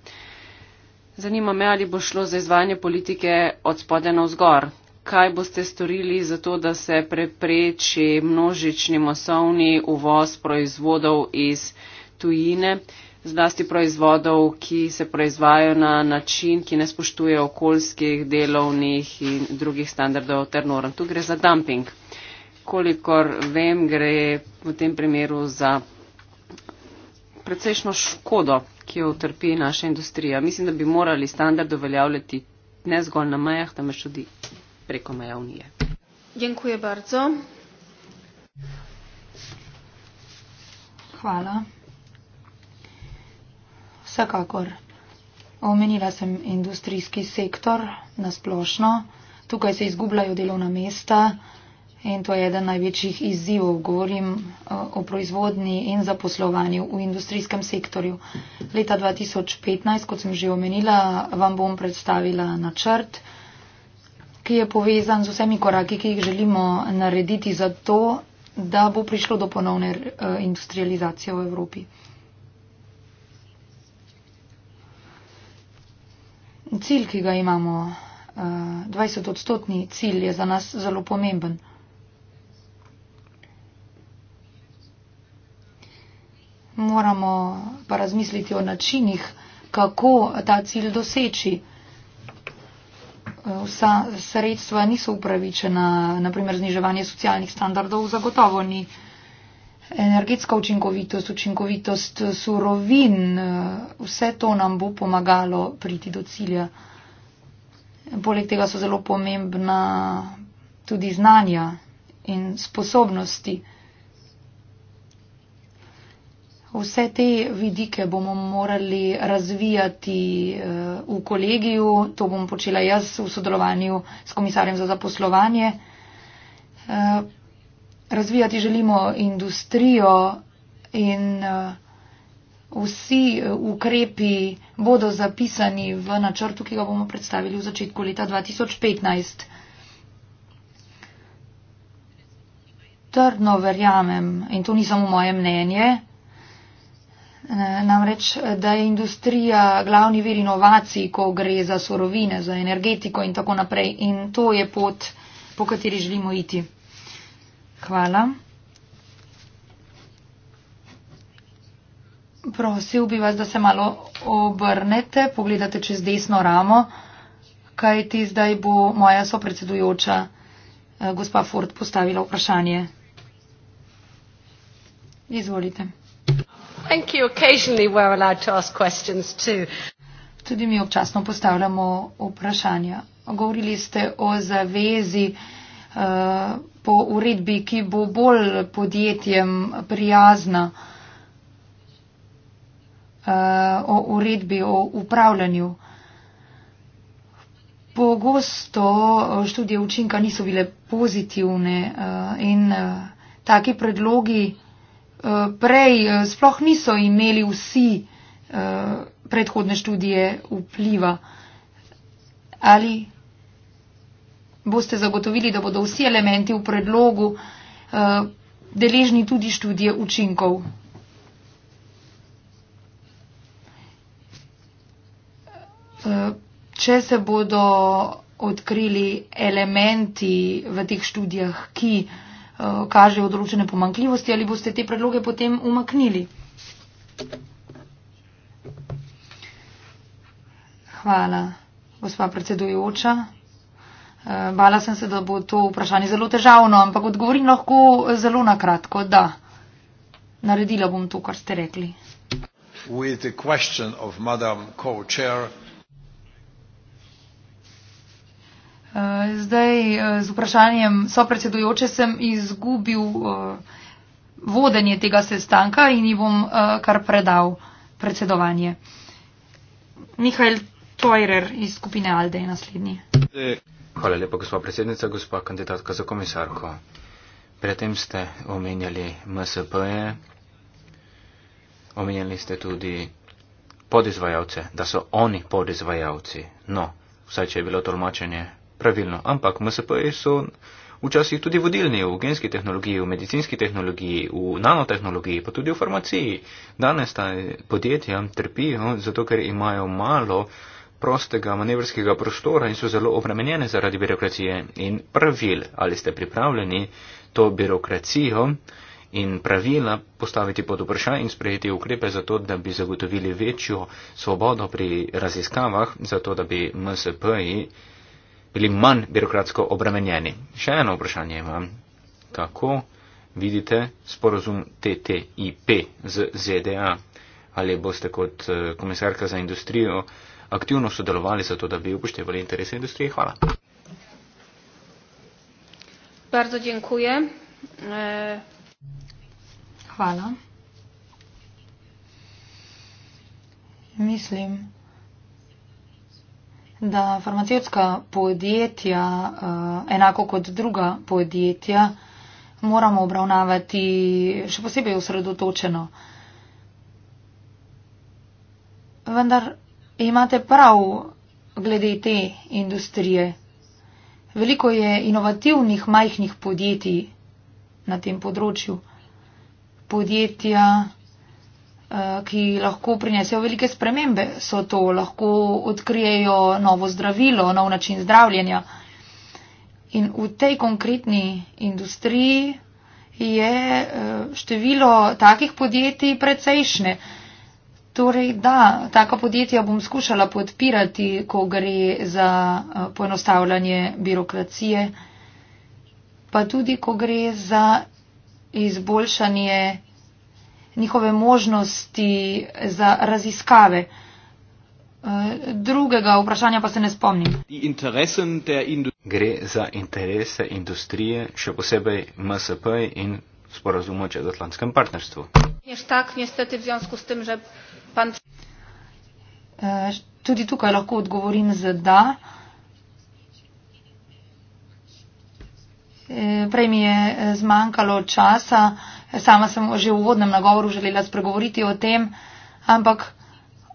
Zanima me, ali bo šlo za izvajanje politike od spodaj na vzgor, kaj boste storili za to, da se prepreči množični masovni uvoz proizvodov iz tujine, zlasti proizvodov, ki se proizvajajo na način, ki ne spoštuje okoljskih, delovnih in drugih standardov ter norm. Tu gre za dumping. Kolikor vem, gre v tem primeru za precejšno škodo, ki jo utrpi naša industrija. Mislim, da bi morali standard uveljavljati ne zgolj na mejah, temveč tudi preko meja Unije. Dziękuję bardzo. Hvala. Vsekakor. Omenila sem industrijski sektor nasplošno. Tukaj se izgubljajo delovna mesta in to je eden največjih izzivov. Govorim eh, o proizvodni in zaposlovanju v industrijskem sektorju. Leta 2015, kot sem že omenila, vam bom predstavila načrt ki je povezan z vsemi koraki, ki jih želimo narediti za to, da bo prišlo do ponovne eh, industrializacije v Evropi. Cilj, ki ga imamo, 20 eh, odstotni cilj je za nas zelo pomemben. Moramo pa razmisliti o načinih, kako ta cilj doseči vsa sredstva niso upravičena, naprimer zniževanje socialnih standardov zagotovo ni. Energetska učinkovitost, učinkovitost surovin, vse to nam bo pomagalo priti do cilja. Poleg tega so zelo pomembna tudi znanja in sposobnosti. Vse te vidike bomo morali razvijati eh, v kolegiju, to bom počela jaz v sodelovanju s komisarjem za zaposlovanje. Eh, razvijati želimo industrijo in eh, vsi ukrepi bodo zapisani v načrtu, ki ga bomo predstavili v začetku leta 2015. Trdno verjamem, in to ni samo moje mnenje, Eh, namreč, da je industrija glavni vir inovacij, ko gre za sorovine, za energetiko in tako naprej. In to je pot, po kateri želimo iti. Hvala. Prosil bi vas, da se malo obrnete, pogledate čez desno ramo, kaj ti zdaj bo moja sopredsedujoča eh, gospa Ford postavila vprašanje. Izvolite. Thank you. Occasionally we're allowed to ask questions too. Tudi mi občasno postavljamo vprašanja. Govorili ste o zavezi uh, po uredbi, ki bo bolj podjetjem prijazna, uh, o uredbi o upravljanju. Pogosto eh, študije učinka niso bile pozitivne uh, in uh, taki predlogi. Eh, prej eh, sploh niso imeli vsi eh, predhodne študije vpliva. Ali boste zagotovili, da bodo vsi elementi v predlogu deležni tudi študije učinkov? Če se bodo odkrili elementi v teh študijah, ki uh, Eh, kažejo določene pomankljivosti ali boste te predloge potem umaknili. Hvala, gospa predsedujoča. Eh, bala sem se, da bo to vprašanje zelo težavno, ampak odgovorim lahko zelo na kratko, da naredila bom to, kar ste rekli. With the question of Madam Co-Chair. Eh, zdaj eh, z vprašanjem so predsedujoče sem izgubil eh, vodenje tega sestanka in ji bom kar predal predsedovanje. Mihajl Tojrer iz skupine Alde je naslednji. Hvala lepa, gospod predsednica, gospod kandidatka za komisarko. Predtem ste omenjali MSP-je, omenjali ste tudi podizvajalce, da so oni podizvajalci. No, vsaj če je bilo tolmačenje pravilno. Ampak MSP-ji e so včasih tudi vodilni v genski tehnologiji, v medicinski tehnologiji, v nanotehnologiji, pa tudi v farmaciji. Danes ta podjetja trpijo, zato ker imajo malo prostega manevrskega prostora in so zelo obremenjene zaradi birokracije in pravil. Ali ste pripravljeni to birokracijo in pravila postaviti pod vprašanje in sprejeti ukrepe za to, da bi zagotovili večjo svobodo pri raziskavah, za to, da bi MSP-ji e bili manj birokratsko obremenjeni. Še eno vprašanje imam. Kako vidite sporozum TTIP z ZDA? Ali boste kot eh, komisarka za industrijo aktivno sodelovali za to, da bi upoštevali interese industrije? Hvala. Bardzo dziękuję. Hvala. Mislim, da farmacevtska podjetja, eh, enako kot druga podjetja, moramo obravnavati še posebej osredotočeno. Vendar imate prav glede te industrije. Veliko je inovativnih majhnih podjetij na tem področju. Podjetja, Eh, ki lahko prinesejo velike spremembe. So to, lahko odkrijejo novo zdravilo, nov način zdravljenja. In v tej konkretni industriji je eh, število takih podjetij precejšne. Torej, da, taka podjetja bom skušala podpirati, ko gre za eh, poenostavljanje birokracije, pa tudi, ko gre za izboljšanje njihove možnosti za raziskave. Eh, drugega vprašanja pa se ne spomnim. Gre za interese industrije, še posebej MSP in sporazum o čezatlantskem partnerstvu. Eh, tudi tukaj lahko odgovorim z da. Eh, prej mi je zmanjkalo časa. Sama sem že v uvodnem nagovoru želela spregovoriti o tem, ampak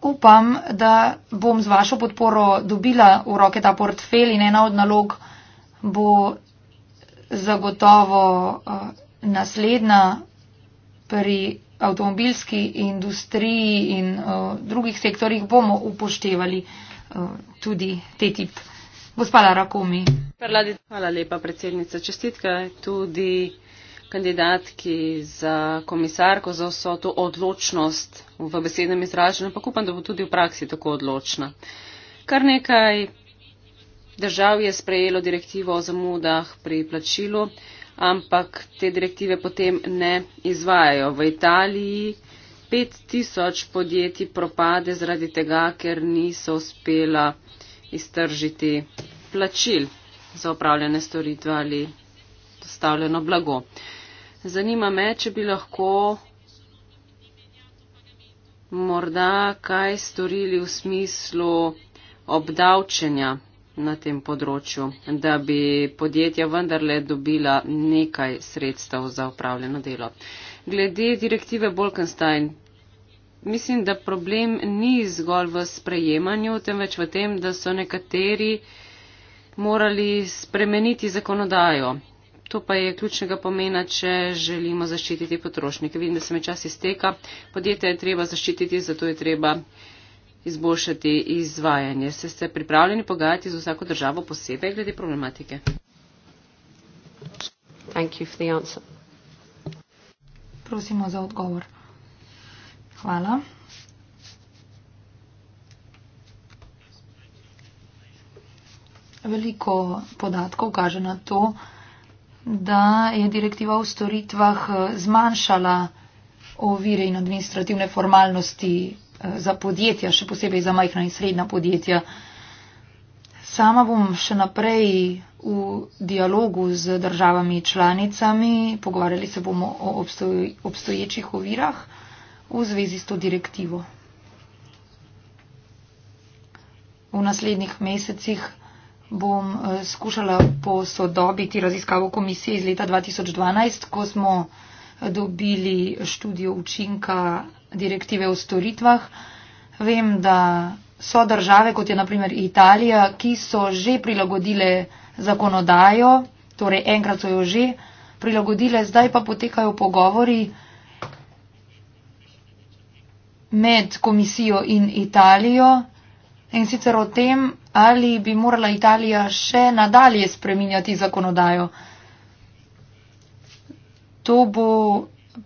upam, da bom z vašo podporo dobila v roke ta portfelj in ena od nalog bo zagotovo eh, naslednja pri avtomobilski industriji in uh, drugih sektorjih bomo upoštevali uh, tudi te tip. Gospoda Rakomi. Hvala lepa, predsednica. Čestitke tudi kandidatki za komisarko za vso to odločnost v besednem izražanju, pa upam, da bo tudi v praksi tako odločna. Kar nekaj držav je sprejelo direktivo o zamudah pri plačilu, ampak te direktive potem ne izvajajo. V Italiji 5000 podjetij propade zaradi tega, ker niso uspela iztržiti plačil za opravljene storitve ali dostavljeno blago. Zanima me, če bi lahko morda kaj storili v smislu obdavčenja na tem področju, da bi podjetja vendarle dobila nekaj sredstev za upravljeno delo. Glede direktive Bolkenstein, mislim, da problem ni zgolj v sprejemanju, temveč v tem, da so nekateri morali spremeniti zakonodajo. To pa je ključnega pomena, če želimo zaščititi potrošnike. Vidim, da se mi čas izteka. Podjetje je treba zaščititi, zato je treba izboljšati izvajanje. Se ste pripravljeni pogajati z vsako državo posebej glede problematike? Prosimo za odgovor. Hvala. Veliko podatkov kaže na to, da je direktiva v storitvah eh, zmanjšala ovire in administrativne formalnosti eh, za podjetja, še posebej za majhna in srednja podjetja. Sama bom še naprej v dialogu z državami članicami, pogovarjali se bomo o obstoj, obstoječih ovirah v zvezi s to direktivo. V naslednjih mesecih bom eh, skušala posodobiti raziskavo komisije iz leta 2012, ko smo eh, dobili študijo učinka direktive o storitvah. Vem, da so države, kot je naprimer Italija, ki so že prilagodile zakonodajo, torej enkrat so jo že prilagodile, zdaj pa potekajo pogovori med komisijo in Italijo in sicer o tem, ali bi morala Italija še nadalje spreminjati zakonodajo. To bo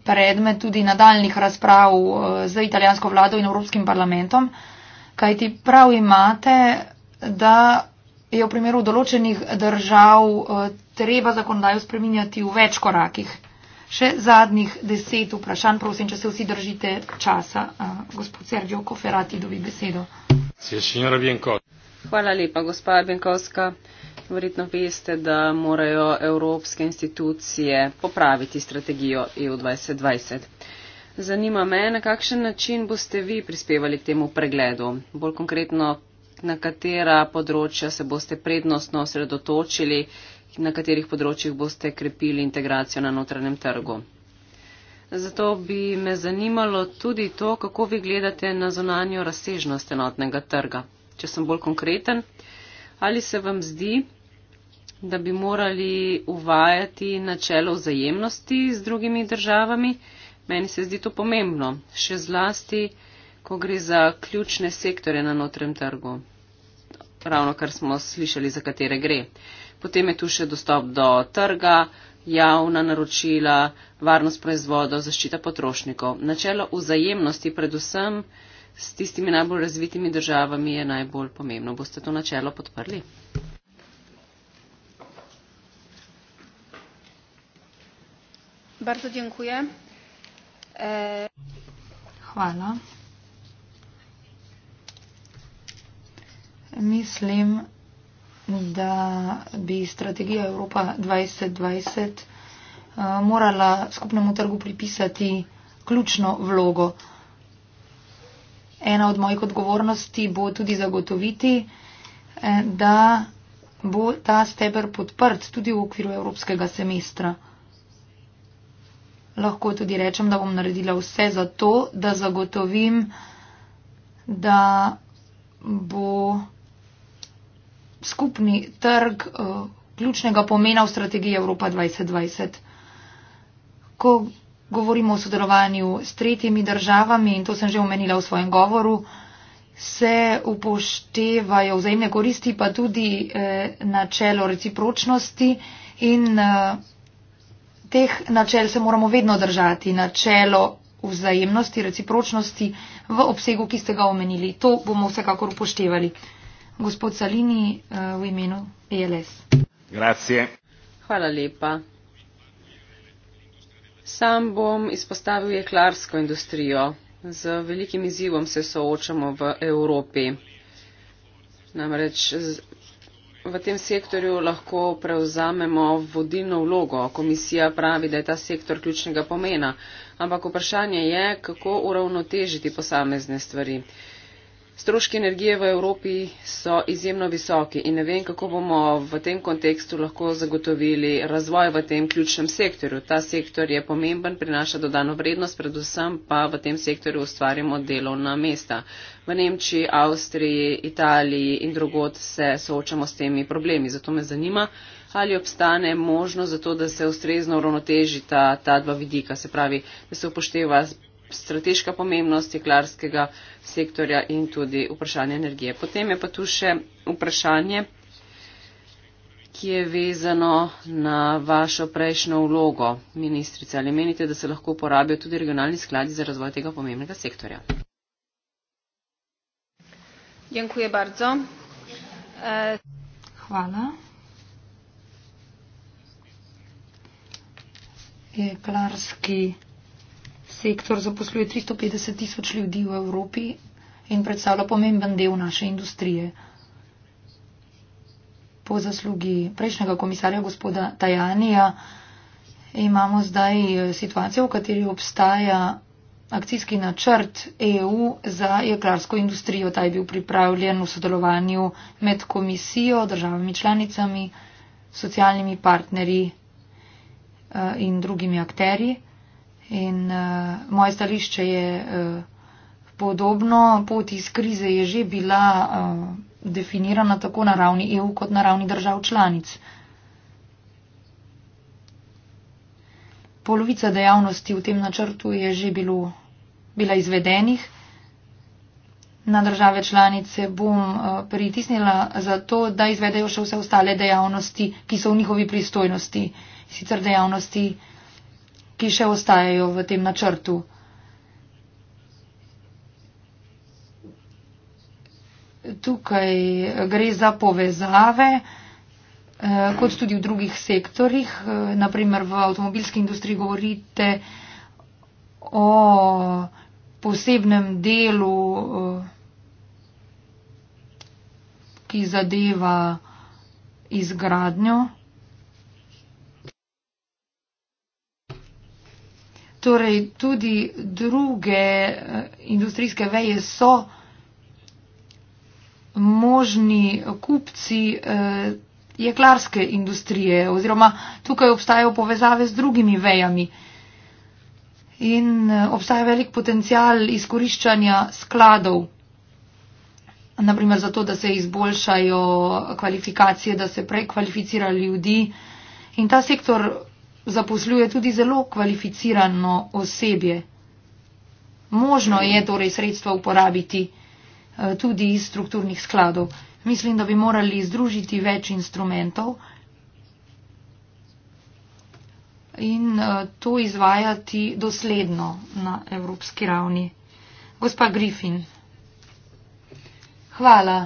predmet tudi nadaljnih razprav eh, z italijansko vlado in Evropskim parlamentom, kajti prav imate, da je v primeru določenih držav eh, treba zakonodajo spreminjati v več korakih. Še zadnjih deset vprašanj, prosim, če se vsi držite časa. Gospod Sergio Koferati dobi besedo. Hvala lepa, gospa Benkovska. Verjetno veste, da morajo evropske institucije popraviti strategijo EU 2020. Zanima me, na kakšen način boste vi prispevali k temu pregledu. Bolj konkretno, na katera področja se boste prednostno osredotočili na katerih področjih boste krepili integracijo na notranjem trgu. Zato bi me zanimalo tudi to, kako vi gledate na zonanjo razsežnost enotnega trga. Če sem bolj konkreten, ali se vam zdi, da bi morali uvajati načelo vzajemnosti z drugimi državami? Meni se zdi to pomembno, še zlasti, ko gre za ključne sektore na notrem trgu. Ravno kar smo slišali, za katere gre. Uh, Potem je tu še dostop do trga, javna naročila, varnost proizvodov, zaščita potrošnikov. Načelo vzajemnosti predvsem s tistimi najbolj razvitimi državami je najbolj pomembno. Boste to načelo podprli? Bardzo dziękuję. E... Hvala. Mislim, da bi strategija Evropa 2020 eh, morala skupnemu trgu pripisati ključno vlogo. Ena od mojih odgovornosti bo tudi zagotoviti, eh, da bo ta steber podprt tudi v okviru evropskega semestra. Lahko tudi rečem, da bom naredila vse za to, da zagotovim, da bo skupni trg eh, ključnega pomena v strategiji Evropa 2020. Ko govorimo o sodelovanju s tretjimi državami, in to sem že omenila v svojem govoru, se upoštevajo vzajemne koristi, pa tudi eh, načelo recipročnosti in eh, teh načel se moramo vedno držati. Načelo vzajemnosti, recipročnosti v obsegu, ki ste ga omenili. To bomo vsekakor upoštevali gospod Salini eh, v imenu ELS. Grazie. Hvala lepa. Sam bom izpostavil jeklarsko industrijo. Z velikim izzivom se soočamo v Evropi. Namreč v tem sektorju lahko prevzamemo vodilno vlogo. Komisija pravi, da je ta sektor ključnega pomena. Ampak vprašanje je, kako uravnotežiti posamezne stvari. Stroški energije v Evropi so izjemno visoki in ne vem, kako bomo v tem kontekstu lahko zagotovili razvoj v tem ključnem sektorju. Ta sektor je pomemben, prinaša dodano vrednost, predvsem pa v tem sektorju ustvarjamo delovna mesta. V Nemčiji, Avstriji, Italiji in drugod se soočamo s temi problemi. Zato me zanima, ali obstane možnost za to, da se ustrezno uravnotežita ta dva vidika, se pravi, da se upošteva strateška pomembnost jeklarskega sektorja in tudi vprašanje energije. Potem je pa tu še vprašanje, ki je vezano na vašo prejšnjo vlogo, ministrica. Ali menite, da se lahko uporabijo tudi regionalni skladi za razvoj tega pomembnega sektorja? Dziękuję bardzo. E... Hvala. Jeklarski sektor zaposluje 350 tisoč ljudi v Evropi in predstavlja pomemben del naše industrije. Po zaslugi prejšnjega komisarja gospoda Tajanija imamo zdaj eh, situacijo, v kateri obstaja akcijski načrt EU za jeklarsko industrijo. Ta je bil pripravljen v sodelovanju med komisijo, državami članicami, socialnimi partnerji eh, in drugimi akteri. In uh, moje stališče je uh, podobno. Pot iz krize je že bila uh, definirana tako na ravni EU kot na ravni držav članic. Polovica dejavnosti v tem načrtu je že bilo, bila izvedenih. Na države članice bom uh, pritisnila za to, da izvedejo še vse ostale dejavnosti, ki so v njihovi pristojnosti. Sicer dejavnosti uh, ki še ostajajo v tem načrtu. Tukaj gre za povezave, eh, kot tudi v drugih sektorjih. Eh, Naprimer v avtomobilski industriji govorite o posebnem delu, eh, ki zadeva izgradnjo Torej, tudi druge eh, industrijske veje so možni kupci eh, jeklarske industrije oziroma tukaj obstajajo povezave z drugimi vejami in eh, obstaja velik potencial izkoriščanja skladov, naprimer zato, da se izboljšajo kvalifikacije, da se prekvalificira ljudi in ta sektor zaposluje tudi zelo kvalificirano osebje. Možno je torej sredstva uporabiti eh, tudi iz strukturnih skladov. Mislim, da bi morali združiti več instrumentov in eh, to izvajati dosledno na evropski ravni. Gospa Griffin. Hvala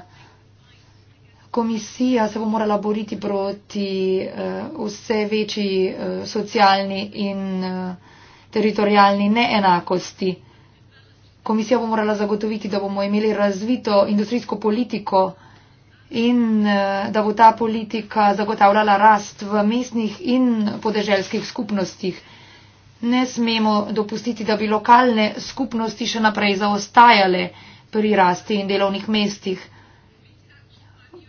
komisija se bo morala boriti proti uh, vse večji uh, socialni in uh, eh, teritorijalni neenakosti. Komisija bo morala zagotoviti, da bomo imeli razvito industrijsko politiko in uh, da bo ta politika zagotavljala rast v mestnih in podeželskih skupnostih. Ne smemo dopustiti, da bi lokalne skupnosti še naprej zaostajale pri rasti in delovnih mestih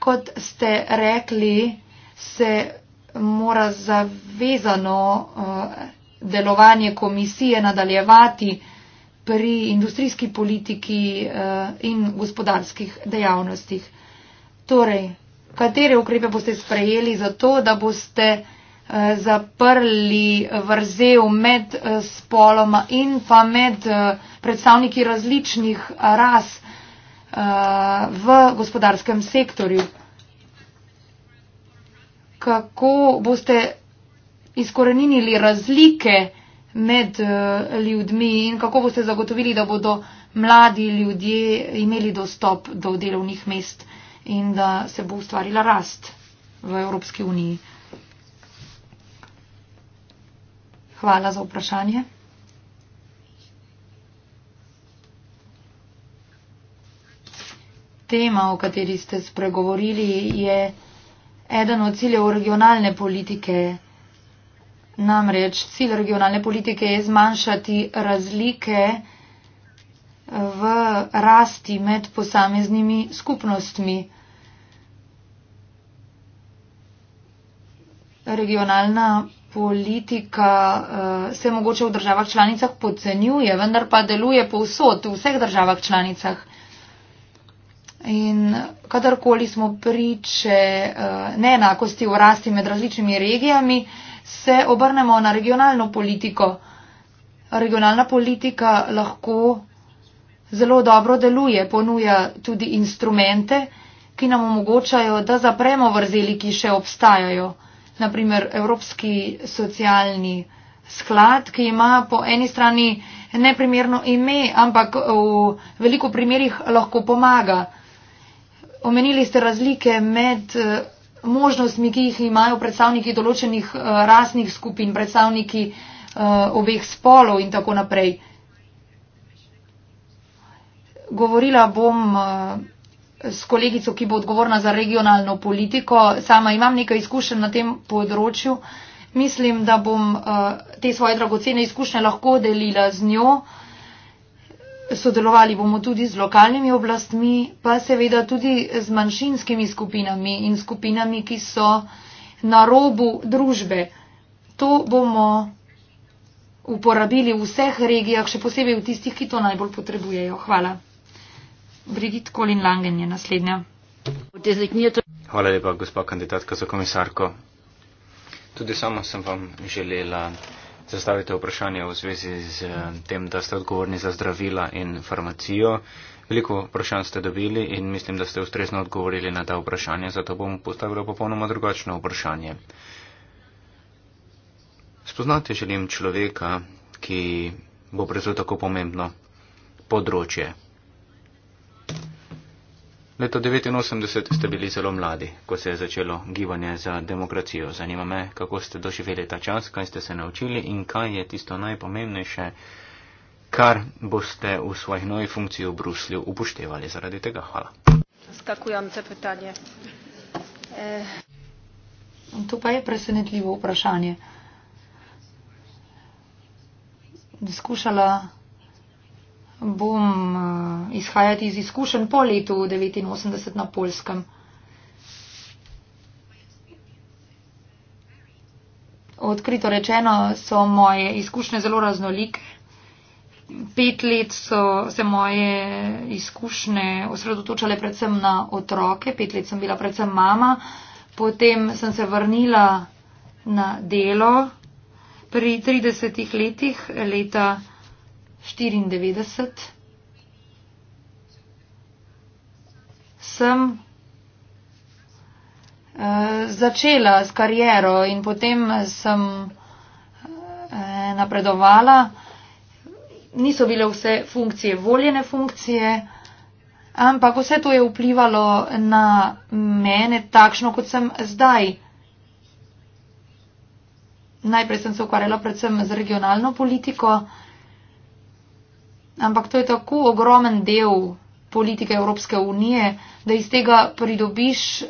kot ste rekli, se mora zavezano eh, delovanje komisije nadaljevati pri industrijski politiki eh, in gospodarskih dejavnostih. Torej, katere ukrepe boste sprejeli za to, da boste eh, zaprli vrzel med spoloma in pa med predstavniki različnih ras, Eh, v gospodarskem sektorju. Kako boste izkorenili razlike med eh, ljudmi in kako boste zagotovili, da bodo mladi ljudje imeli dostop do delovnih mest in da se bo ustvarila rast v Evropski uniji. Hvala za vprašanje. sistema, o kateri ste spregovorili, je eden od ciljev regionalne politike. Namreč cilj regionalne politike je zmanjšati razlike v rasti med posameznimi skupnostmi. Regionalna politika eh, se mogoče v državah članicah podcenjuje, vendar pa deluje povsod, v vseh državah članicah. In kadarkoli smo priče eh, neenakosti v rasti med različnimi regijami, se obrnemo na regionalno politiko. Regionalna politika lahko zelo dobro deluje, ponuja tudi instrumente, ki nam omogočajo, da zapremo vrzeli, ki še obstajajo. Naprimer, Evropski socialni sklad, ki ima po eni strani neprimerno ime, ampak v veliko primerjih lahko pomaga. Omenili ste razlike med eh, možnostmi, ki jih imajo predstavniki določenih eh, rasnih skupin, predstavniki eh, obeh spolov in tako naprej. Govorila bom s kolegico, ki bo odgovorna za regionalno politiko. Sama imam nekaj izkušenj na tem področju. Mislim, da bom te svoje dragocene izkušnje lahko delila z njo. Sodelovali bomo tudi z lokalnimi oblastmi, pa seveda tudi z manjšinskimi skupinami in skupinami, ki so na robu družbe. To bomo uporabili v vseh regijah, še posebej v tistih, ki to najbolj potrebujejo. Hvala. Brigit Kolin Langen je naslednja. Hvala lepa, gospod kandidatka za komisarko. Tudi sama sem vam želela zastavite vprašanje v zvezi z eh, tem, da ste odgovorni za zdravila in farmacijo. Veliko vprašanj ste dobili in mislim, da ste ustrezno odgovorili na ta vprašanja, zato bom postavila popolnoma drugačno vprašanje. Spoznati želim človeka, ki bo prezel tako pomembno področje. Leta 1989 ste bili zelo mladi, ko se je začelo gibanje za demokracijo. Zanima me, kako ste doživeli ta čas, kaj ste se naučili in kaj je tisto najpomembnejše, kar boste v svoji novi funkciji v Bruslju upoštevali zaradi tega. Hvala. Skakujem te vprašanje. Eh. To pa je presenetljivo vprašanje. Diskušala bom eh, izhajati iz izkušenj po letu 89 na Polskem. Odkrito rečeno so moje izkušnje zelo raznolike. Pet let so se moje izkušnje osredotočale predvsem na otroke, pet let sem bila predvsem mama, potem sem se vrnila na delo pri 30 letih leta 94 sem uh, začela s kariero in potem sem uh, napredovala. Niso bile vse funkcije, voljene funkcije, ampak vse to je vplivalo na mene takšno, kot sem zdaj. Najprej sem se ukvarjala predvsem z regionalno politiko, uh, ampak to je tako ogromen del politike Evropske unije, da iz tega pridobiš eh,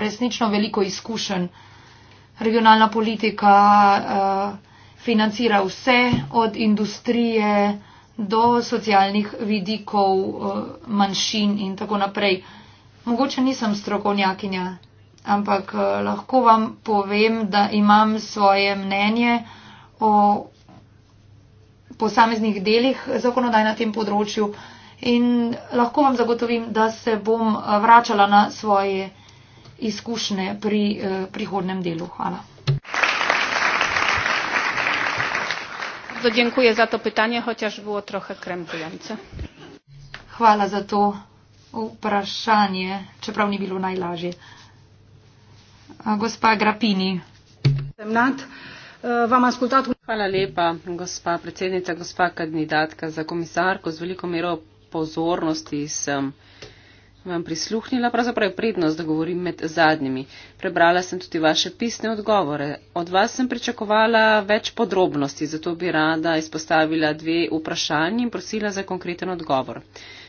resnično veliko izkušenj. Regionalna politika eh, financira vse od industrije do socialnih vidikov eh, manjšin in tako naprej. Mogoče nisem strokovnjakinja, ampak lahko vam povem, da imam svoje mnenje o posameznih delih zakonodaj na tem področju in lahko vam zagotovim, da se bom eh, vračala na svoje izkušnje pri eh, prihodnem delu. Hvala. Dziękuję za to pytanie, chociaż było trochę krępujące. Chwała za to upraszanie, czy prawnie było najlazie. A gospa Grapini. Temnat, wam eh, Hvala lepa, gospa predsednica, gospa kandidatka za komisarko. Z veliko mero pozornosti sem vam prisluhnila, pravzaprav prednost, da govorim med zadnjimi. Prebrala sem tudi vaše pisne odgovore. Od vas sem pričakovala več podrobnosti, zato bi rada izpostavila dve vprašanji in prosila za konkreten odgovor.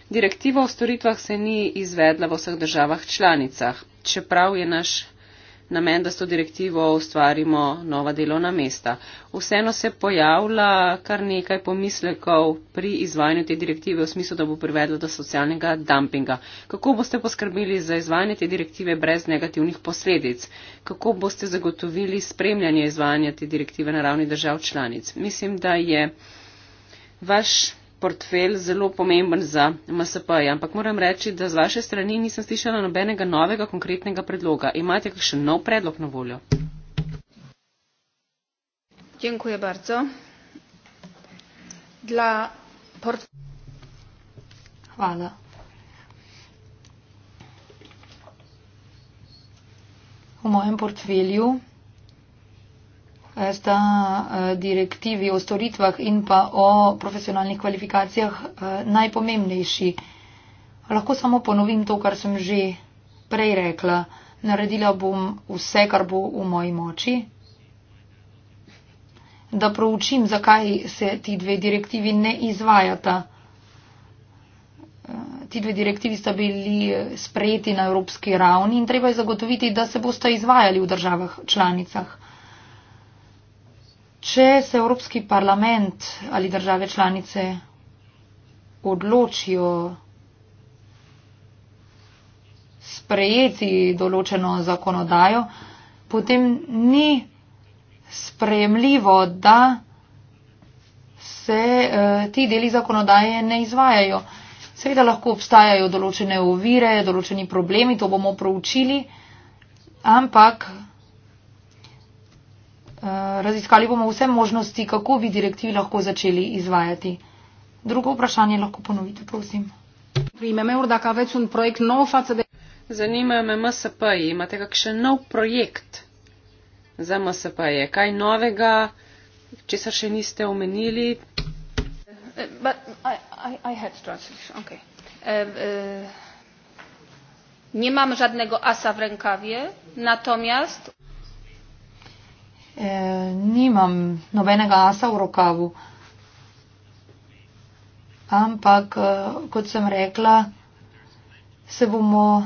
Direktiva o storitvah se ni izvedla v vseh državah članicah, čeprav je naš namen, da s to direktivo ustvarimo nova delovna mesta. Vseeno se pojavlja kar nekaj pomislekov pri izvajanju te direktive v smislu, da bo privedlo do socialnega dumpinga. Kako boste poskrbeli za izvajanje te direktive brez negativnih posledic? Kako boste zagotovili spremljanje izvajanja te direktive na ravni držav članic? Mislim, da je vaš portfelj zelo pomemben za MSP. -je. Ampak moram reči, da z vaše strani nisem slišala nobenega novega konkretnega predloga. Imate kakšen nov predlog na voljo? Dziękuję bardzo. Dla Hvala. V mojem portfelju sta eh, direktivi o storitvah in pa o profesionalnih kvalifikacijah eh, najpomembnejši. Lahko samo ponovim to, kar sem že prej rekla. Naredila bom vse, kar bo v moji moči, da proučim, zakaj se ti dve direktivi ne izvajata. Eh, ti dve direktivi sta bili sprejeti na evropski ravni in treba je zagotoviti, da se bosta izvajali v državah članicah. Če se Evropski parlament ali države članice odločijo sprejeti določeno zakonodajo, potem ni sprejemljivo, da se eh, ti deli zakonodaje ne izvajajo. Seveda lahko obstajajo določene ovire, določeni problemi, to bomo proučili, ampak Eh, raziskali bomo vse možnosti, kako bi direktivi lahko začeli izvajati. Drugo vprašanje lahko ponovite, prosim. Zanima me MSP, imate kakšen nov projekt za MSP, -je? kaj novega, če se še niste omenili? Eh, eh, Nimam žadnega asa v rankavi, natomjast. E, nimam nobenega asa v rokavu. Ampak, eh, kot sem rekla, se bomo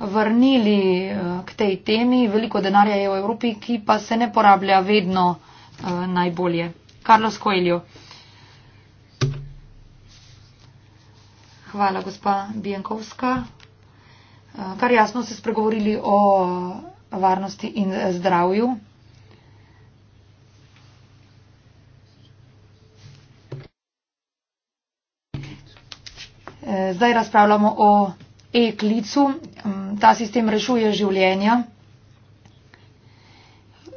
vrnili eh, k tej temi. Veliko denarja je v Evropi, ki pa se ne porablja vedno najbolje. Karlo Skojljo. Hvala, gospa Bienkovska. Kar jasno ste spregovorili o varnosti in zdravju. Eh, zdaj razpravljamo o e-klicu. Mm, ta sistem rešuje življenja.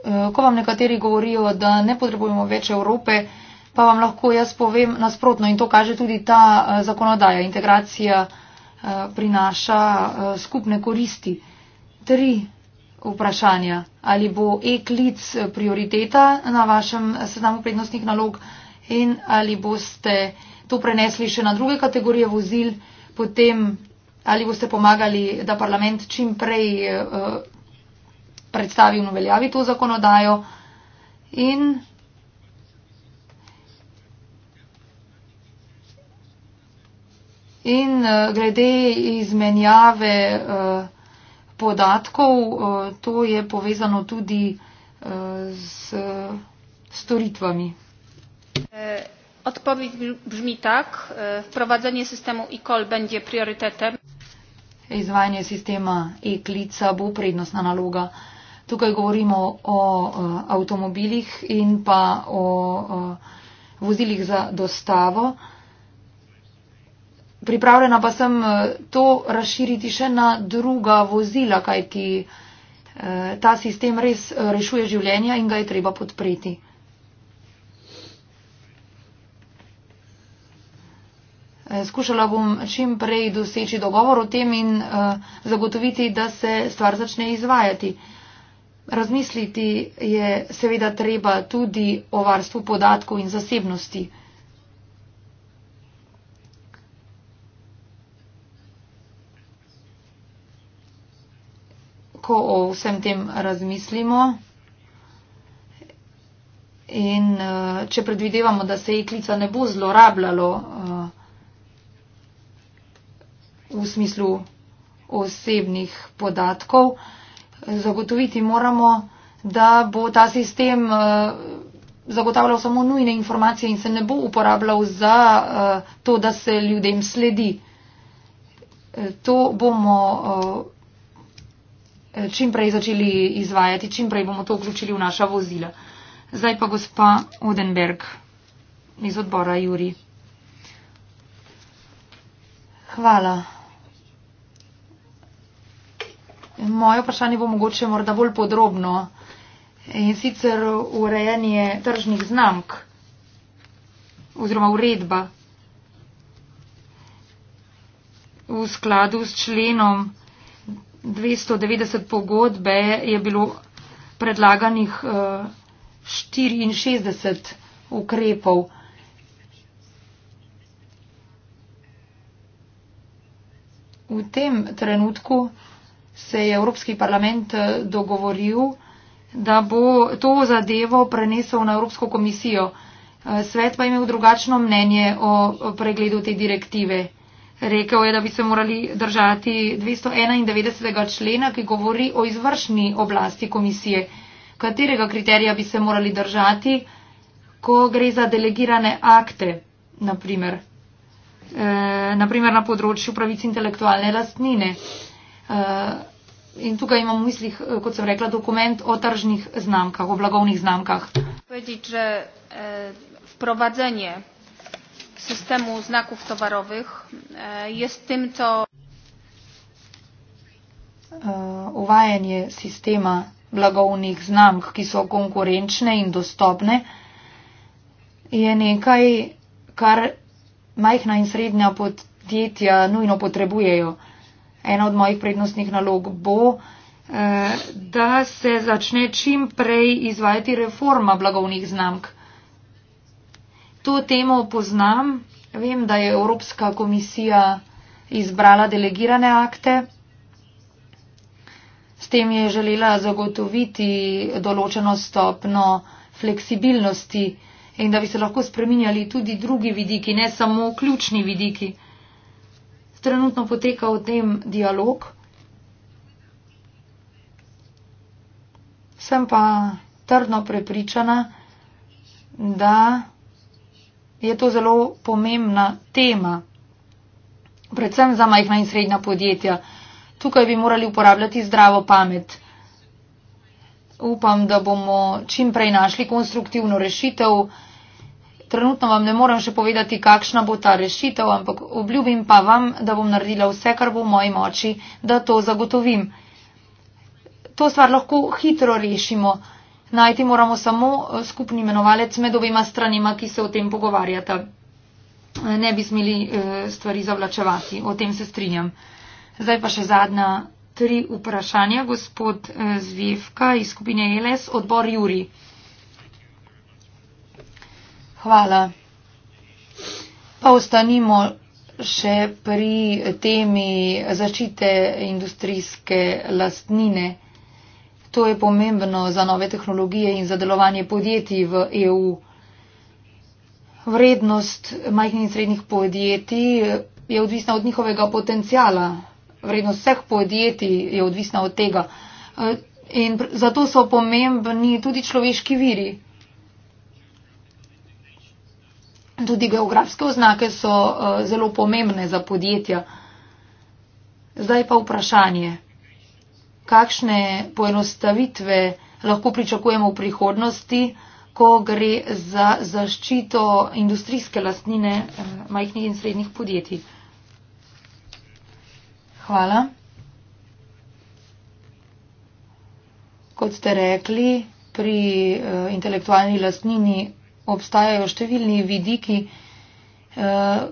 Eh, ko vam nekateri govorijo, da ne potrebujemo več Evrope, pa vam lahko jaz povem nasprotno in to kaže tudi ta eh, zakonodaja. Integracija prinaša skupne koristi. Tri vprašanja. Ali bo e-klic prioriteta na vašem seznamu prednostnih nalog in ali boste to prenesli še na druge kategorije vozil, potem ali boste pomagali, da parlament čim prej uh, predstavi in uveljavi to zakonodajo. In In eh, glede izmenjave eh, podatkov, to je povezano tudi s storitvami. Odpowiedź brzmi tak. E, wprowadzenie systemu e-call będzie priorytetem. Izvajanje sistema e-klica bo prednostna naloga. Tukaj govorimo o e, avtomobilih in pa o e, vozilih za dostavo. Pripravljena pa sem to razširiti še na druga vozila, kajti ta sistem res rešuje življenja in ga je treba podpreti. Eh, skušala bom čim prej doseči dogovor o tem in eh, zagotoviti, da se stvar začne izvajati. Razmisliti je seveda treba tudi o varstvu podatkov in zasebnosti. Ko o vsem tem razmislimo in eh, če predvidevamo, da se jeklica ne bo zlorabljalo, v smislu osebnih podatkov. Zagotoviti moramo, da bo ta sistem eh, zagotavljal samo nujne informacije in se ne bo uporabljal za eh, to, da se ljudem sledi. Eh, to bomo čim prej začeli izvajati, čim prej bomo to vključili v naša vozila. Zdaj pa gospa Odenberg iz odbora Juri. Hvala. Moje vprašanje bo mogoče morda bolj podrobno in sicer urejanje tržnih znamk oziroma uredba v skladu s členom 290 pogodbe je bilo predlaganih 64 eh, ukrepov. V tem trenutku se je Evropski parlament eh, dogovoril, da bo to zadevo prenesel na Evropsko komisijo. Eh, svet pa je imel drugačno mnenje o pregledu te direktive. Rekel je, da bi se morali držati 291. člena, ki govori o izvršni oblasti komisije, katerega kriterija bi se morali držati, ko gre za delegirane akte, naprimer, e, eh, naprimer na področju pravic intelektualne lastnine. E, Eh, in tukaj imam v mislih, eh, kot sem rekla, dokument o tržnih znamkah, o blagovnih znamkah. Povedič, že vprovadzenje eh, sistemu znakov tovarovih je s tem, co... Uvajanje sistema blagovnih znamk, ki so konkurenčne in dostopne, je nekaj, kar majhna in srednja podjetja nujno potrebujejo ena od mojih prednostnih nalog bo, eh, da se začne čim prej izvajati reforma blagovnih znamk. To temo poznam, vem, da je Evropska komisija izbrala delegirane akte. S tem je želela zagotoviti določeno stopno fleksibilnosti in da bi se lahko spreminjali tudi drugi vidiki, ne samo ključni vidiki trenutno poteka o tem dialog. Sem pa trdno prepričana, da je to zelo pomembna tema, predvsem za majhna in srednja podjetja. Tukaj bi morali uporabljati zdravo pamet. Upam, da bomo čim prej našli konstruktivno rešitev. Trenutno vam ne morem še povedati, kakšna bo ta rešitev, ampak obljubim pa vam, da bom naredila vse, kar bo v moji moči, da to zagotovim. To stvar lahko hitro rešimo. Najti moramo samo eh, skupni imenovalec med obima stranima, ki se o tem pogovarjata. Ne bi smeli eh, stvari zavlačevati, o tem se strinjam. Zdaj pa še zadnja tri vprašanja. Gospod eh, Zvevka iz skupine LS, odbor Juri. Hvala. Pa ostanimo še pri temi zaščite industrijske lastnine. To je pomembno za nove tehnologije in za delovanje podjetij v EU. Vrednost majhnih in srednjih podjetij je odvisna od njihovega potencijala. Vrednost vseh podjetij je odvisna od tega. E, in zato so pomembni tudi človeški viri. Tudi geografske oznake so eh, zelo pomembne za podjetja. Zdaj pa vprašanje, kakšne poenostavitve lahko pričakujemo v prihodnosti, ko gre za zaščito industrijske lastnine eh, majhnih in srednjih podjetij. Hvala. Kot ste rekli, pri eh, intelektualni lastnini obstajajo številni vidiki eh,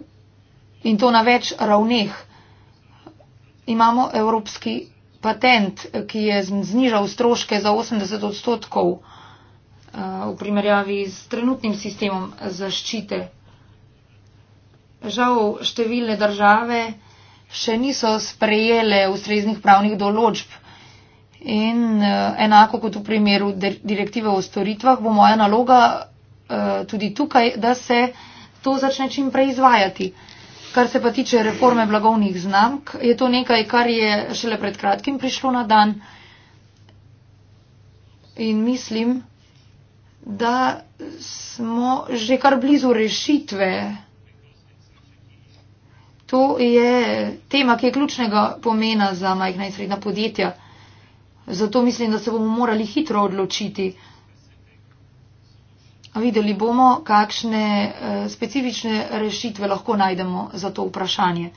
in to na več ravneh. Imamo evropski patent, ki je znižal stroške za 80 odstotkov eh, v primerjavi s trenutnim sistemom zaščite. Žal številne države še niso sprejele ustreznih pravnih določb in eh, enako kot v primeru direktive o storitvah bo moja naloga Eh, tudi tukaj, da se to začne čim prej izvajati. Kar se pa tiče reforme blagovnih znamk, je to nekaj, kar je šele pred kratkim prišlo na dan in mislim, da smo že kar blizu rešitve. To je tema, ki je ključnega pomena za majhna in srednja podjetja. Zato mislim, da se bomo morali hitro odločiti, Videli bomo, kakšne eh, specifične rešitve lahko najdemo za to vprašanje.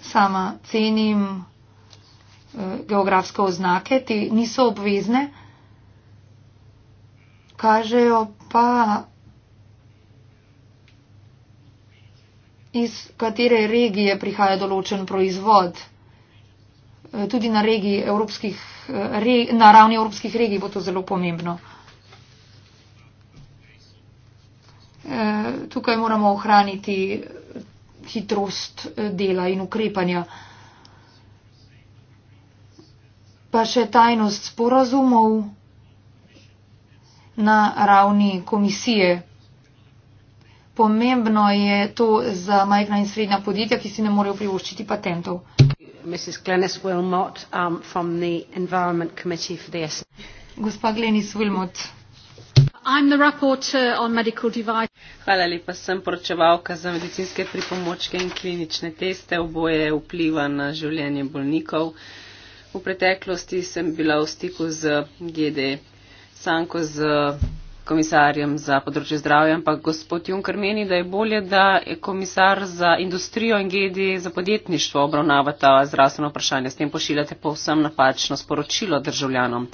Sama cenim eh, geografske oznake, te niso obvezne, kažejo pa iz katere regije prihaja določen proizvod. E, tudi na, regiji, evropskih, e, na ravni evropskih regij bo to zelo pomembno. E, tukaj moramo ohraniti hitrost dela in ukrepanja. Pa še tajnost sporazumov na ravni komisije pomembno je to za majhna in srednja podjetja, ki si ne morejo privoščiti patentov. Um, Gospa Glenis Wilmot. I'm the rapporteur on medical devices. Hvala lepa, sem poročevalka za medicinske pripomočke in klinične teste. Oboje vpliva na življenje bolnikov. V preteklosti sem bila v stiku z GD Sanko, z komisarjem za področje zdravja, ampak gospod Juncker meni, da je bolje, da je komisar za industrijo in gedi za podjetništvo obravnavata zdravstveno vprašanje. S tem pošiljate povsem napačno sporočilo državljanom.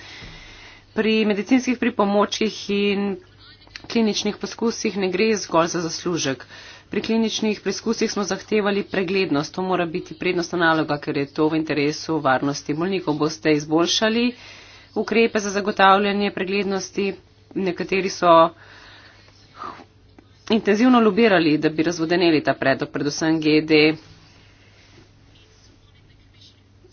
Pri medicinskih pripomočkih in kliničnih poskusih ne gre zgolj za zaslužek. Pri kliničnih preizkusih smo zahtevali preglednost. To mora biti prednostna naloga, ker je to v interesu varnosti bolnikov. Boste izboljšali ukrepe za zagotavljanje preglednosti nekateri so intenzivno lobirali, da bi razvodeneli ta predlog, predvsem GD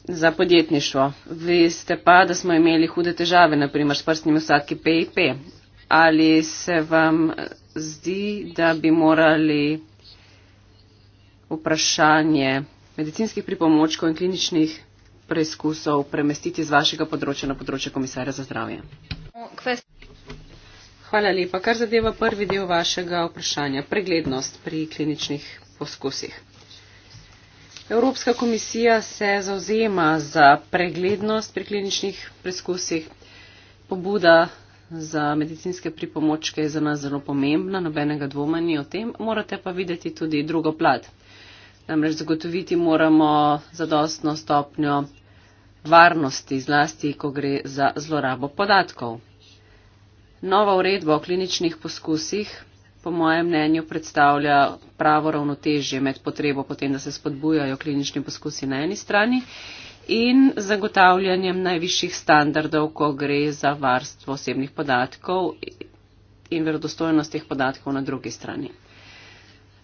za podjetništvo. Veste pa, da smo imeli hude težave, naprimer s prstnimi vsadki PIP. Ali se vam zdi, da bi morali vprašanje medicinskih pripomočkov in kliničnih preizkusov premestiti z vašega področja na področje komisarja za zdravje? Kvesti. Hvala lepa. Kar zadeva prvi del vašega vprašanja, preglednost pri kliničnih poskusih. Evropska komisija se zauzema za preglednost pri kliničnih preskusih. Pobuda za medicinske pripomočke je za nas zelo pomembna, nobenega dvoma ni o tem, morate pa videti tudi drugo plat. Namreč zagotoviti moramo zadostno stopnjo varnosti, zlasti, ko gre za zlorabo podatkov. Nova uredba o kliničnih poskusih po mojem mnenju predstavlja pravo ravnotežje med potrebo potem, da se spodbujajo klinični poskusi na eni strani in zagotavljanjem najvišjih standardov, ko gre za varstvo osebnih podatkov in verodostojnost teh podatkov na drugi strani.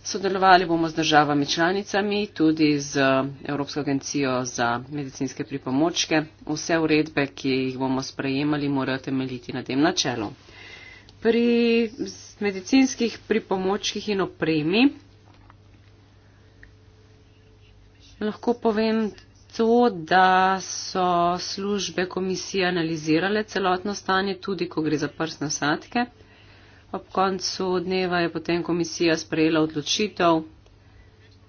Sodelovali bomo z državami članicami, tudi z Evropsko agencijo za medicinske pripomočke. Vse uredbe, ki jih bomo sprejemali, morajo temeljiti na tem načelu. Pri medicinskih pripomočkih in opremi lahko povem to, da so službe komisije analizirale celotno stanje, tudi ko gre za prsne sadke. Ob koncu dneva je potem komisija sprejela odločitev,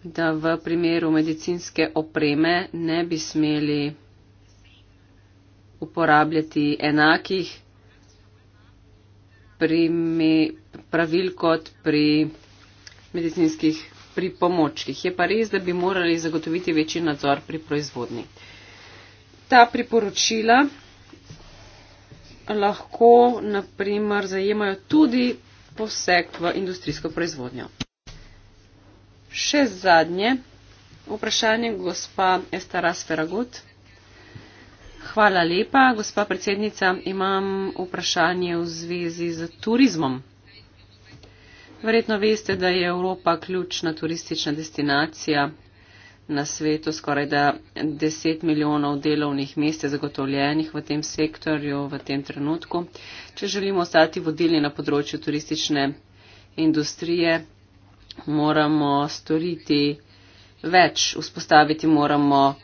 da v primeru medicinske opreme ne bi smeli uporabljati enakih primi, pravil kot pri medicinskih pripomočkih. Je pa res, da bi morali zagotoviti večji nadzor pri proizvodni. Ta priporočila lahko naprimer zajemajo tudi poseg v industrijsko proizvodnjo. Še zadnje vprašanje, gospa Estaras Feragut. Hvala lepa, gospa predsednica. Imam vprašanje v zvezi z turizmom. Verjetno veste, da je Evropa ključna turistična destinacija na svetu skoraj da 10 milijonov delovnih mest je zagotovljenih v tem sektorju v tem trenutku. Če želimo ostati vodilni na področju turistične industrije, moramo storiti več, vzpostaviti moramo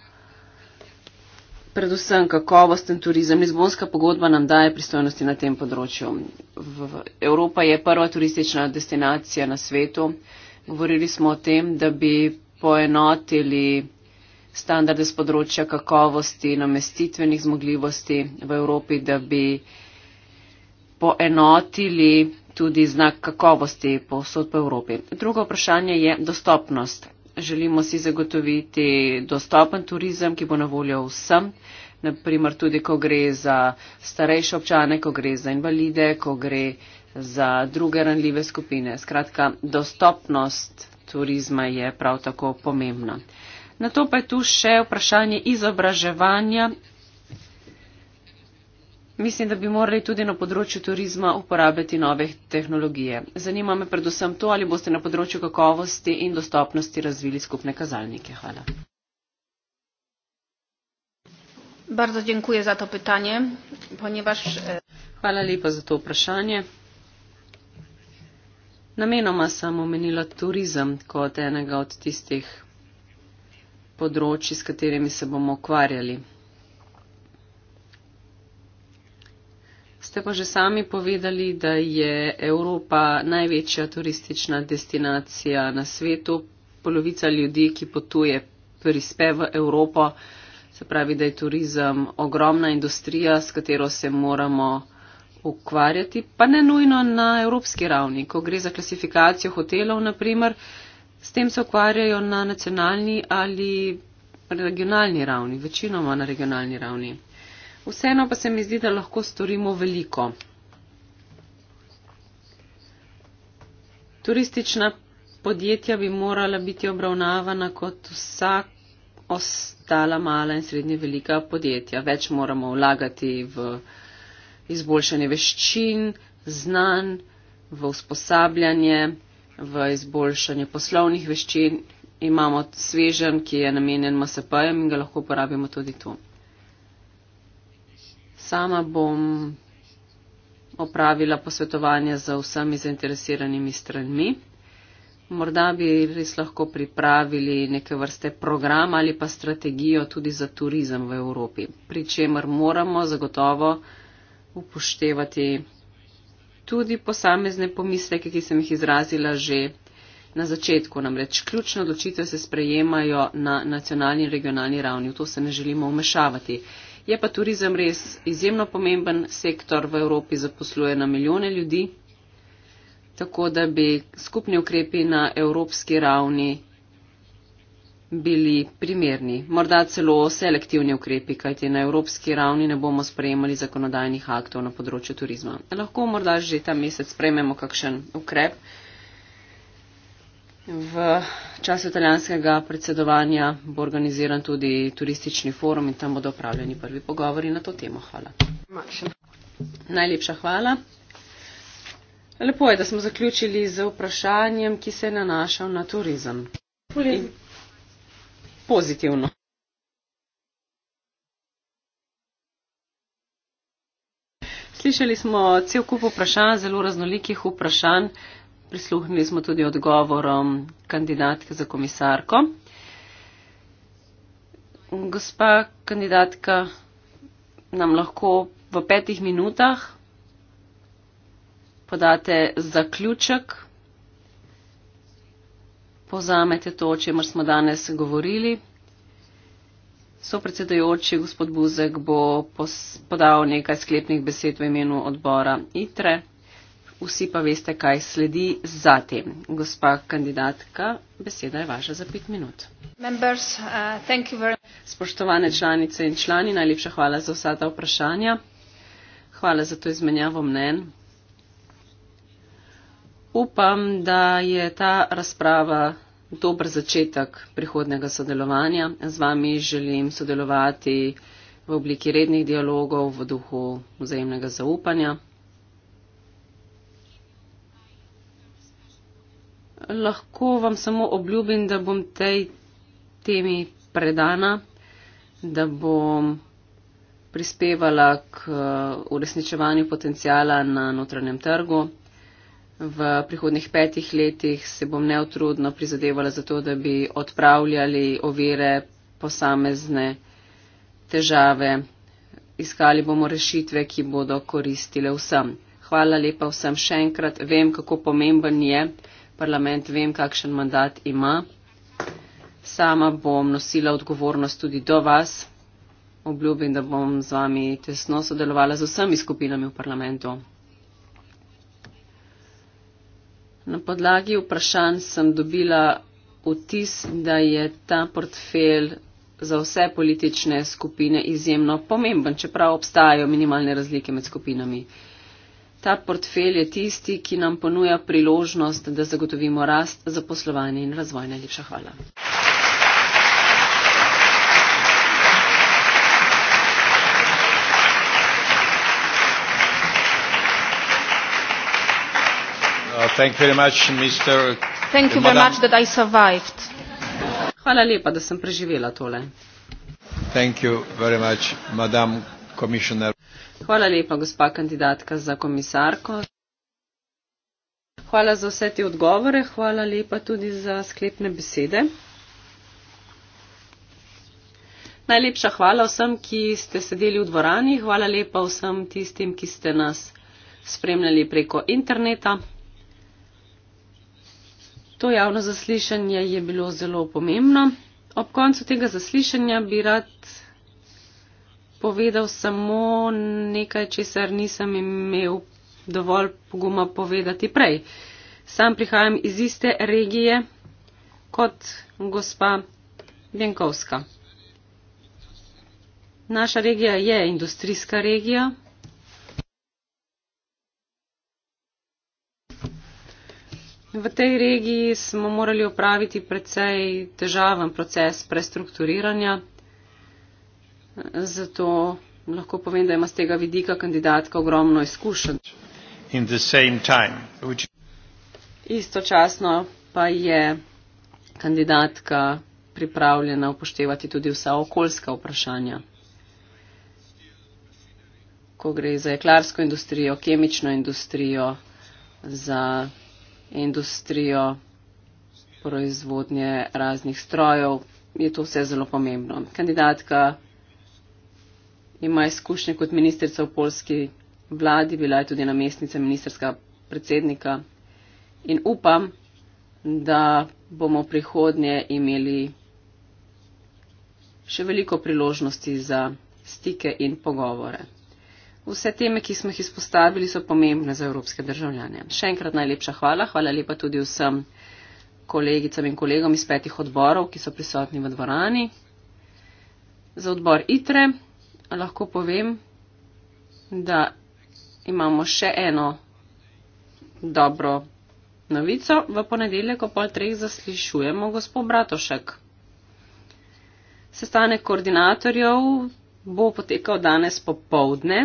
predvsem kakovosten turizem. Lizbonska pogodba nam daje pristojnosti na tem področju. V Evropa je prva turistična destinacija na svetu. Govorili smo o tem, da bi poenotili standarde z področja kakovosti, namestitvenih zmogljivosti v Evropi, da bi poenotili tudi znak kakovosti povsod po Evropi. Drugo vprašanje je dostopnost. Želimo si zagotoviti dostopen turizem, ki bo na voljo vsem, naprimer tudi, ko gre za starejše občane, ko gre za invalide, ko gre za druge ranljive skupine. Skratka, dostopnost turizma je prav tako pomembna. Na to pa je tu še vprašanje izobraževanja. Mislim, da bi morali tudi na področju turizma uporabljati nove tehnologije. Zanima me predvsem to, ali boste na področju kakovosti in dostopnosti razvili skupne kazalnike. Hvala. Bardzo dziękuję za to pytanie, ponieważ... E, Hvala lepa za to vprašanje. Namenoma sem omenila turizem kot enega od tistih področji, s katerimi se bomo ukvarjali. Ste pa že sami povedali, da je Evropa največja turistična destinacija na svetu. Polovica ljudi, ki potuje, prispe v Evropo. Se pravi, da je turizem ogromna industrija, s katero se moramo ukvarjati, pa ne nujno na evropski ravni, ko gre za klasifikacijo hotelov, naprimer, s tem se ukvarjajo na nacionalni ali regionalni ravni, večinoma na regionalni ravni. Vseeno pa se mi zdi, da lahko storimo veliko. Turistična podjetja bi morala biti obravnavana kot vsa ostala mala in srednje velika podjetja. Več moramo vlagati v izboljšanje veščin, znanj, v usposabljanje, v izboljšanje poslovnih veščin. Imamo svežen, ki je namenjen MSP-jem in ga lahko uporabimo tudi tu. Sama bom opravila posvetovanje z vsemi zainteresiranimi stranmi. Morda bi res lahko pripravili neke vrste program ali pa strategijo tudi za turizem v Evropi, pri čemer moramo zagotovo upoštevati tudi posamezne pomisleke, ki sem jih izrazila že na začetku. Namreč ključne odločitve se sprejemajo na nacionalni in regionalni ravni, v to se ne želimo umešavati. Je pa turizem res izjemno pomemben sektor v Evropi, zaposluje na milijone ljudi, tako da bi skupni ukrepi na evropski ravni bili primerni, morda celo selektivni ukrepi, kajti na evropski ravni ne bomo sprejemali zakonodajnih aktov na področju turizma. Lahko morda že ta mesec sprejmemo kakšen ukrep. V času italijanskega predsedovanja bo organiziran tudi turistični forum in tam bodo opravljeni prvi pogovori na to temo. Hvala. Najlepša hvala. Lepo je, da smo zaključili z vprašanjem, ki se je nanašal na turizem. In pozitivno. Slišali smo cel kup vprašanj, zelo raznolikih vprašanj. Prisluhnili smo tudi odgovorom kandidatke za komisarko. Gospa kandidatka, nam lahko v petih minutah podate zaključek povzamete to, o čemer smo danes govorili. Sopredsedajoči gospod Buzek bo podal nekaj sklepnih besed v imenu odbora ITRE. Vsi pa veste, kaj sledi zatem. Gospa kandidatka, beseda je vaša za pet minut. Members, uh, very... Spoštovane članice in člani, najlepša hvala za vsa ta vprašanja. Hvala za to izmenjavo mnen. Upam, da je ta razprava dober začetek prihodnega sodelovanja. Z vami želim sodelovati v obliki rednih dialogov v duhu vzajemnega zaupanja. Lahko vam samo obljubim, da bom tej temi predana, da bom prispevala k uh, uresničevanju potencijala na notranjem trgu. V prihodnih petih letih se bom neutrudno prizadevala za to, da bi odpravljali ovire posamezne težave. Iskali bomo rešitve, ki bodo koristile vsem. Hvala lepa vsem še enkrat. Vem, kako pomemben je parlament, vem, kakšen mandat ima. Sama bom nosila odgovornost tudi do vas. Obljubim, da bom z vami tesno sodelovala z vsemi skupinami v parlamentu. Na podlagi vprašanj sem dobila vtis, da je ta portfelj za vse politične skupine izjemno pomemben, čeprav obstajajo minimalne razlike med skupinami. Ta portfelj je tisti, ki nam ponuja priložnost, da zagotovimo rast za poslovanje in razvoj. Najlepša hvala. hvala lepa da sem preživela tole hvala lepa gospa kandidatka za komisarko hvala za vse te odgovore hvala lepa tudi za sklepne besede Najlepša hvala vsem, ki ste sedeli v dvorani, hvala lepa vsem tistim, ki ste nas spremljali preko interneta. To javno zaslišanje je bilo zelo pomembno. Ob koncu tega zaslišanja bi rad povedal samo nekaj, česar nisem imel dovolj poguma povedati prej. Sam prihajam iz iste regije kot gospa Denkovska. Naša regija je industrijska regija. V tej regiji smo morali opraviti precej težaven proces prestrukturiranja, zato lahko povem, da ima z tega vidika kandidatka ogromno izkušenj. Which... Istočasno pa je kandidatka pripravljena upoštevati tudi vsa okoljska vprašanja. Ko gre za jeklarsko industrijo, kemično industrijo, za industrijo, proizvodnje raznih strojev, je to vse zelo pomembno. Kandidatka ima izkušnje kot ministrica v polski vladi, bila je tudi namestnica ministerska predsednika in upam, da bomo prihodnje imeli še veliko priložnosti za stike in pogovore. Vse teme, ki smo jih izpostavili, so pomembne za evropske državljane. Še enkrat najlepša hvala. Hvala lepa tudi vsem kolegicam in kolegom iz petih odborov, ki so prisotni v dvorani. Za odbor ITRE lahko povem, da imamo še eno dobro novico. V ponedeljek o pol treh zaslišujemo gospod Bratošek. Sestanek koordinatorjev bo potekal danes popovdne.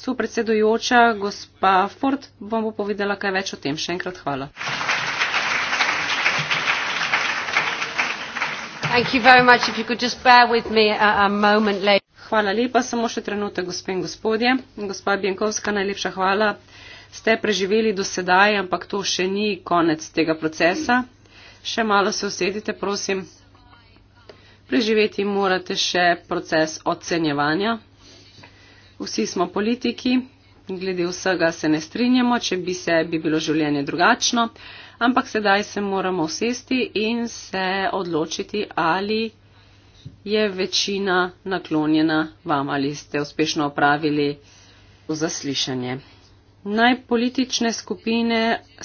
So predsedujoča, gospa Ford vam bo povedala kaj več o tem. Še enkrat hvala. Much, moment, hvala lepa, samo še trenutek, gospe in gospodje. Gospa Bjenkovska, najlepša hvala. Ste preživeli do sedaj, ampak to še ni konec tega procesa. Še malo se usedite, prosim. Preživeti morate še proces ocenjevanja. Vsi smo politiki, glede vsega se ne strinjamo, če bi se bi bilo življenje drugačno, ampak sedaj se moramo usesti in se odločiti, ali je večina naklonjena vam ali ste uspešno opravili zaslišanje. Naj politične skupine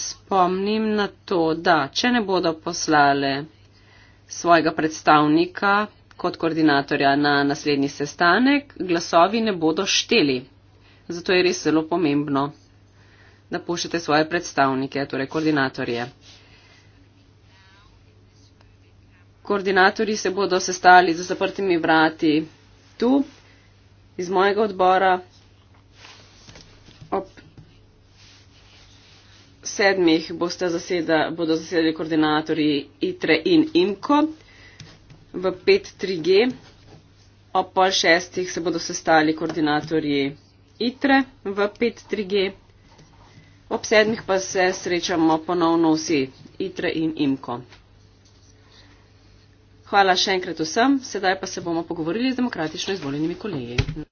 spomnim na to, da če ne bodo poslale svojega predstavnika kot koordinatorja na naslednji sestanek, glasovi ne bodo šteli. Zato je res zelo pomembno, da pošljete svoje predstavnike, torej koordinatorje. Koordinatorji se bodo sestali za zaprtimi vrati tu, iz mojega odbora, ob sedmih boste zaseda, bodo zasedali koordinatorji ITRE in IMKO v 5.3G. Ob pol šestih se bodo sestali koordinatorji ITRE v 5.3G. Ob sedmih pa se srečamo ponovno vsi ITRE in IMKO. Hvala še enkrat vsem, sedaj pa se bomo pogovorili z demokratično izvoljenimi kolegi.